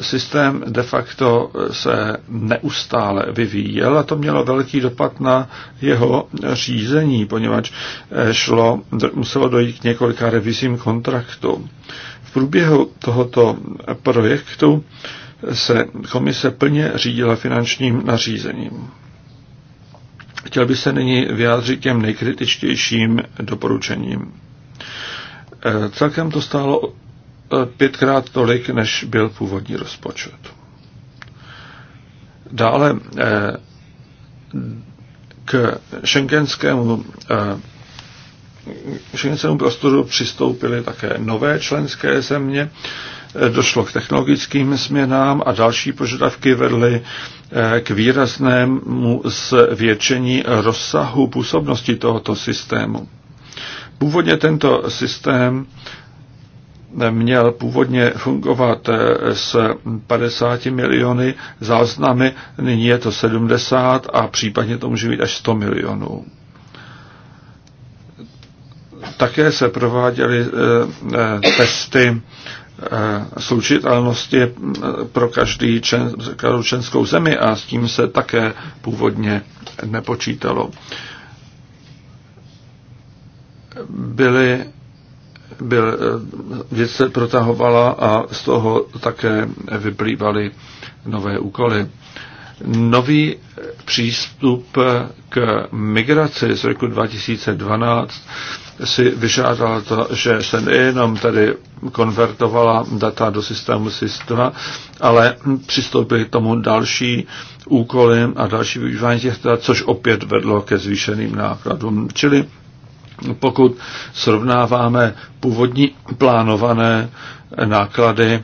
Systém de facto se neustále vyvíjel a to mělo velký dopad na jeho řízení, poněvadž eh, šlo, muselo dojít k několika revizím kontraktu. V průběhu tohoto projektu se komise plně řídila finančním nařízením. Chtěl bych se nyní vyjádřit těm nejkritičtějším doporučením. E, celkem to stálo e, pětkrát tolik, než byl původní rozpočet. Dále e, k šengenskému šengenskému prostoru přistoupily také nové členské země, došlo k technologickým změnám a další požadavky vedly eh, k výraznému zvětšení rozsahu působnosti tohoto systému. Původně tento systém měl původně fungovat eh, s 50 miliony záznamy, nyní je to 70 a případně to může být až 100 milionů. Také se prováděly eh, testy Eh, slučitelnost je eh, pro každý čen, každou členskou zemi a s tím se také původně nepočítalo. Byly, byl, eh, věc se protahovala a z toho také vyplývaly nové úkoly. Nový přístup k migraci z roku 2012 si vyžádala to, že se nejenom tady konvertovala data do systému SIS-2, ale přistoupili k tomu další úkoly a další využívání těch dat, což opět vedlo ke zvýšeným nákladům. Čili pokud srovnáváme původní plánované náklady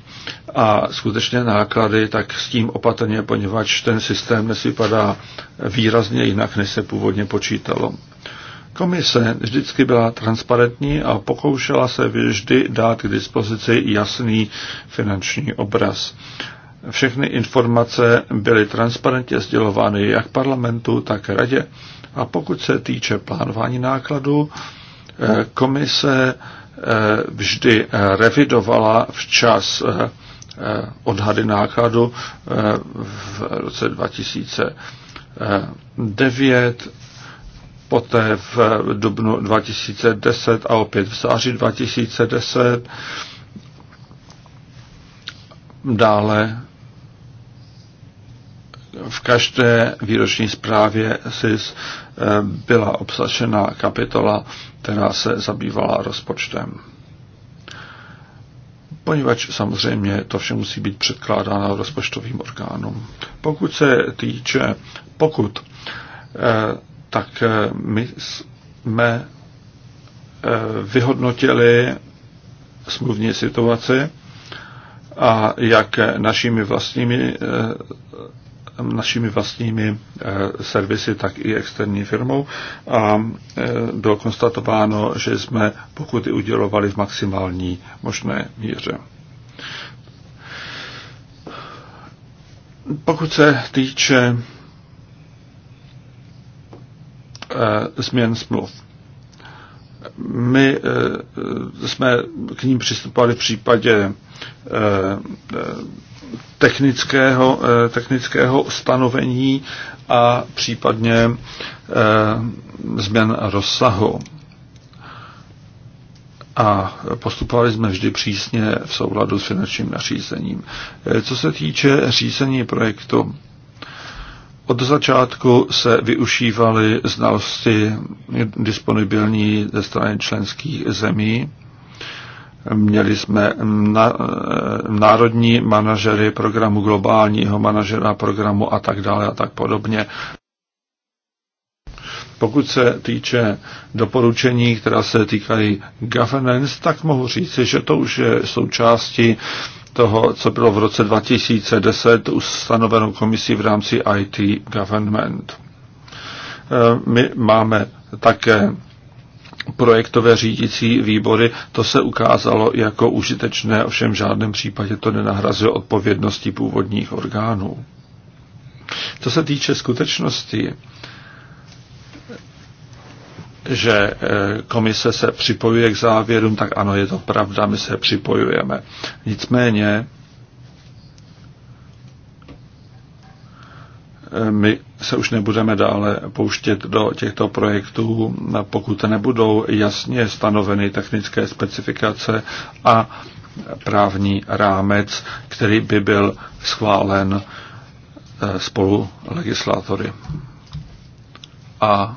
a skutečné náklady, tak s tím opatrně, poněvadž ten systém dnes vypadá výrazně jinak, než se původně počítalo. Komise vždycky byla transparentní a pokoušela se vždy dát k dispozici jasný finanční obraz. Všechny informace byly transparentně sdělovány jak parlamentu, tak radě. A pokud se týče plánování nákladů, eh, komise eh, vždy revidovala včas eh, odhady nákladu v roce 2009 poté v dubnu 2010 a opět v září 2010. Dále v každé výroční zprávě SIS eh, byla obsažena kapitola, která se zabývala rozpočtem. Poněvadž samozřejmě to vše musí být předkládáno rozpočtovým orgánům. Pokud se týče pokud eh, tak eh, my jsme eh, vyhodnotili smluvní situaci a jak našimi vlastními, eh, našimi vlastními servisy, tak i externí firmou a bylo konstatováno, že jsme pokuty udělovali v maximální možné míře. Pokud se týče Eh, změn smluv. My eh, jsme k ním přistupovali v případě eh, technického, technického stanovení a případně změn rozsahu. A postupovali jsme vždy přísně v souladu s finančním nařízením. Co se týče řízení projektu, od začátku se využívaly znalosti disponibilní ze strany členských zemí. Měli jsme na, eh, národní manažery programu globálního manažera programu a tak dále a tak podobně. Pokud se týče doporučení, která se týkají governance, tak mohu říci, že to už je součástí toho, co bylo v roce 2010 ustanoveno komisí v rámci IT Government. E, my máme také projektové řídící výbory, to se ukázalo jako užitečné, ovšem v žádném případě to nenahrazuje odpovědnosti původních orgánů. Co se týče skutečnosti, že eh, komise se připojuje k závěrům, tak ano, je to pravda, my se připojujeme. Nicméně eh, my se už nebudeme dále pouštět do těchto projektů, pokud nebudou jasně stanoveny technické specifikace a právní rámec, který by byl schválen eh, spolu legislátory. A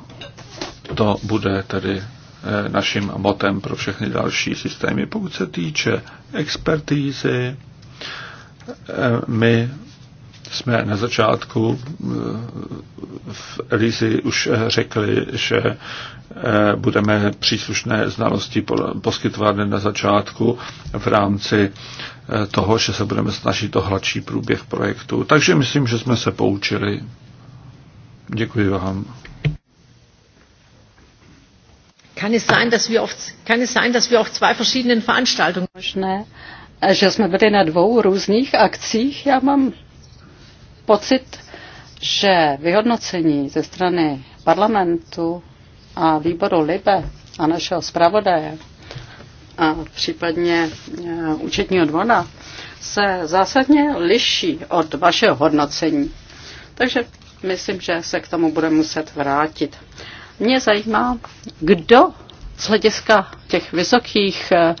to bude tedy eh, naším motem pro všechny další systémy. Pokud se týče expertízy, eh, my jsme na začátku eh, v Elízi už řekli, že budeme příslušné znalosti poskytovat na začátku v rámci toho, že se budeme snažit o hladší průběh projektu. Takže myslím, že jsme se poučili. Děkuji vám. Kann es sein, dass wir auf, zwei verschiedenen Veranstaltungen... Možné, eh, že jsme byli na dvou různých akcích. Já mám pocit, že vyhodnocení ze strany parlamentu a výboru LIBE a našeho zpravodaje a případně eh, účetního dvora se zásadně liší od vašeho hodnocení. Takže myslím, že se k tomu bude muset vrátit. Mě zajímá, kdo z hlediska těch vysokých eh,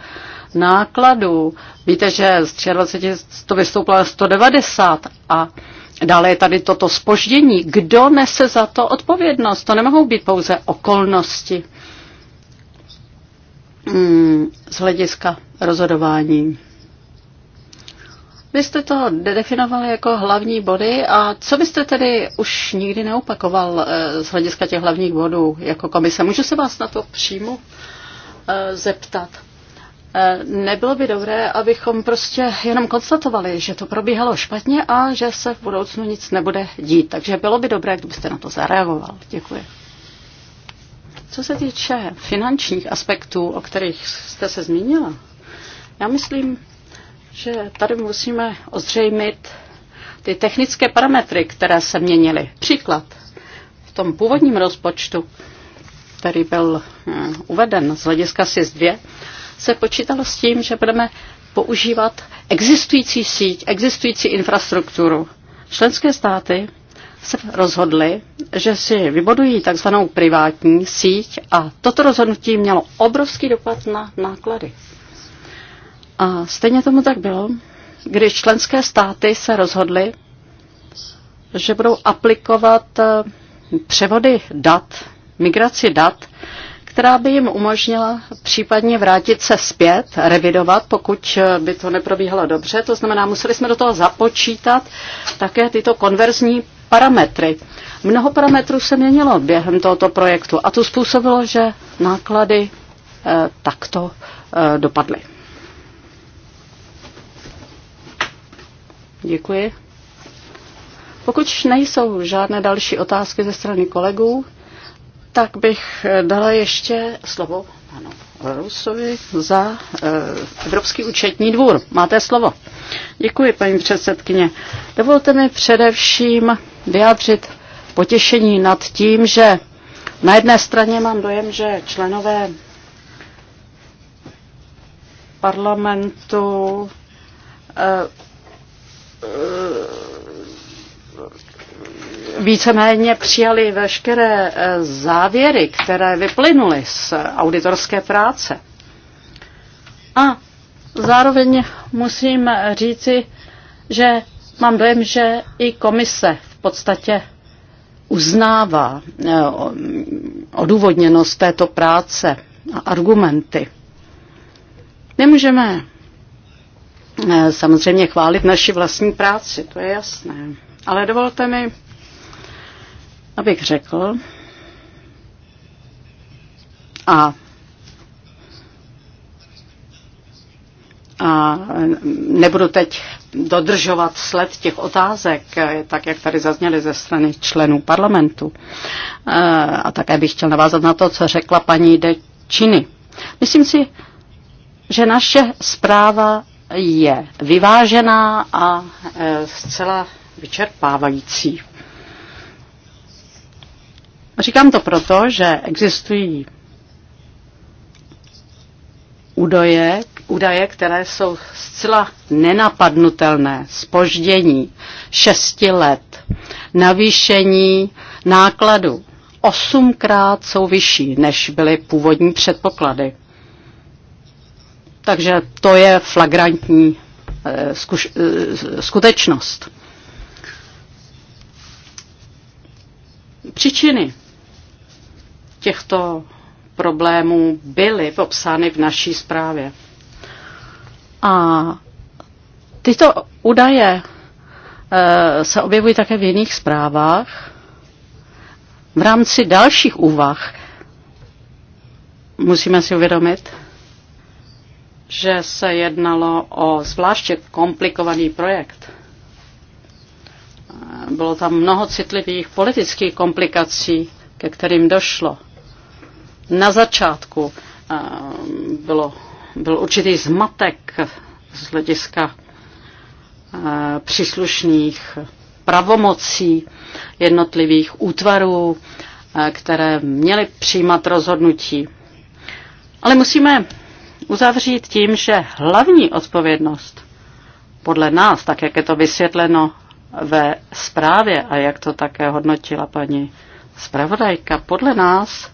nákladů, víte, že z 23 to vystoupilo na 190 a dále je tady toto spoždění. Kdo nese za to odpovědnost? To nemohou být pouze okolnosti hmm, z hlediska rozhodování. Vy jste to definovali jako hlavní body a co byste tedy už nikdy neopakoval eh, z hlediska těch hlavních bodů jako komise? Můžu se vás na to přímo eh, zeptat? Eh, nebylo by dobré, abychom prostě jenom konstatovali, že to probíhalo špatně a že se v budoucnu nic nebude dít. Takže bylo by dobré, kdybyste na to zareagoval. Děkuji. Co se týče finančních aspektů, o kterých jste se zmínila, já myslím, že tady musíme ozřejmit ty technické parametry, které se měnily. Příklad, v tom původním rozpočtu, který byl eh, uveden z hlediska SIS 2, se počítalo s tím, že budeme používat existující síť, existující infrastrukturu. Členské státy se rozhodly, že si vybudují takzvanou privátní síť a toto rozhodnutí mělo obrovský dopad na náklady. A stejně tomu tak bylo, když členské státy se rozhodly, že budou aplikovat eh, převody dat, migraci dat, která by jim umožnila případně vrátit se zpět, revidovat, pokud eh, by to neprobíhalo dobře. To znamená, museli jsme do toho započítat také tyto konverzní parametry. Mnoho parametrů se měnilo během tohoto projektu a to způsobilo, že náklady eh, takto dopadly. Děkuji. Pokud nejsou žádné další otázky ze strany kolegů, tak bych dala ještě slovo panu Rusovi za eh, Evropský účetní dvůr. Máte slovo. Děkuji, paní předsedkyně. Dovolte mi především vyjádřit potěšení nad tím, že na jedné straně mám dojem, že členové parlamentu eh, víceméně přijali veškeré eh, závěry, které vyplynuly z auditorské práce. A zároveň musím říci, že mám dojem, že i komise v podstatě uznává eh, odůvodněnost této práce a argumenty. Nemůžeme Eh, samozřejmě chválit naši vlastní práci, to je jasné. Ale dovolte mi, abych řekl, a a nebudu teď dodržovat sled těch otázek, eh, tak jak tady zazněly ze strany členů parlamentu. Eh, a také bych chtěl navázat na to, co řekla paní Dečiny. Myslím si, že naše zpráva je vyvážená a e, zcela vyčerpávající. Říkám to proto, že existují údaje, údaje, které jsou zcela nenapadnutelné. Spoždění 6 let, navýšení nákladu osmkrát jsou vyšší, než byly původní předpoklady. Takže to je flagrantní eh, zkuš, eh, skutečnost. Příčiny těchto problémů byly popsány v naší zprávě. A tyto údaje eh, se objevují také v jiných zprávách. V rámci dalších úvah musíme si uvědomit, že se jednalo o zvláště komplikovaný projekt. Bylo tam mnoho citlivých politických komplikací, ke kterým došlo. Na začátku eh, bylo, byl určitý zmatek z hlediska eh, příslušných pravomocí jednotlivých útvarů, eh, které měly přijímat rozhodnutí. Ale musíme uzavřít tím, že hlavní odpovědnost podle nás, tak jak je to vysvětleno ve zprávě a jak to také hodnotila paní zpravodajka, podle nás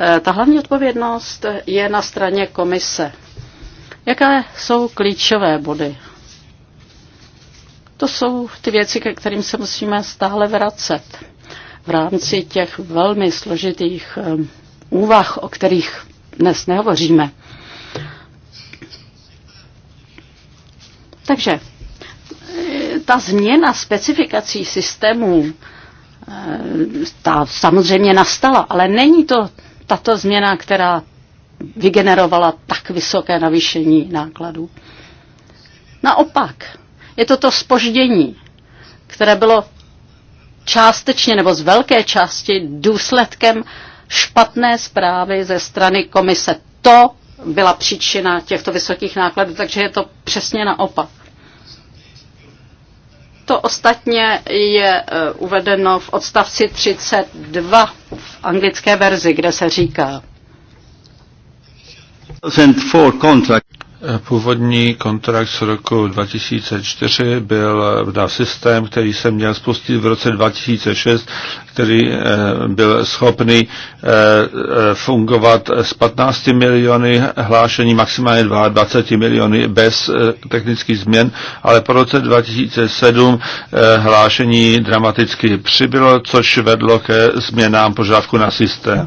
eh, ta hlavní odpovědnost je na straně komise. Jaké jsou klíčové body? To jsou ty věci, ke kterým se musíme stále vracet v rámci těch velmi složitých eh, úvah, o kterých dnes nehovoříme. Takže e, ta změna specifikací systémů e, ta samozřejmě nastala, ale není to tato změna, která vygenerovala tak vysoké navýšení nákladů. Naopak, je to to spoždění, které bylo částečně nebo z velké části důsledkem špatné zprávy ze strany komise. To byla příčina těchto vysokých nákladů, takže je to přesně naopak. To ostatně je eh, uvedeno v odstavci 32 v anglické verzi, kde se říká. Původní kontrakt z roku 2004 byl na eh, systém, který se měl spustit v roce 2006, který eh, byl schopný eh, fungovat s 15 miliony hlášení, maximálně 22 miliony bez technických změn, ale po roce 2007 hlášení dramaticky přibylo, což vedlo ke změnám požadavku na systém.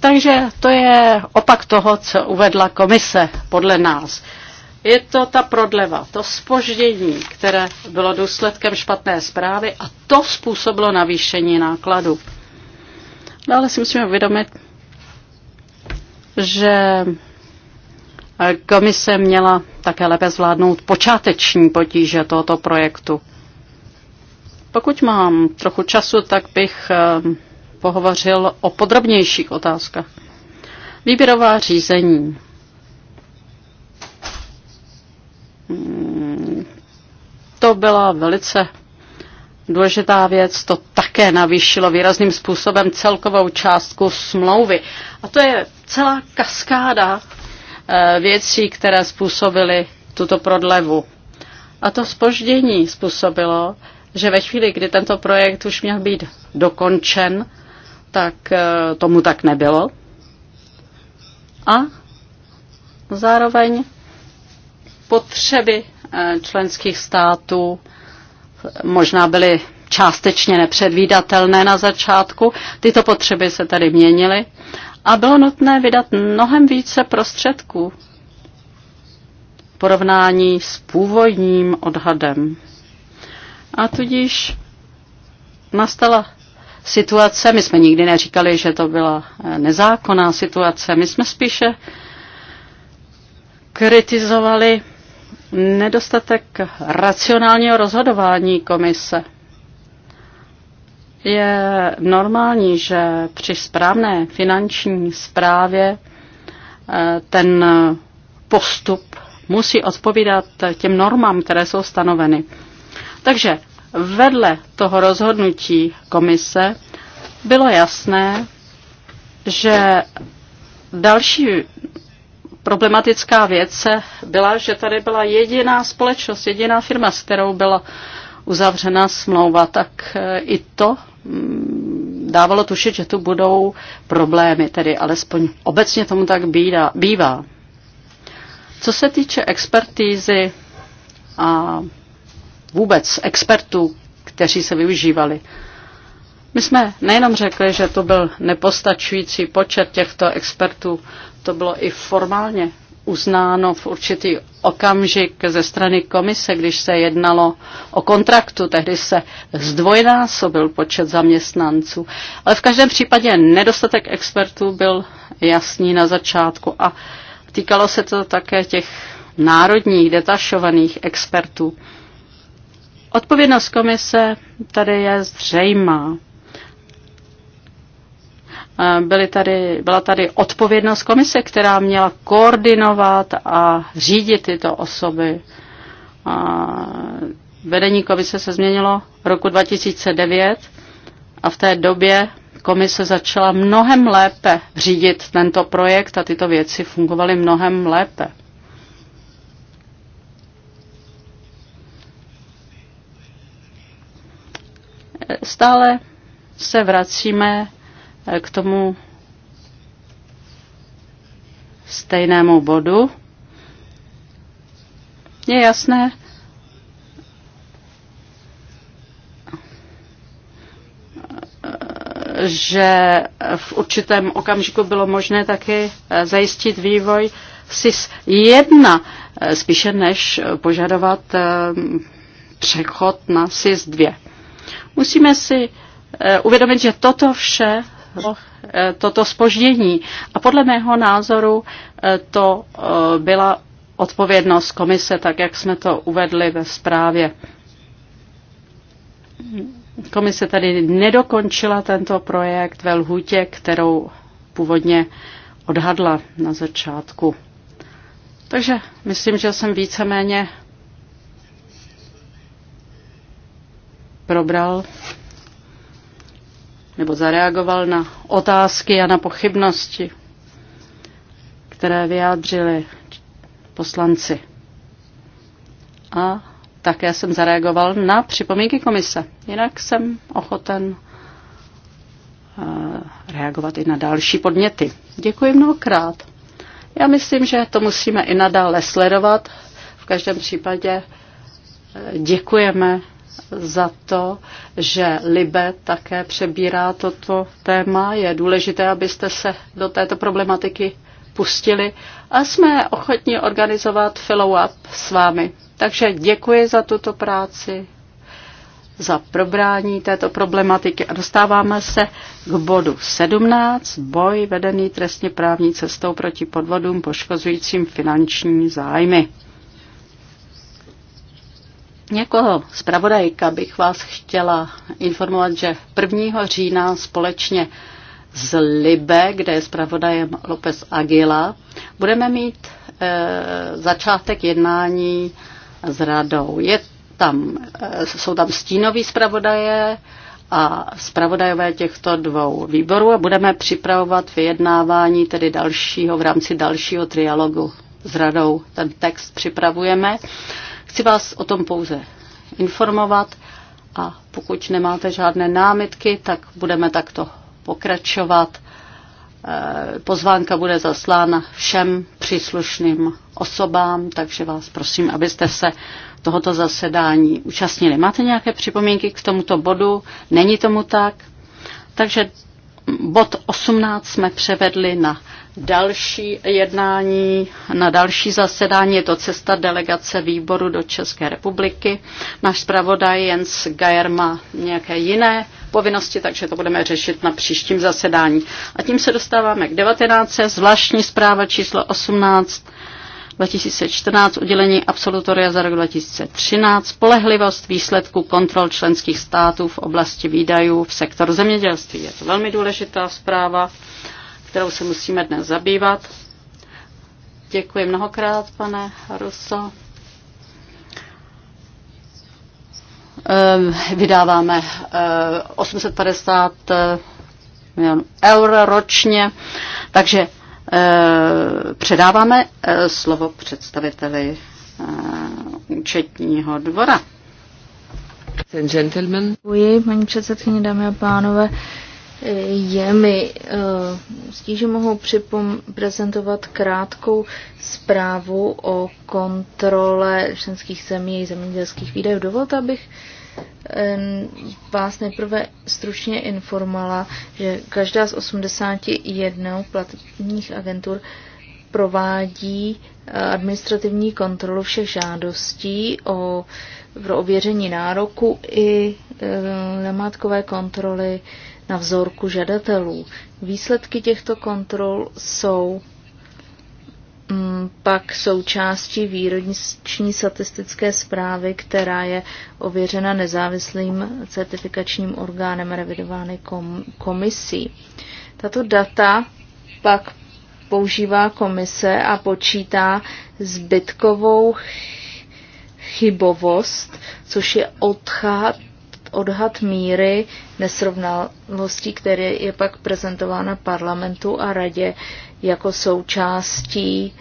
Takže to je opak toho, co uvedla komise. Podle podle nás. Je to ta prodleva, to spoždění, které bylo důsledkem špatné zprávy a to způsobilo navýšení nákladu. Dále no, si musíme uvědomit, že eh, komise měla také lépe zvládnout počáteční potíže tohoto projektu. Pokud mám trochu času, tak bych eh, pohovořil o podrobnějších otázkách. Výběrová řízení. Mm, to byla velice důležitá věc. To také navýšilo výrazným způsobem celkovou částku smlouvy. A to je celá kaskáda eh, věcí, které způsobily tuto prodlevu. A to spoždění způsobilo, že ve chvíli, kdy tento projekt už měl být dokončen, tak eh, tomu tak nebylo. A zároveň potřeby eh, členských států možná byly částečně nepředvídatelné na začátku. Tyto potřeby se tady měnily a bylo nutné vydat mnohem více prostředků v porovnání s původním odhadem. A tudíž nastala situace, my jsme nikdy neříkali, že to byla eh, nezákonná situace, my jsme spíše kritizovali nedostatek racionálního rozhodování komise. Je normální, že při správné finanční správě eh, ten postup musí odpovídat těm normám, které jsou stanoveny. Takže vedle toho rozhodnutí komise bylo jasné, že další problematická věc byla, že tady byla jediná společnost, jediná firma, s kterou byla uzavřena smlouva, tak eh, i to mm, dávalo tušit, že tu budou problémy, tedy alespoň obecně tomu tak bývá. Co se týče expertízy a vůbec expertů, kteří se využívali, my jsme nejenom řekli, že to byl nepostačující počet těchto expertů, to bylo i formálně uznáno v určitý okamžik ze strany komise, když se jednalo o kontraktu. Tehdy se zdvojnásobil počet zaměstnanců. Ale v každém případě nedostatek expertů byl jasný na začátku a týkalo se to také těch národních detašovaných expertů. Odpovědnost komise tady je zřejmá. Byly tady, byla tady odpovědnost komise, která měla koordinovat a řídit tyto osoby. A vedení komise se změnilo v roku 2009 a v té době komise začala mnohem lépe řídit tento projekt a tyto věci fungovaly mnohem lépe. Stále se vracíme k tomu stejnému bodu. Je jasné, že v určitém okamžiku bylo možné taky eh, zajistit vývoj SIS 1, eh, spíše než požadovat eh, přechod na SIS 2. Musíme si uvědomit, že toto vše E, toto spoždění. A podle mého názoru e, to e, byla odpovědnost komise, tak jak jsme to uvedli ve zprávě. Komise tady nedokončila tento projekt ve lhůtě, kterou původně odhadla na začátku. Takže myslím, že jsem víceméně probral nebo zareagoval na otázky a na pochybnosti, které vyjádřili poslanci. A také jsem zareagoval na připomínky komise. Jinak jsem ochoten eh, reagovat i na další podněty. Děkuji mnohokrát. Já myslím, že to musíme i nadále sledovat. V každém případě eh, děkujeme za to, že Libe také přebírá toto téma. Je důležité, abyste se do této problematiky pustili a jsme ochotni organizovat follow-up s vámi. Takže děkuji za tuto práci, za probrání této problematiky a dostáváme se k bodu 17, boj vedený trestně právní cestou proti podvodům poškozujícím finanční zájmy. Jako zpravodajka bych vás chtěla informovat, že 1. října společně z Libe, kde je zpravodajem López Aguila, budeme mít e, začátek jednání s radou. Je tam, e, jsou tam stínoví zpravodaje a zpravodajové těchto dvou výborů a budeme připravovat vyjednávání tedy dalšího v rámci dalšího trialogu s radou. Ten text připravujeme. E, Chci vás o tom pouze informovat a pokud nemáte žádné námitky, tak budeme takto pokračovat. Eh, pozvánka bude zaslána všem příslušným osobám, takže vás prosím, abyste se tohoto zasedání účastnili. Máte nějaké připomínky k tomuto bodu? Není tomu tak? Takže bod 18 jsme převedli na další jednání, na další zasedání. Je to cesta delegace výboru do České republiky. Náš zpravodaj Jens Gajer má nějaké jiné povinnosti, takže to budeme řešit na příštím zasedání. A tím se dostáváme k 19. Zvláštní zpráva číslo 18 2014 udělení absolutoria za rok 2013, spolehlivost výsledků kontrol členských států v oblasti výdajů v sektoru zemědělství. Je to velmi důležitá zpráva kterou se musíme dnes zabývat. Děkuji mnohokrát, pane Russo. Ehm, vydáváme 850 eh, eh, milionů eur ročně, takže eh, předáváme slovo představiteli účetního dvora. Gentlemen. Děkuji, paní předsedkyně, dámy a pánové. Je mi eh, tím, že mohu připom- prezentovat krátkou zprávu o kontrole členských zemí a zemědělských výdajů. Dovolte, abych eh, vás nejprve stručně informovala, že každá z 81 platních agentur provádí eh, administrativní kontrolu všech žádostí o, pro ověření nároku i e, namátkové kontroly na vzorku žadatelů. Výsledky těchto kontrol jsou mm, pak součástí výroční statistické zprávy, která je ověřena nezávislým certifikačním orgánem revidovány komisí. Tato data pak používá komise a počítá zbytkovou chybovost, což je odchát odhad míry nesrovnalostí, které je pak prezentována parlamentu a radě jako součástí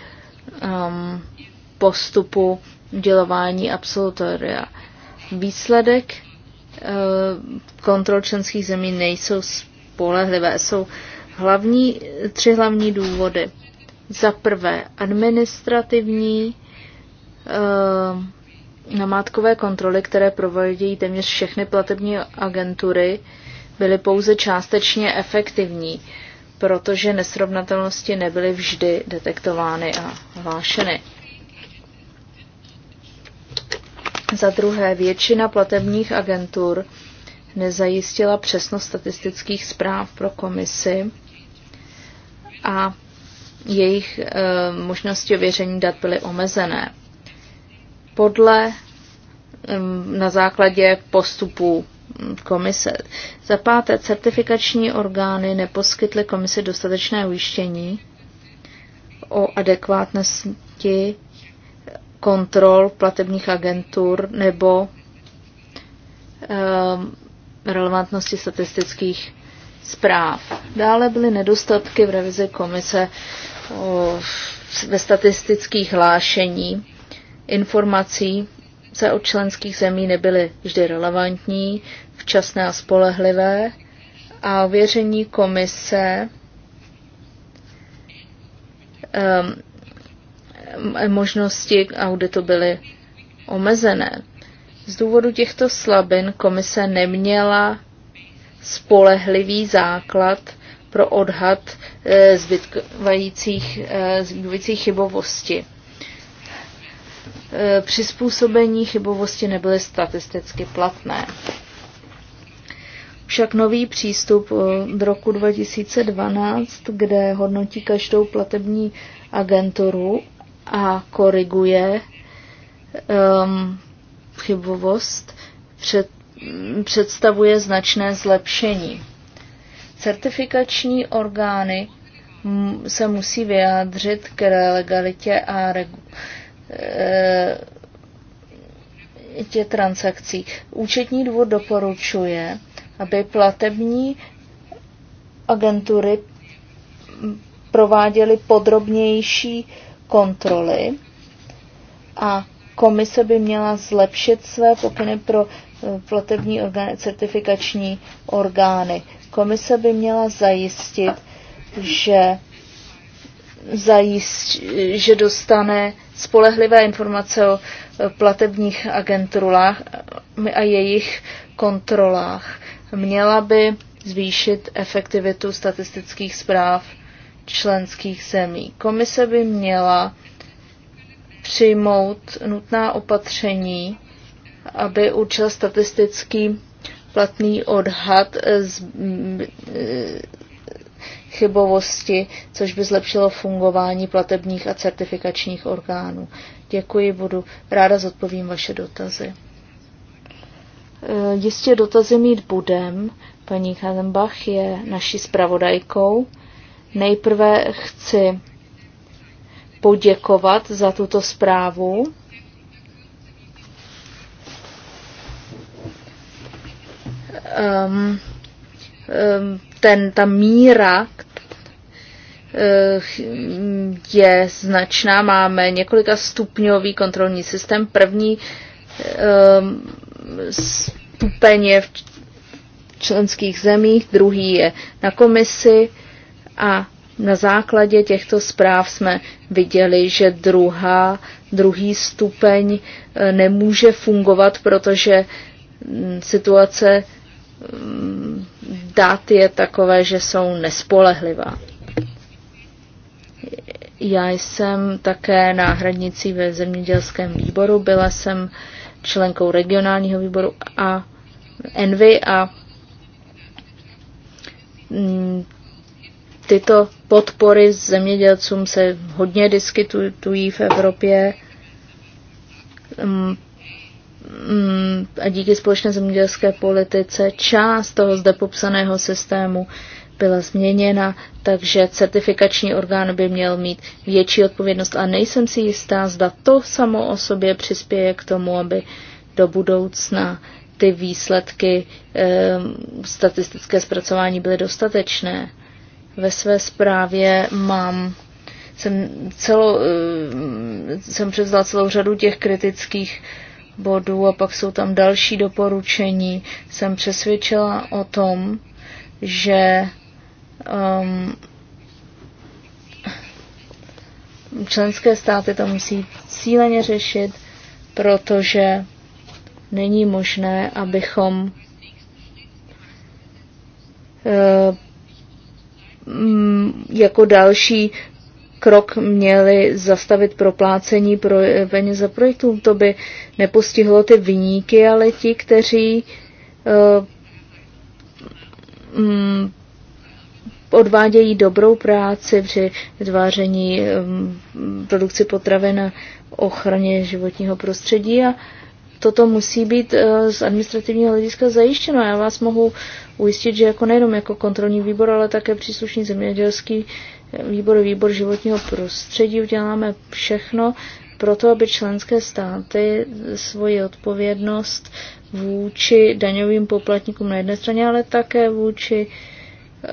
um, postupu udělování absolutoria. Výsledek uh, kontrol členských zemí nejsou spolehlivé. Jsou hlavní, tři hlavní důvody. Za prvé administrativní uh, Namátkové kontroly, které provádějí téměř všechny platební agentury, byly pouze částečně efektivní, protože nesrovnatelnosti nebyly vždy detektovány a hlášeny. Za druhé, většina platebních agentur nezajistila přesnost statistických zpráv pro komisi a jejich e, možnosti ověření dat byly omezené podle na základě postupu komise. Za páté, certifikační orgány neposkytly komisi dostatečné ujištění o adekvátnosti kontrol platebních agentur nebo um, relevantnosti statistických zpráv. Dále byly nedostatky v revizi komise o, ve statistických hlášení informací se od členských zemí nebyly vždy relevantní, včasné a spolehlivé a ověření komise um, možnosti auditu byly omezené. Z důvodu těchto slabin komise neměla spolehlivý základ pro odhad eh, zbytkujících, eh, chybovosti. Eh, přizpůsobení chybovosti nebyly statisticky platné. Však nový přístup od eh, roku 2012, kde hodnotí každou platební agenturu a koriguje um, chybovost, před, představuje značné zlepšení. Certifikační orgány se musí vyjádřit k legalitě a regu- Eh, tě transakcí. Účetní dvůr doporučuje, aby platební agentury prováděly podrobnější kontroly a komise by měla zlepšit své pokyny pro eh, platební orgány, certifikační orgány. Komise by měla zajistit, že zajist, že dostane spolehlivé informace o e, platebních agenturách e, a jejich kontrolách. Měla by zvýšit efektivitu statistických zpráv členských zemí. Komise by měla přijmout nutná opatření, aby určil statistický platný odhad z e, chybovosti, což by zlepšilo fungování platebních a certifikačních orgánů. Děkuji, budu ráda zodpovím vaše dotazy. Eh, jistě dotazy mít budem. Paní Kazembach je naší zpravodajkou. Nejprve chci poděkovat za tuto zprávu. Um, um, ten, ta míra eh, je značná. Máme několika stupňový kontrolní systém. První ehm, stupeň je v členských zemích, druhý je na komisi a na základě těchto zpráv jsme viděli, že druhá, druhý stupeň eh, nemůže fungovat, protože hm, situace dát je takové, že jsou nespolehlivá. Já jsem také náhradnicí ve zemědělském výboru, byla jsem členkou regionálního výboru a Envy a mm, tyto podpory zemědělcům se hodně diskutují v Evropě. Mm, Mm, a díky společné zemědělské politice část toho zde popsaného systému byla změněna, takže certifikační orgán by měl mít větší odpovědnost a nejsem si jistá, zda to samo o sobě přispěje k tomu, aby do budoucna ty výsledky e, statistické zpracování byly dostatečné. Ve své zprávě mám jsem, celo, ehm, jsem převzala celou řadu těch kritických bodů a pak jsou tam další doporučení. Jsem přesvědčila o tom, že um, členské státy to musí cíleně řešit, protože není možné, abychom uh, mm, jako další krok měli zastavit proplácení pro, peněz za projektů. To by nepostihlo ty vyníky, ale ti, kteří uh, odvádějí dobrou práci při vytváření um, produkci potravin a ochraně životního prostředí a toto musí být eh, z administrativního hlediska zajištěno. Já vás mohu ujistit, že jako nejenom jako kontrolní výbor, ale také příslušný zemědělský výbor, výbor životního prostředí uděláme všechno proto, aby členské státy svoji odpovědnost vůči daňovým poplatníkům na jedné straně, ale také vůči eh,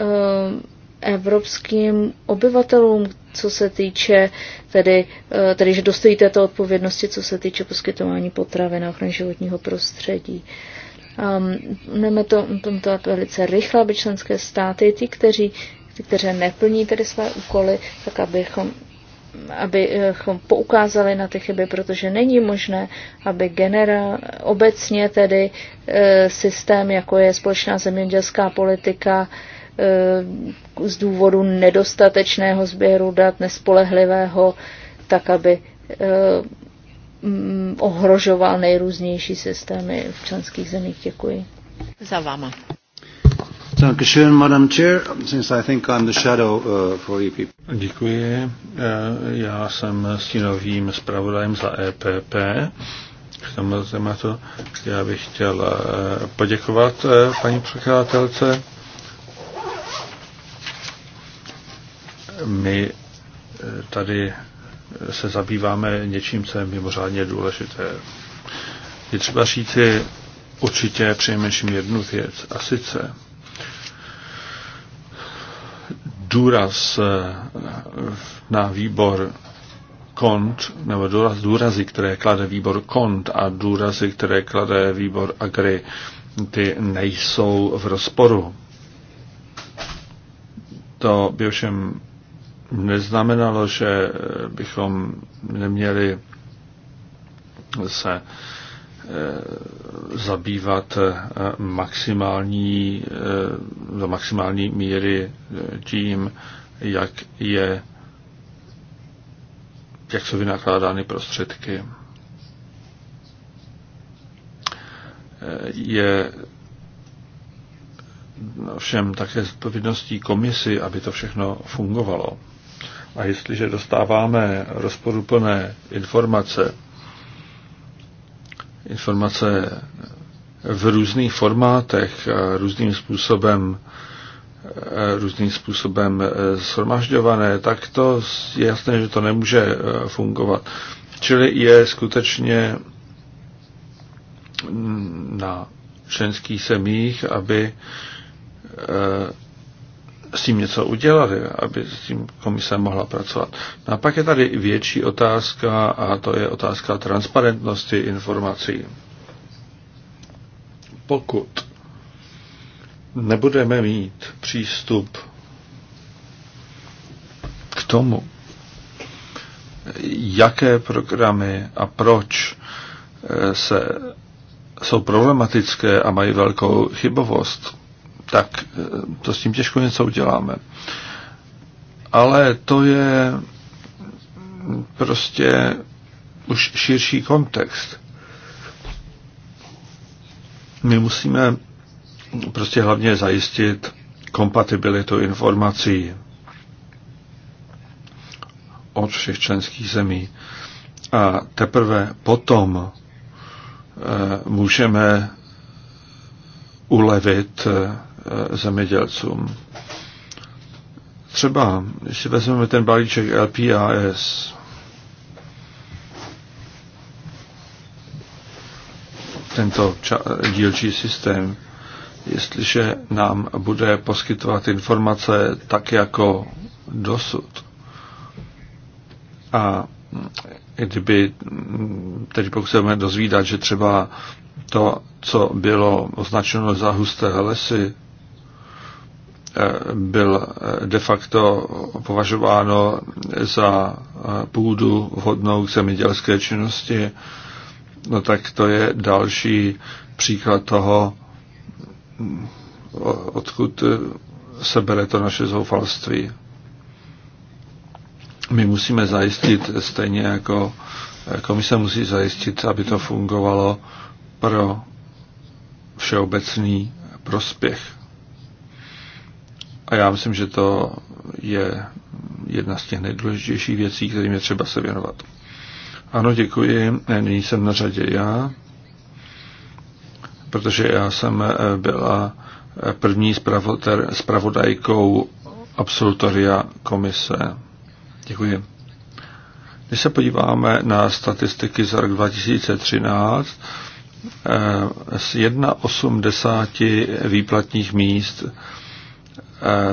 evropským obyvatelům, co se týče tedy, eh, tedy že dostojí této odpovědnosti, co se týče poskytování potravy na ochranu životního prostředí. Um, ehm, budeme to, to, to velice rychle, aby členské státy, ty, kteří kteří neplní tedy své úkoly, tak abychom abychom poukázali na ty chyby, protože není možné, aby genera, obecně tedy e, systém, jako je společná zemědělská politika, e, z důvodu nedostatečného sběru dat, nespolehlivého, tak aby e, ohrožoval nejrůznější systémy v členských zemích. Děkuji. Za váma. Uh, Děkuji. Eh, já jsem stínovým zpravodajem za EPP k tomu tématu. Já bych chtěl eh, poděkovat eh, paní předkladatelce. My tady se zabýváme něčím, co je mimořádně důležité. Je třeba říci určitě přejmenším jednu věc, a sice důraz eh, na výbor kont, nebo důraz, důrazy, které klade výbor kont a důrazy, které klade výbor agri, ty nejsou v rozporu. To by ovšem neznamenalo, že eh, bychom neměli se Eh, zabývat eh, maximální, eh, do maximální míry tím, jak je jak jsou vynakládány prostředky. Je všem také zodpovědností komisy, aby to všechno fungovalo. A jestliže dostáváme rozporuplné informace, informace v různých formátech, eh, různým způsobem eh, různým způsobem eh, shromažďované, tak to je jasné, že to nemůže fungovat. Čili je skutečně mm, na členských semích, aby s tím něco udělali, aby s tím komise mohla pracovat. No a pak je tady větší otázka a to je otázka transparentnosti informací. Pokud nebudeme mít přístup k tomu, jaké programy a proč eh, se, jsou problematické a mají velkou chybovost, tak eh, to s tím těžko něco uděláme. Ale to je mm, prostě už širší kontext. My musíme prostě hlavně zajistit kompatibilitu informací od všech členských zemí. A teprve potom eh, můžeme ulevit eh, Eh, zemědělcům. Třeba, když si vezmeme ten balíček LPAS, tento dílčí systém, jestliže nám bude poskytovat informace tak jako dosud. A kdyby, teď pokud budeme dozvídat, že třeba to, co bylo označeno za husté lesy, byl de facto považováno za půdu vhodnou k zemědělské činnosti, no tak to je další příklad toho, odkud se bere to naše zoufalství. My musíme zajistit, stejně jako komise musí zajistit, aby to fungovalo pro všeobecný prospěch a já myslím, že to je jedna z těch nejdůležitějších věcí, kterým je třeba se věnovat. Ano, děkuji. Nyní jsem na řadě já, protože já jsem eh, byla eh, první zpravodajkou absolutoria komise. Děkuji. Když se podíváme na statistiky za rok 2013, eh, z 1,8 výplatních míst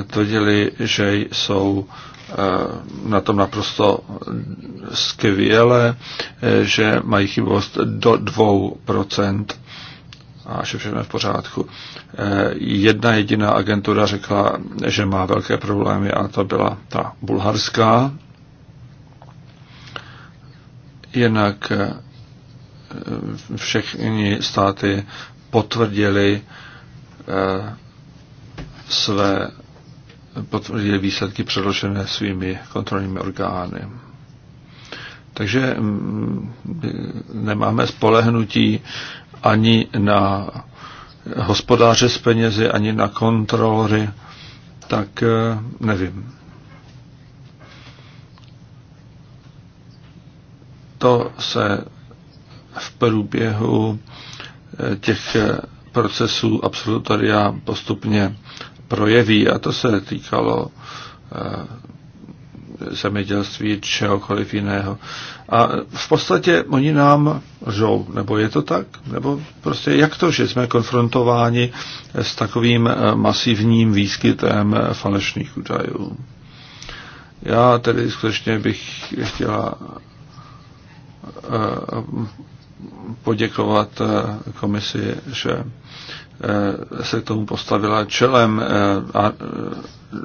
tvrdili, že jsou e, na tom naprosto skvěle, e, že mají chybovost do 2% a že všechno je v pořádku. E, jedna jediná agentura řekla, že má velké problémy a to byla ta bulharská. Jinak všechny státy potvrdili své potvrdili výsledky předložené svými kontrolními orgány. Takže mm, nemáme spolehnutí ani na hospodáře s penězi, ani na kontrolory, tak eh, nevím. To se v průběhu eh, těch eh, procesů absolutoria postupně projeví, a to se týkalo eh, zemědělství, čehokoliv jiného. A v podstatě oni nám žou, nebo je to tak? Nebo prostě jak to, že jsme konfrontováni s takovým eh, masivním výskytem eh, falešných údajů? Já tedy skutečně bych chtěla poděkovat komisi, že Eh, se k tomu postavila čelem eh, a eh,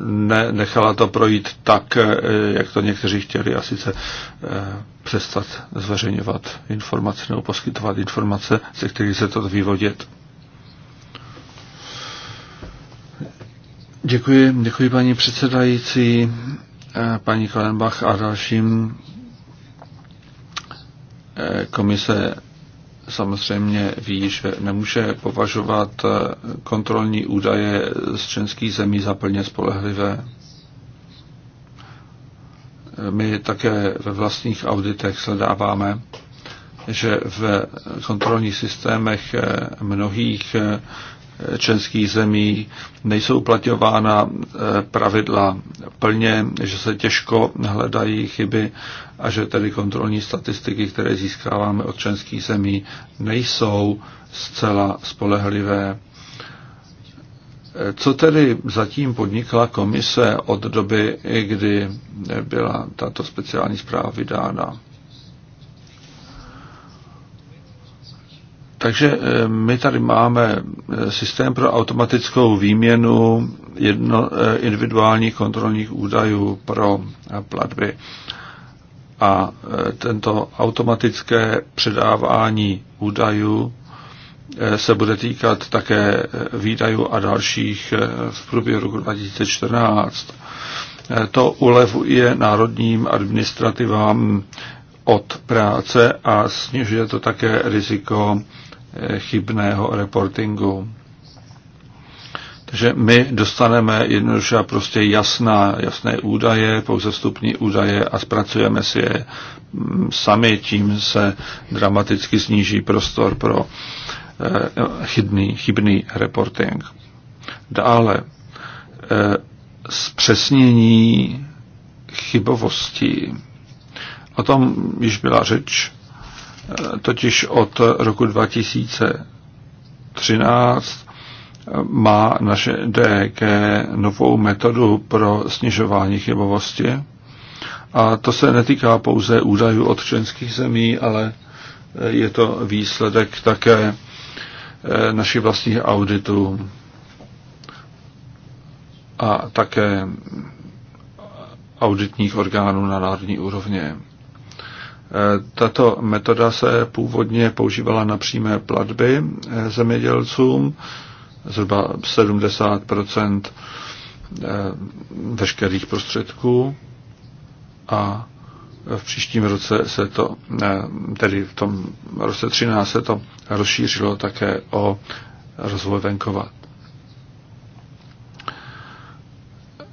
ne, nechala to projít tak, jak to někteří chtěli, a sice přestat zveřejňovat informace nebo poskytovat informace, se kterých se to vyvodit. Děkuji, děkuji paní předsedající, paní Kalenbach a dalším komise samozřejmě ví, že nemůže považovat eh, kontrolní údaje z členských zemí za plně spolehlivé. My také ve vlastních auditech sledáváme, že v kontrolních systémech eh, mnohých eh, členských zemí nejsou uplatňována eh, pravidla plně, že se těžko hledají chyby a že tedy kontrolní statistiky, které získáváme od členských zemí, nejsou zcela spolehlivé. Eh, co tedy zatím podnikla komise od doby, kdy byla tato speciální zpráva vydána? Takže eh, my tady máme eh, systém pro automatickou výměnu jedno, eh, individuálních kontrolních údajů pro platby. A tento automatické předávání údajů se bude týkat také výdajů a dalších v průběhu roku 2014. To ulevuje národním administrativám od práce a snižuje to také riziko Eh, chybného reportingu. Takže my dostaneme jednoduše prostě jasná, jasné údaje, pouze vstupní údaje a zpracujeme si je mm, sami, tím se dramaticky sníží prostor pro eh, chybný, chybný reporting. Dále eh, zpřesnění chybovosti. O tom již byla řeč totiž od roku 2013 má naše DEK novou metodu pro snižování chybovosti. A to se netýká pouze údajů od členských zemí, ale je to výsledek také eh, našich vlastních auditů a také auditních orgánů na národní úrovně. Tato metoda se původně používala na přímé platby eh, zemědělcům, zhruba 70 eh, veškerých prostředků a v příštím roce se to, eh, tedy v tom roce 13 se to rozšířilo také o rozvoj venkova.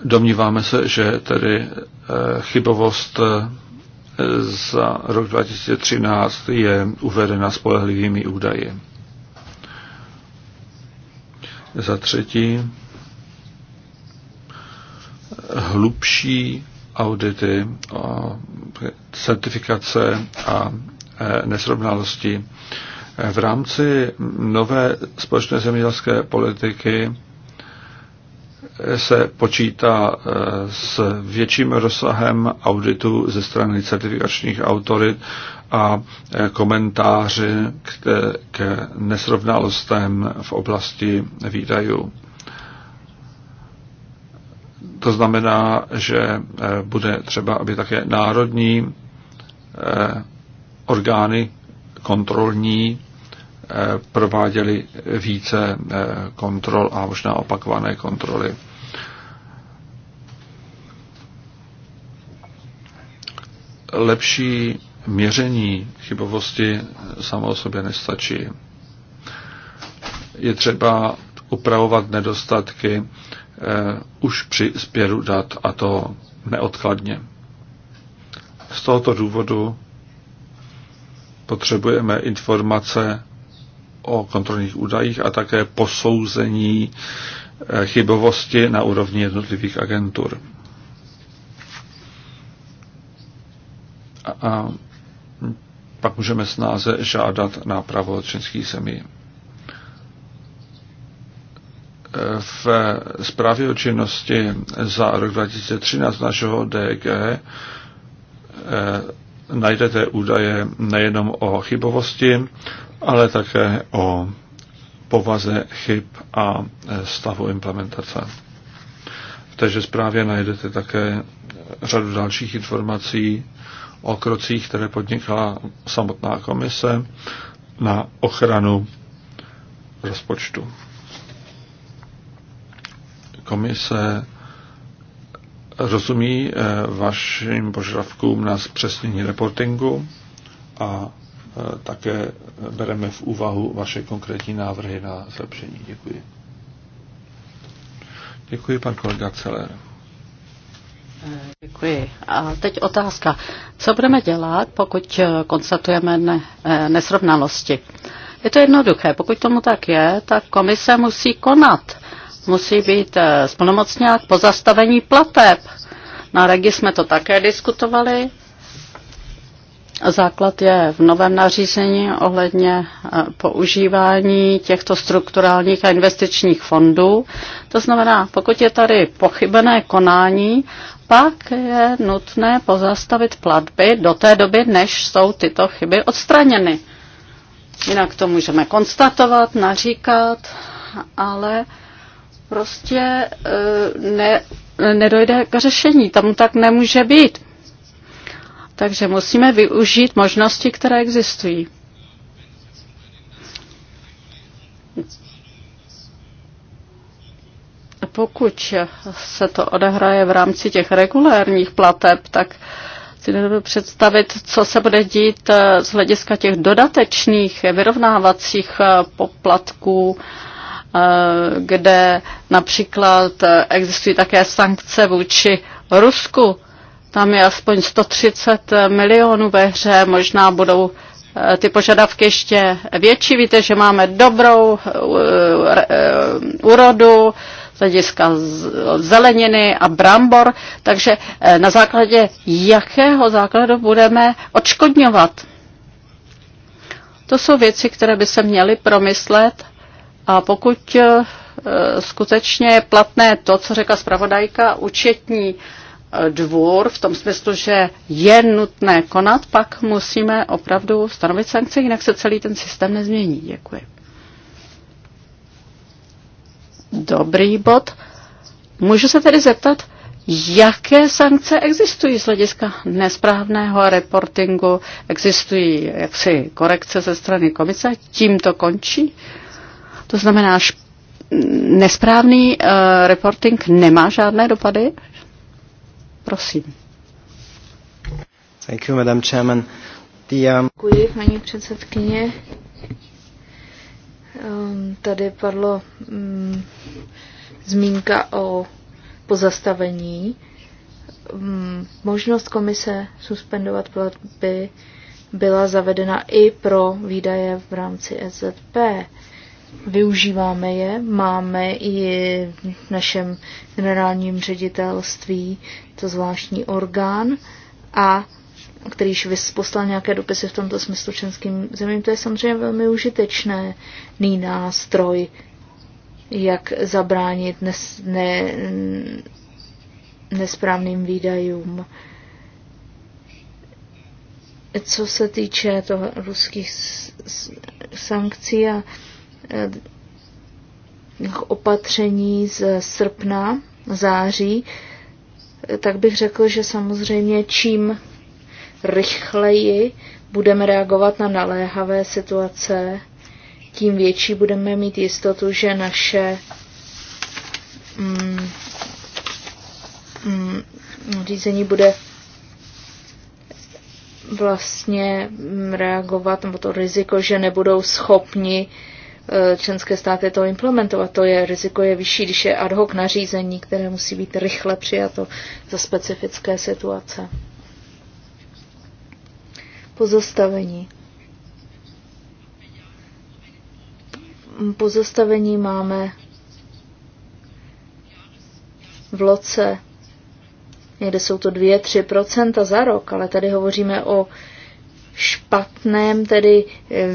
Domníváme se, že tedy chybovost za rok 2013 je uvedena spolehlivými údaji. Za třetí, hlubší audity, certifikace a e, nesrovnalosti. V rámci nové společné zemědělské politiky se počítá eh, s větším rozsahem auditu ze strany certifikačních autorit a eh, komentáři k, k nesrovnalostem v oblasti výdajů. To znamená, že eh, bude třeba, aby také národní orgány kontrolní prováděly více kontrol a možná opakované kontroly. lepší měření chybovosti samo o sobě nestačí. Je třeba upravovat nedostatky eh, už při sběru dat a to neodkladně. Z tohoto důvodu potřebujeme informace o kontrolních údajích a také posouzení eh, chybovosti na úrovni jednotlivých agentur. a pak můžeme snáze žádat nápravu od členských zemí. V zprávě o činnosti za rok 2013 našeho DG eh, najdete údaje nejenom o chybovosti, ale také o povaze chyb a stavu implementace. V téže zprávě najdete také řadu dalších informací o krocích, které podnikla samotná komise na ochranu rozpočtu. Komise rozumí eh, vašim požadavkům na zpřesnění reportingu a eh, také bereme v úvahu vaše konkrétní návrhy na zlepšení. Děkuji. Děkuji, pan kolega Celer. Děkuji. A teď otázka. Co budeme dělat, pokud eh, konstatujeme ne, eh, nesrovnalosti? Je to jednoduché. Pokud tomu tak je, tak komise musí konat. Musí být eh, splnomocňák pozastavení zastavení plateb. Na regi jsme to také diskutovali. Základ je v novém nařízení ohledně používání těchto strukturálních a investičních fondů. To znamená, pokud je tady pochybené konání, pak je nutné pozastavit platby do té doby, než jsou tyto chyby odstraněny. Jinak to můžeme konstatovat, naříkat, ale prostě eh, ne, nedojde k řešení. Tam tak nemůže být. Takže musíme využít možnosti, které existují pokud se to odehraje v rámci těch regulérních plateb, tak si nebudu představit, co se bude dít eh, z hlediska těch dodatečných vyrovnávacích eh, poplatků, eh, kde například existují také sankce vůči Rusku. Tam je aspoň 130 milionů ve hře, možná budou ty požadavky ještě větší. Víte, že máme dobrou úrodu, z hlediska zeleniny a brambor, takže eh, na základě jakého základu budeme odškodňovat. To jsou věci, které by se měly promyslet a pokud eh, skutečně je platné to, co řekla zpravodajka, účetní eh, dvůr v tom smyslu, že je nutné konat, pak musíme opravdu stanovit sankce, jinak se celý ten systém nezmění. Děkuji dobrý bod. Můžu se tedy zeptat, Jaké sankce existují z hlediska nesprávného reportingu? Existují jaksi korekce ze strany komise? Tím to končí? To znamená, že nesprávný uh, reporting nemá žádné dopady? Prosím. Thank you, Madam Chairman. The, um... Děkuji, paní předsedkyně. Ehm, tady padlo mm, zmínka o pozastavení. Ehm, možnost komise suspendovat platby byla zavedena i pro výdaje v rámci SZP. Využíváme je, máme i v našem generálním ředitelství to zvláštní orgán a který již poslal nějaké dopisy v tomto smyslu členským zemím. To je samozřejmě velmi užitečný nástroj, jak zabránit nes, ne, nesprávným výdajům. Co se týče toho ruských sankcí a eh, opatření z srpna, září, eh, tak bych řekl, že samozřejmě čím rychleji budeme reagovat na naléhavé situace, tím větší budeme mít jistotu, že naše mm, mm, řízení bude vlastně mm, reagovat, nebo to riziko, že nebudou schopni e, členské státy to implementovat. To je riziko je vyšší, když je ad hoc nařízení, které musí být rychle přijato za specifické situace pozastavení. Pozastavení máme v loce. Někde jsou to 2-3% za rok, ale tady hovoříme o špatném tedy eh,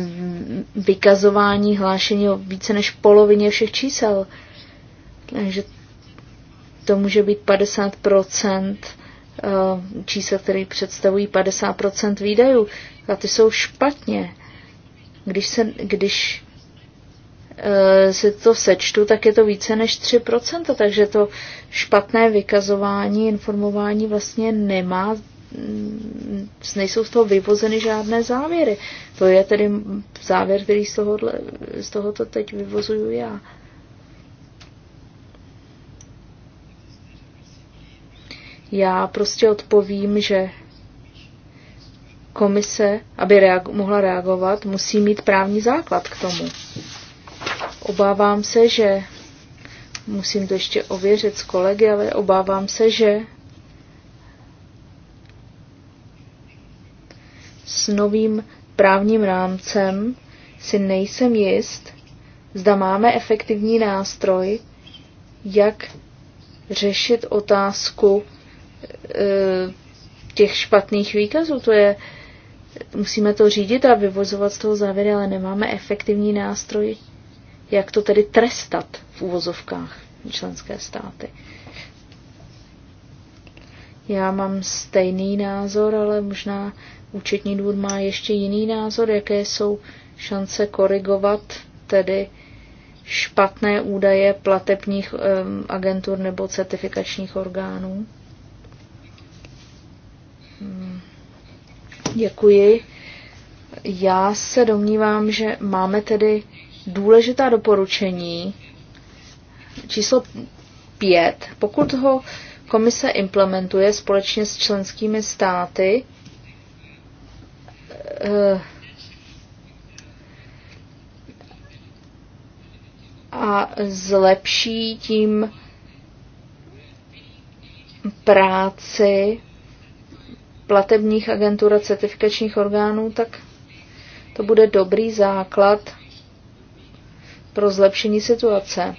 vykazování hlášení o více než polovině všech čísel. Takže to může být 50% Eh, čísla, které představují 50 výdajů, a ty jsou špatně. Když, se, když eh, se to sečtu, tak je to více než 3%, takže to špatné vykazování, informování vlastně nemá, mm, nejsou z toho vyvozeny žádné závěry. To je tedy závěr, který z, tohohle, z tohoto teď vyvozuju já. Já prostě odpovím, že komise, aby reago- mohla reagovat, musí mít právní základ k tomu. Obávám se, že musím to ještě ověřit s kolegy, ale obávám se, že s novým právním rámcem si nejsem jist, zda máme efektivní nástroj, jak řešit otázku Eh, těch špatných výkazů. To je, musíme to řídit a vyvozovat z toho závěry, ale nemáme efektivní nástroj, jak to tedy trestat v úvozovkách členské státy. Já mám stejný názor, ale možná účetní důvod má ještě jiný názor, jaké jsou šance korigovat tedy špatné údaje platebních agentur nebo certifikačních orgánů. Děkuji. Já se domnívám, že máme tedy důležitá doporučení číslo pět, Pokud ho komise implementuje společně s členskými státy, eh, a zlepší tím práci platebních agentur a certifikačních orgánů, tak to bude dobrý základ pro zlepšení situace.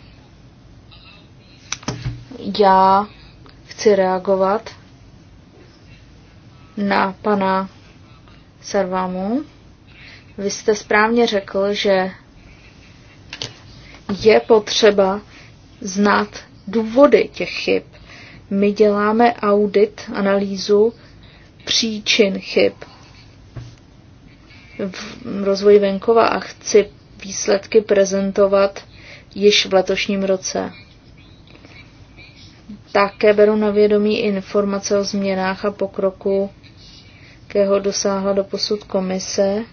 Já chci reagovat na pana Sarvamu. Vy jste správně řekl, že je potřeba znát důvody těch chyb. My děláme audit, analýzu příčin chyb v rozvoji venkova a chci výsledky prezentovat již v letošním roce. Také beru na vědomí informace o změnách a pokroku, kterého dosáhla do posud komise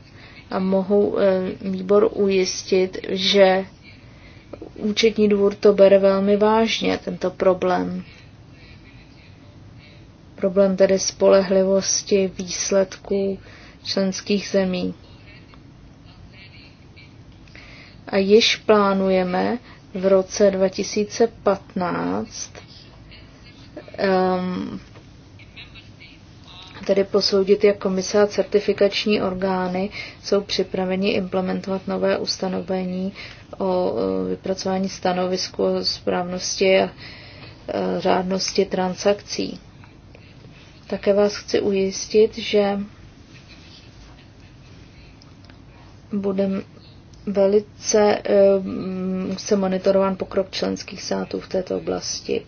a mohu eh, výbor ujistit, že účetní dvůr to bere velmi vážně, tento problém problém tedy spolehlivosti výsledků členských zemí. A již plánujeme v roce 2015 um, ehm, tedy posoudit, jak komise a certifikační orgány jsou připraveni implementovat nové ustanovení o e, vypracování stanovisku o správnosti a e, řádnosti transakcí. Také vás chci ujistit, že budeme velice eh, se monitorován pokrok členských států v této oblasti.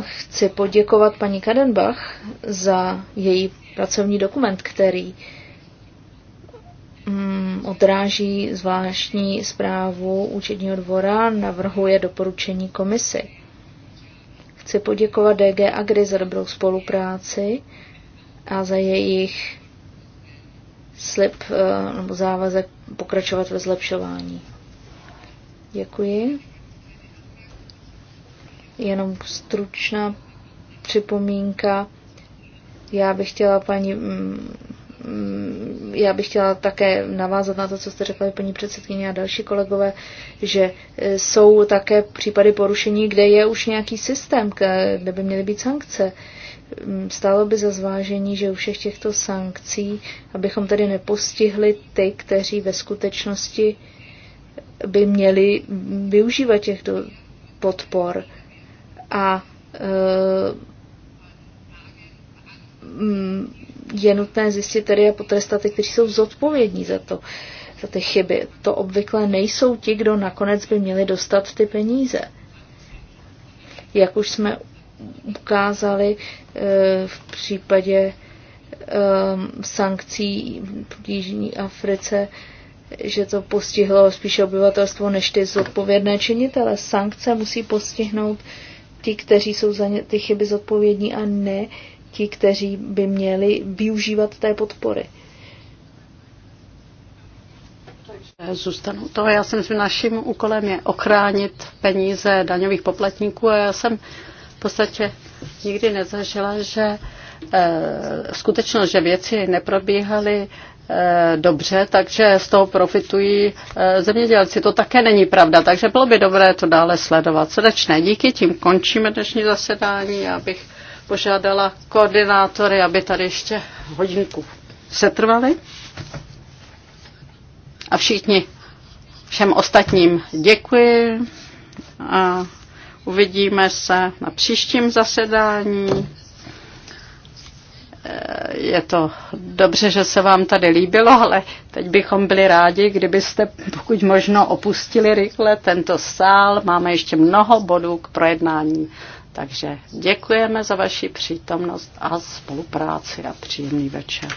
Chci poděkovat paní Kadenbach za její pracovní dokument, který mm, odráží zvláštní zprávu účetního dvora, navrhuje doporučení komisi. Chci poděkovat DG Agri za dobrou spolupráci a za jejich slib eh, nebo závazek pokračovat ve zlepšování. Děkuji. Jenom stručná připomínka. Já bych chtěla paní mm, já bych chtěla také navázat na to, co jste řekla paní předsedkyně a další kolegové, že e, jsou také případy porušení, kde je už nějaký systém, kde by měly být sankce. Mm, stálo by za zvážení, že u všech těchto sankcí, abychom tady nepostihli ty, kteří ve skutečnosti by měli využívat těchto podpor. A e, mm, je nutné zjistit tedy a potrestat ty, kteří jsou zodpovědní za to, za ty chyby. To obvykle nejsou ti, kdo nakonec by měli dostat ty peníze. Jak už jsme ukázali eh, v případě ehm, sankcí v Jižní Africe, že to postihlo spíše obyvatelstvo než ty zodpovědné činitele. Sankce musí postihnout ti, kteří jsou za ně, ty chyby zodpovědní a ne ti, kteří by měli využívat té podpory. Zůstanu toho. Já jsem si naším úkolem je ochránit peníze daňových poplatníků a já jsem v podstatě nikdy nezažila, že eh, skutečnost, že věci neprobíhaly eh, dobře, takže z toho profitují eh, zemědělci. To také není pravda, takže bylo by dobré to dále sledovat. Srdečné díky, tím končíme dnešní zasedání. Já bych požádala koordinátory, aby tady ještě hodinku setrvali. A všichni, všem ostatním děkuji a uvidíme se na příštím zasedání. Eh, je to dobře, že se vám tady líbilo, ale teď bychom byli rádi, kdybyste pokud možno opustili rychle tento sál. Máme ještě mnoho bodů k projednání. Takže děkujeme za vaši přítomnost a spolupráci a příjemný večer.